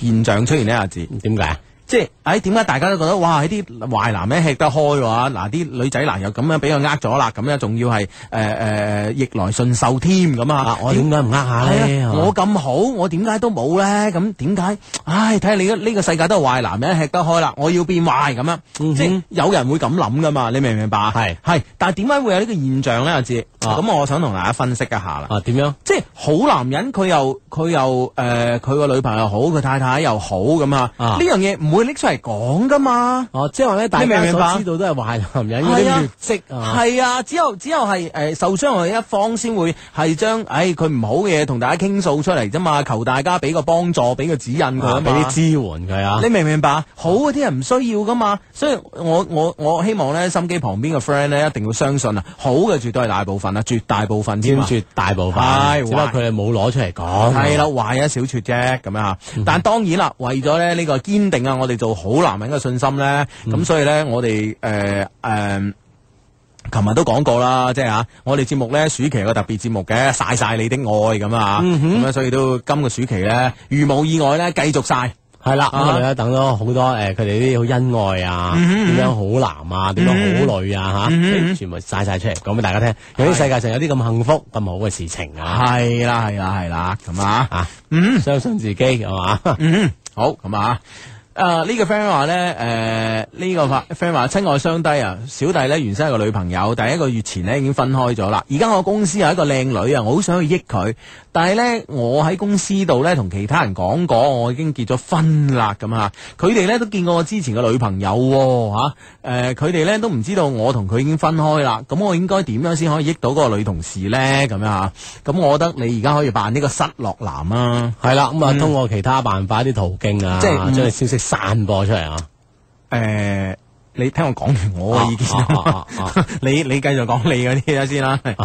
現象出現咧？阿志，點解？即係，哎，點解大家都覺得哇，啲壞男人吃得開嘅話，嗱，啲女仔嗱、呃、又咁樣俾佢呃咗啦，咁樣仲要係，誒誒逆來順受添，咁啊，我點解唔呃下咧？我咁好，我點解都冇呢？咁點解？唉、哎，睇下你呢、這個世界都係壞男人吃得開啦，我要變壞咁樣、嗯哼，有人會咁諗噶嘛？你明唔明白啊？係係是，但係點解會有呢個現象呢？阿志、啊、咁、啊、我想同大家分析一下啦。啊，點樣？即係好男人，佢又佢又，誒，佢、呃、個女朋友好，佢太太又好，咁啊，呢、啊、樣嘢唔會。會拎出嚟講噶嘛？哦，即係話咧，大家所知道都係壞男人嘅劣迹啊。係啊，只有只有係誒受傷嘅一方先會係將，誒佢唔好嘅嘢同大家傾訴出嚟啫嘛，求大家俾個幫助，俾個指引佢啊，俾啲支援佢啊。你明唔明白？好嗰啲人唔需要噶嘛，所以我我我希望咧心機旁邊嘅 friend 咧一定要相信啊，好嘅絕對係大部分啊，絕大部分添，絕大部分係，只不過佢哋冇攞出嚟講。係啦，壞一小撮啫，咁樣吓。但係當然啦，為咗咧呢個堅定啊，我。我哋做好男人嘅信心咧，咁所以咧，我哋誒誒，琴日都講過啦，即係吓，我哋節目咧，暑期個特別節目嘅晒晒你的愛咁啊，咁樣，所以都今個暑期咧，如無意外咧，繼續晒，係啦，等咗好多誒，佢哋啲好恩愛啊，點樣好男啊，點樣好女啊，吓，全部晒晒出嚟，講俾大家聽，有啲世界上有啲咁幸福咁好嘅事情啊，係啦，係啦，係啦，咁啊，相信自己係嘛，好，咁啊。啊！呢、呃呢個 friend 話咧，誒、呃、呢、呢個 friend 話親愛雙低啊，小弟呢，原先有個女朋友，第一個月前呢已經分開咗啦。而家我公司有一個靚女啊，我好想去益佢。但係咧，我喺公司度咧同其他人講過，我已經結咗婚啦，咁吓，佢哋咧都見過我之前嘅女朋友，吓誒，佢哋咧都唔知道我同佢已經分開啦。咁我應該點樣先可以益到嗰個女同事咧？咁樣吓？咁我覺得你而家可以扮呢個失落男啦。係啦，咁啊，嗯、通過其他辦法啲途徑啊，即係將啲消息散播出嚟啊。誒、嗯。你聽我講完我嘅意見，啊啊啊啊、 *laughs* 你你繼續講你嗰啲啦先啦。嗱，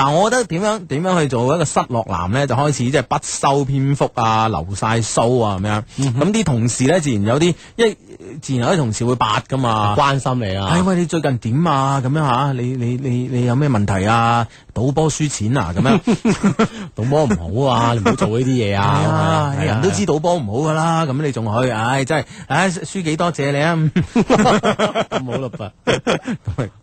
啊、 *laughs* 我覺得點樣點樣去做一個失落男咧，就開始即係不修篇幅不修邊幅啊，留晒須啊咁樣。咁啲、嗯、哼同事咧，自然有啲一,一。自然有啲同事會八噶嘛，關心你啊！哎喂，你最近點啊？咁樣吓，你你你你有咩問題啊？賭波輸錢啊？咁樣賭波唔好啊！你唔好做呢啲嘢啊。係啊，人都知賭波唔好噶啦，咁你仲去？唉，真係唉，輸幾多謝你啊！好啦吧，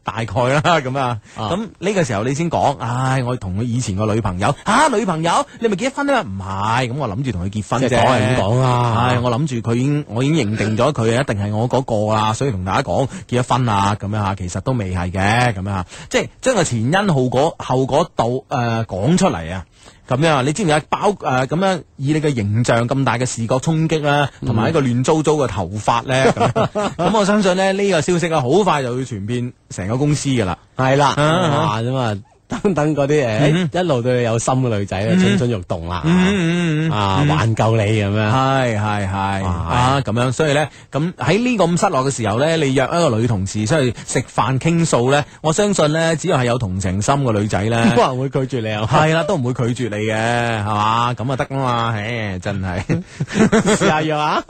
大概啦咁啊。咁呢個時候你先講，唉，我同佢以前個女朋友吓，女朋友你咪結婚啦？唔係，咁我諗住同佢結婚啫。講係點講啊？唉，我諗住佢已經，我已經認定咗佢一定係我嗰個啊，所以同大家講結咗婚啊，咁樣吓，其實都未係嘅，咁樣，即係將個前因後果後果度誒講出嚟啊，咁樣，你知唔知啊？包誒咁、呃、樣以你嘅形象咁大嘅視覺衝擊啦，同埋一個亂糟糟嘅頭髮咧，咁 *laughs* 我相信咧呢、這個消息啊好快就會傳遍成個公司噶啦，係啦，咁啊。等等嗰啲誒，一路對你有心嘅女仔咧，蠢蠢欲動啦，啊挽救你咁樣，係係係啊咁樣，所以咧咁喺呢個咁失落嘅時候咧，你約一個女同事出去食飯傾訴咧，我相信咧只要係有同情心嘅女仔咧，都唔會拒絕你啊，係啦，都唔會拒絕你嘅，係嘛，咁啊得啊嘛，唉真係試下約啊，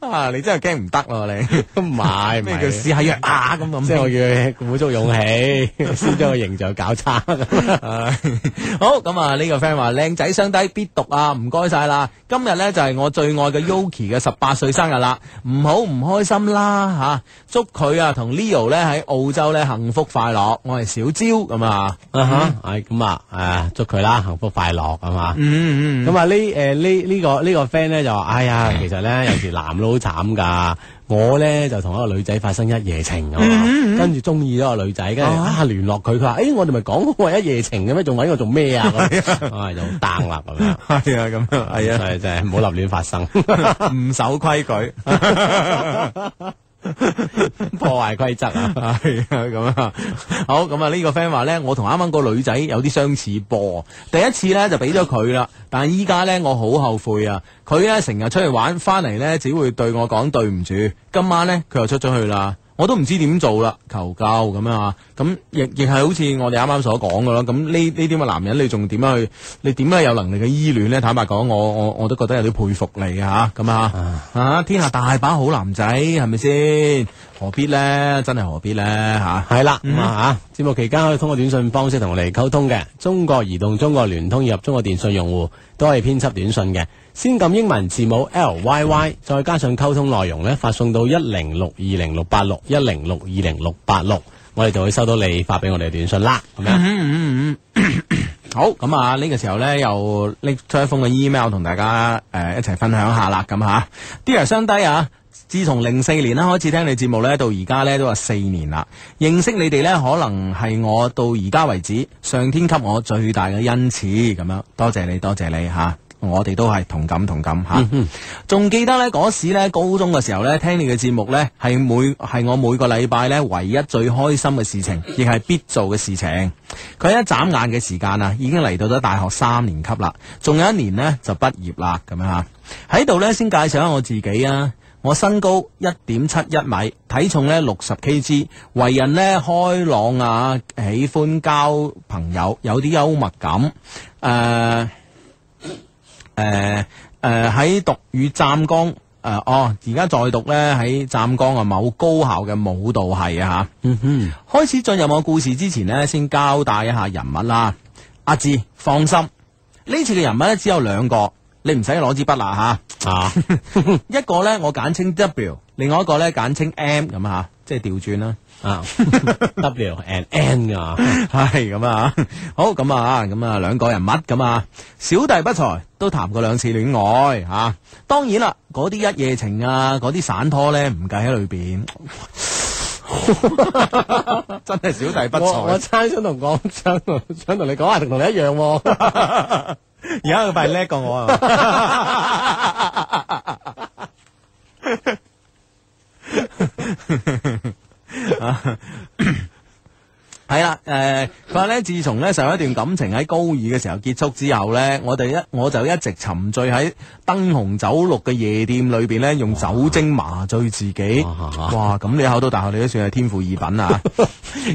啊你真係驚唔得咯你，唔係咩叫試下約啊咁，即係我要鼓足勇氣先將我嘢。就搞差 *laughs* *laughs* 好咁啊，呢、這個 friend 話靚仔相低必讀啊，唔該晒啦。今日咧就係、是、我最愛嘅 Yuki 嘅十八歲生日啦，唔好唔開心啦吓、啊，祝佢啊同 Leo 咧喺澳洲咧幸福快樂。我係小招咁啊，咁 *laughs* 啊，誒、啊，祝佢啦，幸福快樂咁嘛，咁啊呢誒呢呢個呢個 friend 咧就話，哎呀，其實咧 *laughs* 有時男佬好慘噶。我呢就同一個女仔發生一夜情咁，跟住中意咗個女仔，跟住啊聯絡佢，佢話誒，我哋咪講過一夜情嘅咩？仲搵我做咩啊？我係做蛋啦咁樣，係啊咁樣，係啊，就係唔好立亂發生，唔守規矩。 *laughs* *laughs* *laughs* 破壞規則啊， *laughs* *laughs* *laughs* 係啊咁啊，好咁啊呢個 friend 話呢，我同啱啱個女仔有啲相似噃。第一次呢，就俾咗佢啦，但係依家呢，我好後悔啊，佢呢，成日出去玩，翻嚟呢，只會對我講對唔住，今晚呢，佢又出咗去啦。我都唔知點做啦，求救咁樣啊！咁亦亦係好似我哋啱啱所講嘅咯。咁呢呢啲嘅男人，你仲點樣去？你點樣有能力去依戀呢？坦白講，我我我都覺得有啲佩服你啊！嚇咁啊嚇、啊啊！天下大把好男仔，係咪先？何必呢？真係何必呢？嚇、啊、係啦！嗯、哼啊，節目期間可以通過短信方式同我哋溝通嘅，中國移動、中國聯通以及中國電信用戶都可以編輯短信嘅。先撳英文字母 L Y Y，嗯、再加上溝通內容呢發送到一零六二零六八六一零六二零六八六，我哋就會收到你發俾我哋嘅短信啦。咁、okay? 樣、嗯嗯嗯嗯嗯嗯，好咁啊！呢、這個時候呢，又拎出一封嘅 email 同大家誒、呃、一齊分享下啦。咁吓，Dear 相低啊！Ay, 自從零四年啦開始聽你節目呢，到而家呢都係四年啦。認識你哋呢，可能係我到而家為止上天給我最大嘅恩賜。咁樣、啊，多謝你，多謝你吓。啊我哋都係同感同感嚇，仲，啊嗯、哼記得呢嗰時呢高中嘅時候呢，聽你嘅節目呢，係每係我每個禮拜呢唯一最開心嘅事情，亦係必做嘅事情。佢一眨眼嘅時間啊，已經嚟到咗大學三年級啦，仲有一年呢就畢業啦，咁樣嚇，喺、啊、度呢，先介紹下我自己啊，我身高一點七一米，體重呢六十 Kg，為人呢開朗啊，喜歡交朋友，有啲幽默感誒。呃誒誒，喺、呃呃、讀與湛江誒，哦，而家在再讀呢，喺湛江啊，某高校嘅舞蹈系啊，吓。嗯哼。開始進入我故事之前呢，先交代一下人物啦。阿、啊、志，放心，呢次嘅人物呢，只有兩個，你唔使攞支筆啦吓。啊。 *laughs* *laughs* 一個呢，我簡稱 W，另外一個呢，簡稱 M，咁啊。即係調轉啦，啊，W and N 啊，係咁啊，好咁啊，咁啊，兩個人物咁啊，小弟不才都談過兩次戀愛吓，當然啦，嗰啲一夜情啊，嗰啲散拖咧，唔計喺裏邊，真係小弟不才。我真想同講真，想同你講啊，同同你一樣，而家佢係叻過我啊。係啦，誒，佢話咧，自從咧上一段感情喺高二嘅時候結束之後咧，我哋一我就一直沉醉喺燈紅酒綠嘅夜店裏邊咧，用酒精麻醉自己。哇，咁你考到大學，你都算係天賦異稟啊！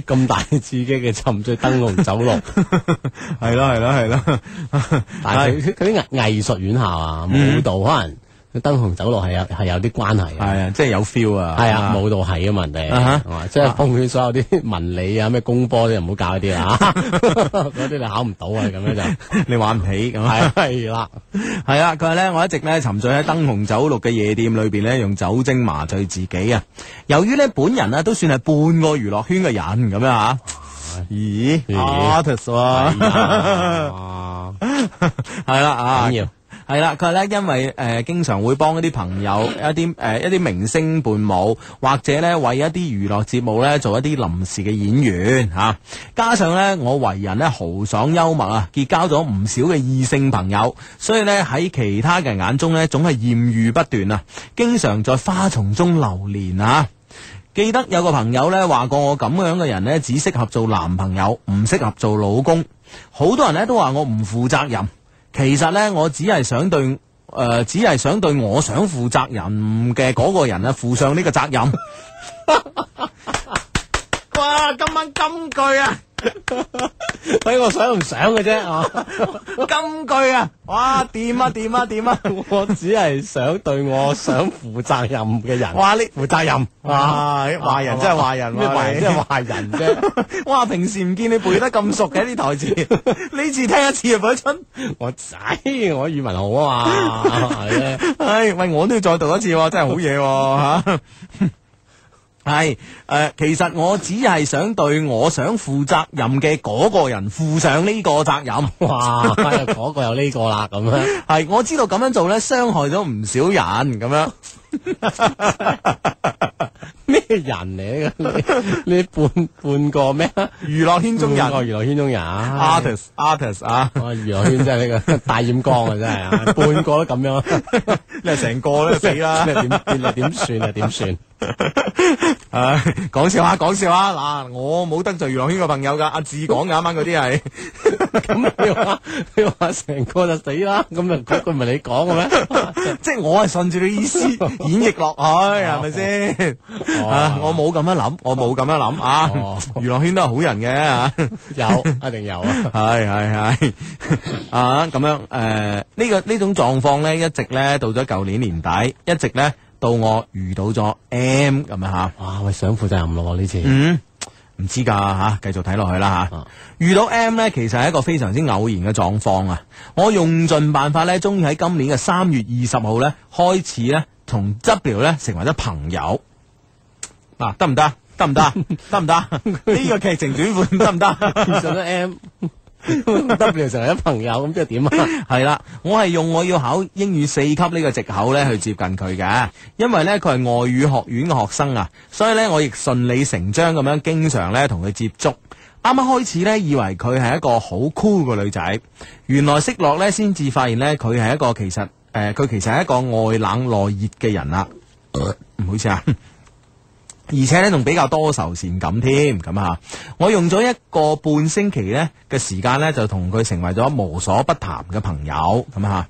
咁大刺激嘅沉醉燈紅酒綠，係啦，係啦，係啦，但係嗰啲藝術院校啊，舞蹈可能。燈紅酒綠係有係有啲關係，係啊，即係有 feel 啊，係啊，冇到係啊嘛，人即係奉勸所有啲文理啊，咩功課啲唔好搞啲啊，嗰 *laughs* 啲 *laughs* 你考唔到啊，咁樣就你玩唔起咁啊，係啦，係啊，佢話咧，我一直咧沉醉喺燈紅酒綠嘅夜店裏邊咧，用酒精麻醉自己啊。由於咧本人啊，都算係半個娛樂圈嘅人，咁樣啊，咦 artist 啊，係啦係啦，佢話咧，因為誒、呃、經常會幫一啲朋友、一啲誒、呃、一啲明星伴舞，或者咧為一啲娛樂節目咧做一啲臨時嘅演員吓、啊。加上咧我為人咧豪爽幽默啊，結交咗唔少嘅異性朋友，所以咧喺其他嘅眼中咧總係艷遇不斷啊，經常在花叢中流連啊。記得有個朋友咧話過我咁樣嘅人咧只適合做男朋友，唔適合做老公。好多人咧都話我唔負責任。其實咧，我只係想對，誒、呃，只係想對我想負責任嘅嗰個人啊，負上呢個責任。 *laughs* 哇，今晚金句啊！睇 *laughs* 我想唔想嘅啫，啊！金句啊，哇！掂啊掂啊掂啊！我只係想對我想負責任嘅人哇任。哇！你負責任哇！壞哇人真係壞人，咩壞人真係壞人啫！你哇！平時唔見你背得咁熟嘅呢 *laughs* 台詞，呢次聽一次啊，補一春。我仔，我語文好啊嘛。係啊， *laughs* 唉喂，我都要再讀一次，真係好嘢吓、啊。 *laughs* 係誒、呃，其實我只係想對我想負責任嘅嗰個人負上呢個責任。哇，嗰個有呢個啦，咁樣。係，我知道咁樣做呢，傷害咗唔少人，咁樣。 *laughs* 咩人嚟嘅？你半半個咩？娛樂圈中人，半個娛樂圈中人。artist，artist 啊！我娛樂圈真係呢個大染缸啊，真係啊，半個都咁樣。你係成個都死啦？你點點算啊？點算？唉，講笑啊，講笑啊！嗱，我冇得罪娛樂圈個朋友噶，阿志講噶，啱啱嗰啲係。咁你話你話成個就死啦？咁啊，佢唔係你講嘅咩？即係我係順住你意思。演繹落去係咪先？我冇咁樣諗，我冇咁樣諗啊！娛樂圈都係好人嘅吓，有一定有啊，係係係啊！咁樣誒，呢個呢種狀況咧，一直咧到咗舊年年底，一直咧到我遇到咗 M 咁樣吓。哇！喂，想負責任咯呢次。嗯，唔知噶吓，繼續睇落去啦吓。遇到 M 咧，其實係一個非常之偶然嘅狀況啊！我用盡辦法咧，終於喺今年嘅三月二十號咧開始咧。同 W 咧成為咗朋友，嗱得唔得？得唔得？得唔得？呢個劇情轉換得唔得？成咗 M，W 成咗朋友咁即係點啊？係 *laughs* 啦，我係用我要考英語四級呢個藉口咧去接近佢嘅，因為咧佢係外語學院嘅學生啊，所以咧我亦順理成章咁樣經常咧同佢接觸。啱啱開始咧以為佢係一個好酷 o 嘅女仔，原來識落咧先至發現咧佢係一個其實。誒，佢、呃、其實係一個外冷內熱嘅人啦，唔好意思啊，呃、 *laughs* 而且呢，仲比較多愁善感添、啊，咁啊吓，我用咗一個半星期呢嘅時間呢，就同佢成為咗無所不談嘅朋友，咁啊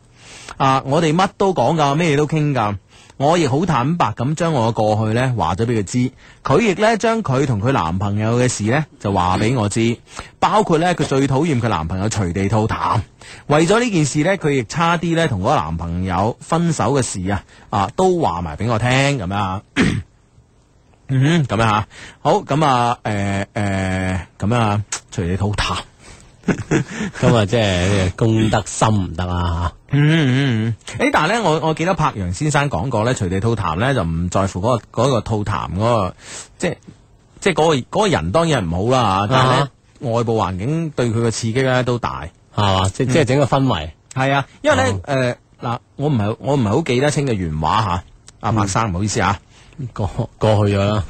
吓，啊我哋乜都講噶，咩都傾噶。我亦好坦白咁將我過去呢話咗俾佢知，佢亦呢將佢同佢男朋友嘅事呢就話俾我知，包括呢佢最討厭佢男朋友隨地吐痰，為咗呢件事呢，佢亦差啲呢同嗰個男朋友分手嘅事啊都啊都話埋俾我聽咁啊，嗯哼，咁樣啊，好咁啊，誒、呃、誒，咁、呃、啊，隨地吐痰。咁啊，即係公德心唔得啦吓。誒，但係咧，我我記得柏楊先生講過咧，隨地吐痰咧就唔在乎嗰個嗰個吐痰嗰個，即係即係嗰個、嗰個嗰個人當然係唔好啦吓，但係咧、uh huh? 外部環境對佢嘅刺激咧都大係嘛，即係即係整個氛圍係啊。因為咧誒嗱，我唔係我唔係好記得清嘅原話吓，阿柏生，唔好意思啊。過過去咗啦，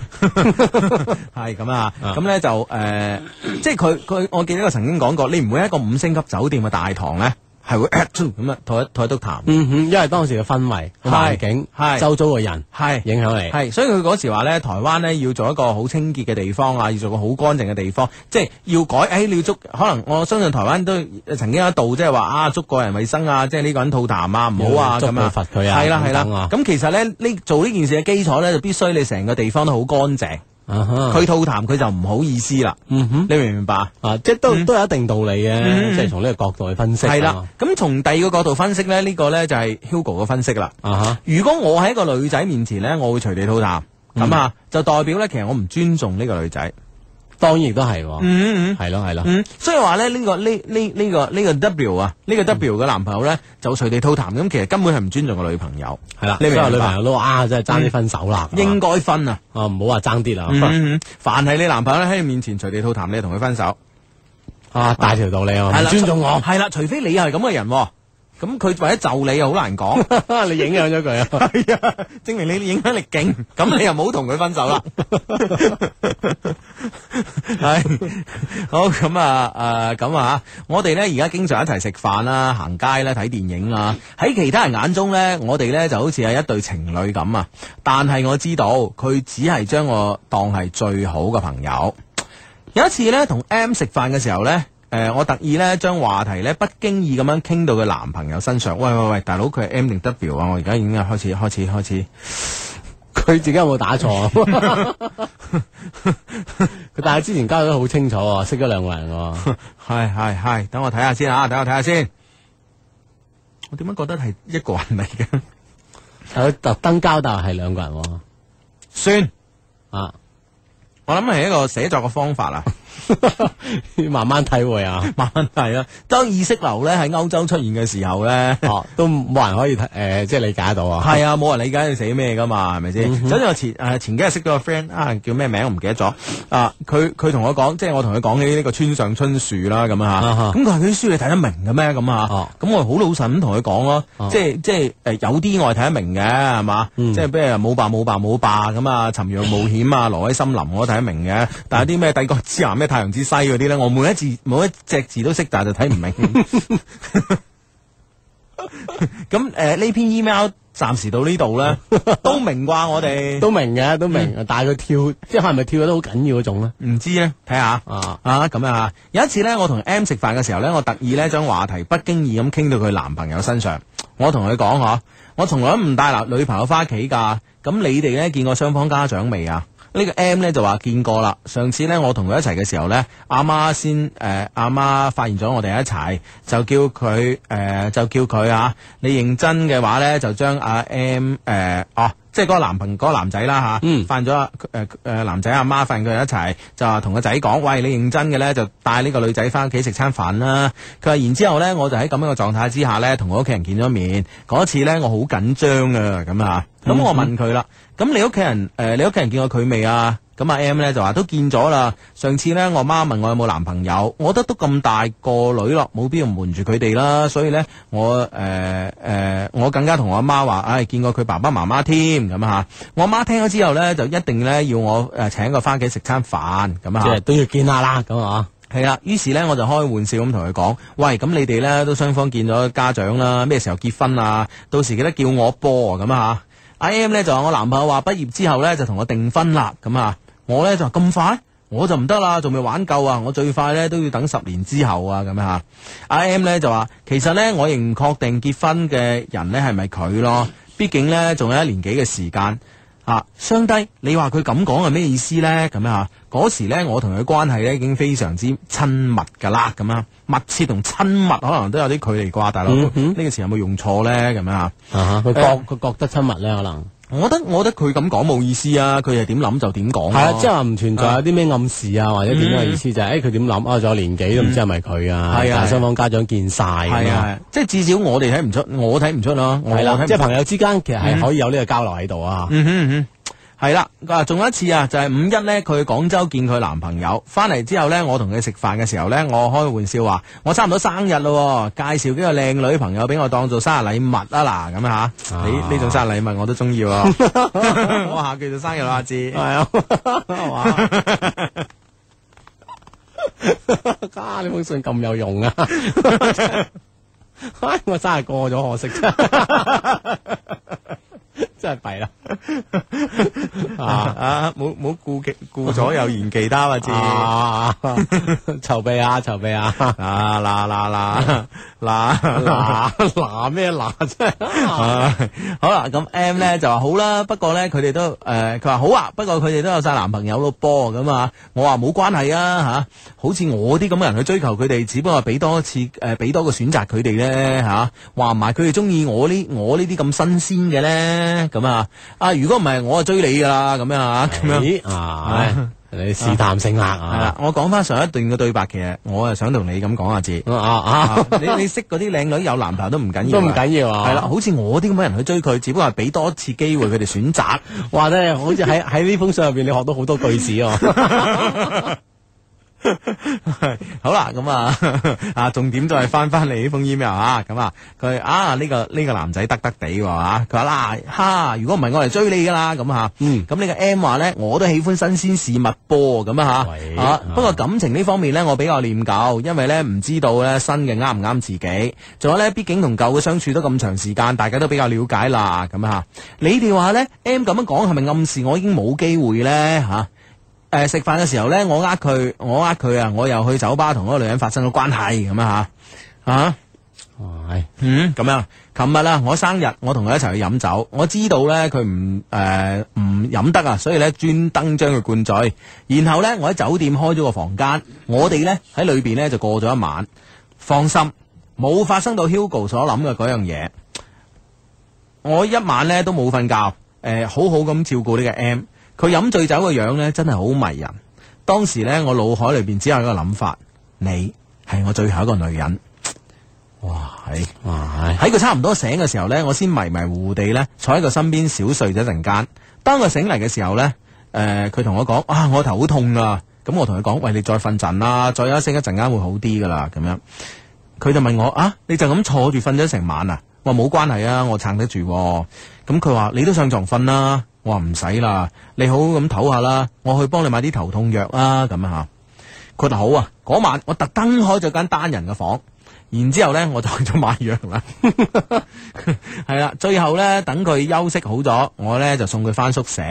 係 *laughs* 咁 *laughs* 啊，咁咧、 *laughs* 嗯、就誒，即係佢佢，我記得我曾經講過，你唔會喺一個五星級酒店嘅大堂咧。係會 at 咁啊，吐吐啖痰，嗯哼，因為當時嘅氛圍、環境、周遭嘅人，係影響你，係，所以佢嗰時話咧，台灣咧要做一個好清潔嘅地方啊，要做個好乾淨嘅地方，即係要改，誒，你要捉，可能我相信台灣都曾經一度即係話啊，捉個人衛生啊，即係呢個人吐痰啊，唔好啊，咁啊，罰佢啊，係啦係啦，咁其實咧你做呢件事嘅基礎咧，就必須你成個地方都好乾淨。啊佢、uh huh. 吐痰佢就唔好意思啦，嗯哼、uh，huh. 你明唔明白啊？Uh huh. 即係都都有一定道理嘅，uh huh. 即係從呢個角度去分析。係啦、uh，咁、huh. 從吧第二個角度分析咧，呢、這個咧就係 Hugo 嘅分析啦。啊哈、uh！Huh. 如果我喺一個女仔面前咧，我會隨地吐痰，咁啊、uh huh. 就代表咧，其實我唔尊重呢個女仔。當然亦都係，嗯係咯係咯，所以話咧呢個呢呢呢個呢個 W 啊，呢個 W 嘅男朋友咧就隨地吐痰，咁其實根本係唔尊重個女朋友，係啦，所以女朋友都話啊，真係爭啲分手啦，應該分啊，啊唔好話爭啲啦，凡係你男朋友喺你面前隨地吐痰，你同佢分手，啊大條道理啊，唔尊重我，係啦，除非你又係咁嘅人。咁佢為咗就你又好難講， *laughs* 你影響咗佢啊？係 *laughs* 啊，證明你影響力勁，咁你又冇同佢分手啦。係 *laughs* *laughs* *laughs* 好咁啊誒，咁、呃、啊，我哋咧而家經常一齊食飯啦、行街咧、啊、睇電影啊。喺其他人眼中咧，我哋咧就好似係一對情侶咁啊。但係我知道佢只係將我當係最好嘅朋友。有一次咧，同 M 食飯嘅時候咧。誒、呃，我特意咧將話題咧不經意咁樣傾到佢男朋友身上。喂喂喂，大佬，佢係 M 定 W 啊？我而家已經開始開始開始，佢自己有冇打錯？但係之前交代好清楚，哦，識咗兩個人，哦。係係係，等我睇下先啊，等我睇下先。我點樣覺得係一個人嚟嘅？我 *laughs* 特登交代係兩個人，哦。算啊，我諗係一個寫作嘅方法啦。 *laughs* 慢慢體會啊，慢慢睇。啊，當意識流咧喺歐洲出現嘅時候咧，都冇人可以睇誒，即係理解到啊。係啊，冇人理解你寫咩噶嘛，係咪先？總之我前誒前幾日識咗個 friend 啊，叫咩名我唔記得咗啊。佢佢同我講，即係我同佢講起呢個村上春樹啦，咁啊咁佢話佢啲書你睇得明嘅咩？咁啊咁我好老實咁同佢講咯，即係即係誒，有啲我係睇得明嘅，係嘛？即係比如冇爸冇爸冇爸」咁啊，尋羊冒險啊，挪威森林我都睇得明嘅。但係啲咩帝國之牙？咩太陽之西嗰啲咧？我每一字，每一隻字都識，但係就睇唔明。咁誒， *laughs* *laughs* 呢、呃、篇 email 暫時到呢度啦， *laughs* 都明啩？我哋都明嘅，都明。但係佢跳，即係係咪跳得好緊要嗰種咧？唔知咧，睇下啊啊咁啊！有一次咧，我同 M 食飯嘅時候咧，我特意咧將話題不經意咁傾到佢男朋友身上。我同佢講，我、啊、我從來唔帶男女朋友翻屋企噶。咁你哋咧見過雙方家長未啊？呢個 M 咧就話見過啦。上次咧我同佢一齊嘅時候咧，阿媽先誒阿媽發現咗我哋一齊，就叫佢誒、呃、就叫佢啊。你認真嘅話咧，就將阿、啊、M 誒、呃、哦、啊，即係嗰個男朋嗰、嗰個、男仔啦嚇，啊、嗯犯，咗誒誒男仔阿媽發現佢一齊，就話同個仔講，喂，你認真嘅咧，就帶呢個女仔返屋企食餐飯啦。佢話然之後咧，我就喺咁樣嘅狀態之下咧，同我屋企人見咗面。嗰次咧我好緊張啊咁啊，咁、嗯嗯、我問佢啦。咁你屋企人，誒、呃，你屋企人見過佢未啊？咁阿 M 咧就話都見咗啦。上次咧我阿媽問我有冇男朋友，我覺得都咁大個女咯，冇必要瞞住佢哋啦。所以咧我誒誒、呃呃，我更加同我阿媽話，唉、哎，見過佢爸爸媽媽添咁啊吓。我阿媽聽咗之後咧，就一定咧要我誒、呃、請佢返屋企食餐飯咁啊，都要見下啦，咁啊。係啦，於是咧我就開玩笑咁同佢講，喂，咁你哋咧都雙方見咗家長啦，咩時候結婚啊？到時記得叫我波咁啊 I M 咧就話我男朋友話畢業之後咧就同我訂婚啦，咁啊我咧就話咁快我就唔得啦，仲未玩夠啊，我最快咧都要等十年之後啊，咁啊吓 I M 咧就話其實咧我仍唔確定結婚嘅人咧係咪佢咯，畢竟咧仲有一年幾嘅時間。啊，相低，你話佢咁講係咩意思咧？咁樣吓，嗰時咧我同佢關係咧已經非常之親密噶啦，咁樣密切同親密可能都有啲距離啩，大佬、嗯、哼呢個詞有冇用錯咧？咁樣啊，佢覺佢覺得親、呃、密咧，可能。我覺得我覺得佢咁講冇意思啊，佢係點諗就點講。係啊，即係話唔存在有啲咩暗示啊，或者點樣嘅意思就係，誒，佢點諗啊，仲有年幾都唔知係咪佢啊。係啊，雙方家長見晒，係啊，即係至少我哋睇唔出，我睇唔出咯，係啦，即係朋友之間其實係可以有呢個交流喺度啊。嗯嗯嗯。係啦，啊，仲有一次啊，就係、是、五一咧，佢去廣州見佢男朋友，翻嚟之後咧，我同佢食飯嘅時候咧，我開玩笑話，我差唔多生日咯，介紹幾個靚女朋友俾我當做生日禮物樣啊嗱，咁啊吓，你呢種生日禮物我都中意， *laughs* *laughs* 我下叫做生日賀字，係嘛，啊，呢 *laughs* 封、 *laughs* *laughs* 啊、信咁有用啊， *laughs* *laughs* 我生日過咗可惜 *laughs* 真係弊啦！啊啊、no，冇冇顧忌顧咗又嫌其他嘛？字籌備啊，籌備啊！啊嗱嗱嗱嗱嗱嗱咩嗱啫！好啦，咁 M 咧就話好啦，不過咧佢哋都誒，佢話好啊，不過佢哋都有晒男朋友咯，波咁啊！我話冇關係啊，吓、啊，啊啊啊啊 *laughs* *laughs* obile, uh, 啊、好似我啲咁嘅人去追求佢哋，只不過俾多一次誒，俾多個選擇佢哋咧，吓，話唔埋佢哋中意我呢我呢啲咁新鮮嘅咧。咁啊！啊，如果唔係，我就追你噶啦，咁樣啊，咁樣，啊，你試探性啦，係啦。我講翻上一段嘅對白，其實我啊想同你咁講下字。啊啊，你你識嗰啲靚女有男朋友都唔緊要，都唔緊要。係啦，好似我啲咁嘅人去追佢，只不過係俾多一次機會佢哋選擇。話咧，好似喺喺呢封信入邊，你學到好多句子哦。 *laughs* 好啦，咁啊，啊，啊，這個、啊，啊重點就係翻翻嚟呢封 email 啊，咁啊，佢啊呢個呢個男仔得得地喎吓，佢話啦，哈，如果唔係我嚟追你噶啦，咁、啊、吓，嗯，咁呢個 M 話呢，我都喜歡新鮮事物噃。咁啊吓、啊啊，不過感情呢方面呢，我比較念舊，因為呢唔知道呢新嘅啱唔啱自己，仲有呢，畢竟同舊嘅相處都咁長時間，大家都比較了解啦，咁啊，你哋話呢 M 咁樣講係咪暗示我已經冇機會呢？吓、啊？誒，食飯嘅時候呢，我呃佢，我呃佢啊，我又去酒吧同嗰個女人發生咗關係咁樣吓，啊，哎、嗯，咁樣，琴日啊，我生日，我同佢一齊去飲酒，我知道呢，佢唔誒唔飲得啊，所以呢，專登將佢灌醉，然後呢，我喺酒店開咗個房間，我哋呢，喺裏邊呢，就過咗一晚，放心，冇發生到 Hugo 所諗嘅嗰樣嘢，我一晚呢，都冇瞓覺，誒、呃，好好咁照顧呢個 M。佢飲醉酒嘅樣咧，真係好迷人。當時咧，我腦海裏邊只有一個諗法：你係我最後一個女人。哇！喺、哎、佢差唔多醒嘅時候咧，我先迷迷糊糊地咧坐喺佢身邊小睡咗一陣間。當佢醒嚟嘅時候咧，誒、呃，佢同我講：啊，我頭好痛啊！咁我同佢講：喂，你再瞓陣啦，再休息一陣間會，會好啲噶啦。咁樣，佢就問我：啊，你就咁坐住瞓咗成晚啊？話冇關係啊，我撐得住啊。咁佢話，你都上床瞓啦。我話唔使啦，你好好咁唞下啦，我去幫你買啲頭痛藥啊，咁啊吓。佢話好啊。嗰晚我特登開咗間單人嘅房，然之後咧我就去咗買藥啦。係 *laughs* 啦，最後咧等佢休息好咗，我咧就送佢翻宿舍。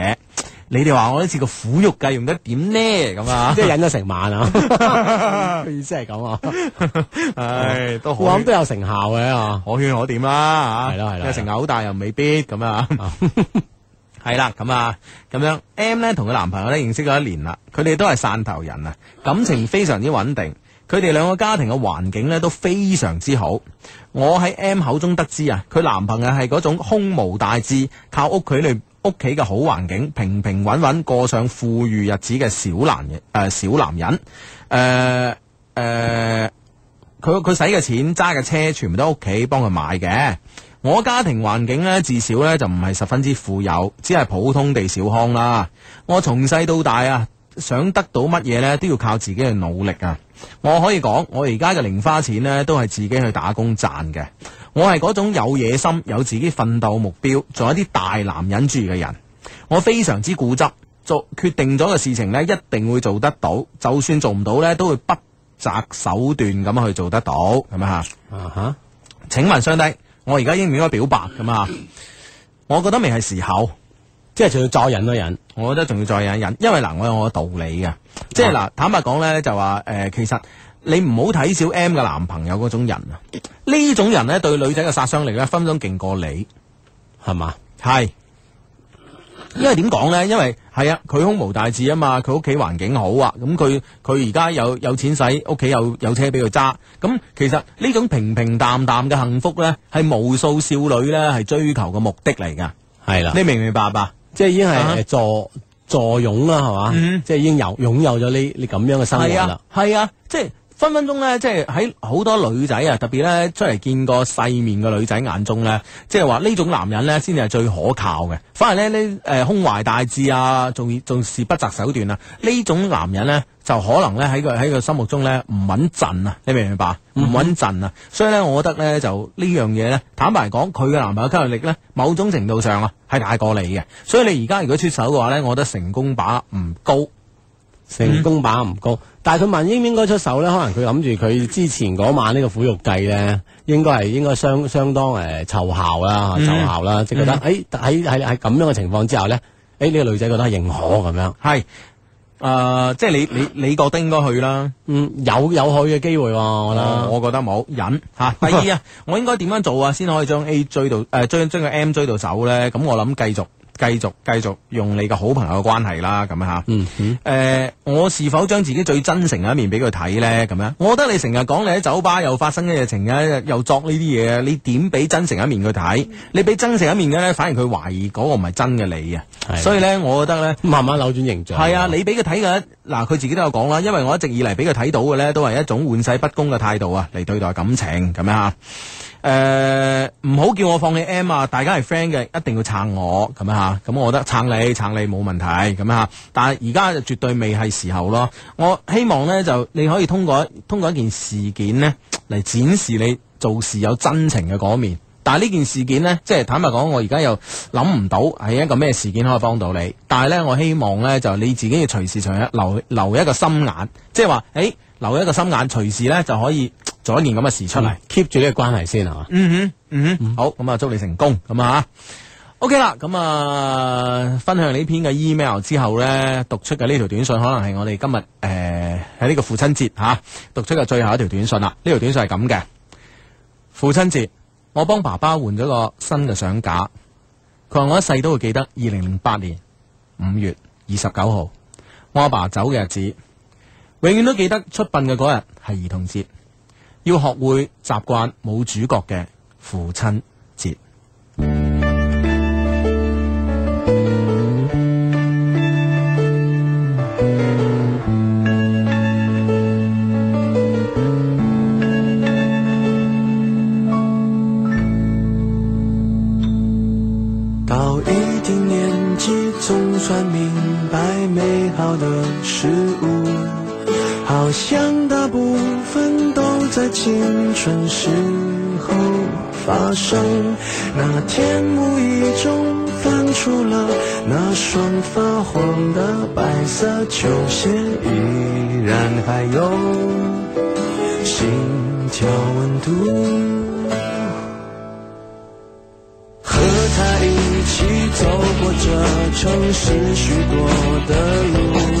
你哋話我呢次個苦肉計，用得點呢？咁啊，即係忍咗成晚啊！意思係咁啊，唉，都好，咁都有成效嘅啊！我勸我點啦？係啦係啦，有成效好大又未必咁啊！係啦，咁啊，咁、啊啊啊、樣 M 咧同佢男朋友咧認識咗一年啦，佢哋都係汕頭人啊，感情非常之穩定，佢哋兩個家庭嘅環境咧都非常之好。我喺 M 口中得知啊，佢男朋友係嗰種胸無大志，靠屋企嚟，屋企嘅好環境，平平穩穩過上富裕日子嘅小男誒、呃,小男人誒誒,佢佢使嘅錢揸嘅車，全部都屋企幫佢買嘅。我家庭環境呢，至少呢就唔係十分之富有，只係普通地小康啦。我從細到大啊，想得到乜嘢呢，都要靠自己嘅努力啊。我可以講，我而家嘅零花錢呢，都係自己去打工賺嘅。我係嗰種有野心、有自己奮鬥目標，仲有啲大男人主義嘅人。我非常之固執，做決定咗嘅事情呢，一定會做得到。就算做唔到呢，都會不擇手段咁去做得到，係咪啊？啊哈、uh！Huh. 請問相低，我而家應唔應該表白咁啊？我覺得未係時候，即係仲要再忍多忍。我覺得仲要再忍忍，因為嗱、呃，我有我嘅道理嘅。即係嗱，uh huh. 坦白講呢，就話誒、呃，其實。你唔好睇小 M 嘅男朋友嗰種人啊！呢種人咧，對女仔嘅殺傷力咧，分分鐘勁過你，係嘛？係因為點講呢？因為係啊，佢胸無大志啊嘛，佢屋企環境好啊，咁佢佢而家有有錢使屋企有有車俾佢揸。咁其實呢種平平淡淡嘅幸福呢，係無數少女咧係追求嘅目的嚟噶。係啦，你明唔明白啊？即係已經係坐坐擁啦，係嘛？即係已經有擁有咗呢呢咁樣嘅生活啦。係啊，即係。分分鐘呢，即係喺好多女仔啊，特別呢，出嚟見過世面嘅女仔眼中呢，即係話呢種男人呢，先至係最可靠嘅。反而呢呢誒、呃、胸懷大志啊，做做事不擇手段啊，呢種男人呢，就可能呢，喺佢喺佢心目中呢，唔穩陣啊，你明唔明白？唔穩陣啊，mm hmm. 所以呢，我覺得呢，就呢樣嘢呢，坦白講，佢嘅男朋友吸引力呢，某種程度上啊係大過你嘅。所以你而家如果出手嘅話呢，我覺得成功把握唔高，成功把握唔高。Mm hmm. 但係佢問應唔應該出手咧？可能佢諗住佢之前嗰晚個呢個苦肉計咧，應該係應該相相當誒奏、呃、效啦，奏、嗯、效啦，即係得。誒喺喺喺咁樣嘅情況之下咧，誒、欸、呢、這個女仔覺得係認可咁樣。係誒、呃，即係你你你覺得應該去啦。嗯，有有去嘅機會，我諗。我覺得冇、嗯、忍吓、啊。第二啊， *laughs* 我應該點樣做啊，先可以將 A 追到誒，將將個 M 追到走咧？咁我諗繼續。繼續繼續用你個好朋友嘅關係啦，咁樣吓。誒、嗯嗯呃，我是否將自己最真誠嘅一面俾佢睇呢？咁樣，我覺得你成日講你喺酒吧又發生嘅事情，又作呢啲嘢，你點俾真誠一面佢睇？嗯、你俾真誠一面嘅咧，反而佢懷疑嗰個唔係真嘅你啊。的所以呢，我覺得呢，慢慢扭轉形象。係啊，你俾佢睇嘅嗱，佢自己都有講啦。因為我一直以嚟俾佢睇到嘅呢，都係一種玩世不恭嘅態度啊，嚟對待感情咁樣吓。誒，唔好、呃、叫我放棄 M 啊！大家係 friend 嘅，一定要撐我咁啊吓！咁我覺得撐你撐你冇問題咁吓！但係而家就絕對未係時候咯。我希望呢，就你可以通過通過一件事件呢嚟展示你做事有真情嘅嗰面。但係呢件事件呢，即係坦白講，我而家又諗唔到係一個咩事件可以幫到你。但係呢，我希望呢，就你自己要隨時、隨時留留一個心眼，即係話誒，留一個心眼，隨時呢就可以。做一件咁嘅事出嚟，keep 住呢個關係先係嘛。嗯哼，嗯哼，好咁啊，就祝你成功咁啊。O K 啦，咁啊，分享呢篇嘅 email 之後咧，讀出嘅呢條短信可能係我哋今日誒喺呢個父親節吓讀出嘅最後一條短信啦。呢條短信係咁嘅，父親節我幫爸爸換咗個新嘅相架。佢話我一世都會記得二零零八年五月二十九號我阿爸走嘅日子，永遠都記得出殯嘅嗰日係兒童節。要學會習慣冇主角嘅父親節。到一定年紀，總算明白美好的事物，好像大部分。青春時候發生那天，無意中翻出了那雙發黃的白色球鞋，依然還有心跳溫度。和他一起走過這城市許多的路。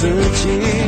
自己。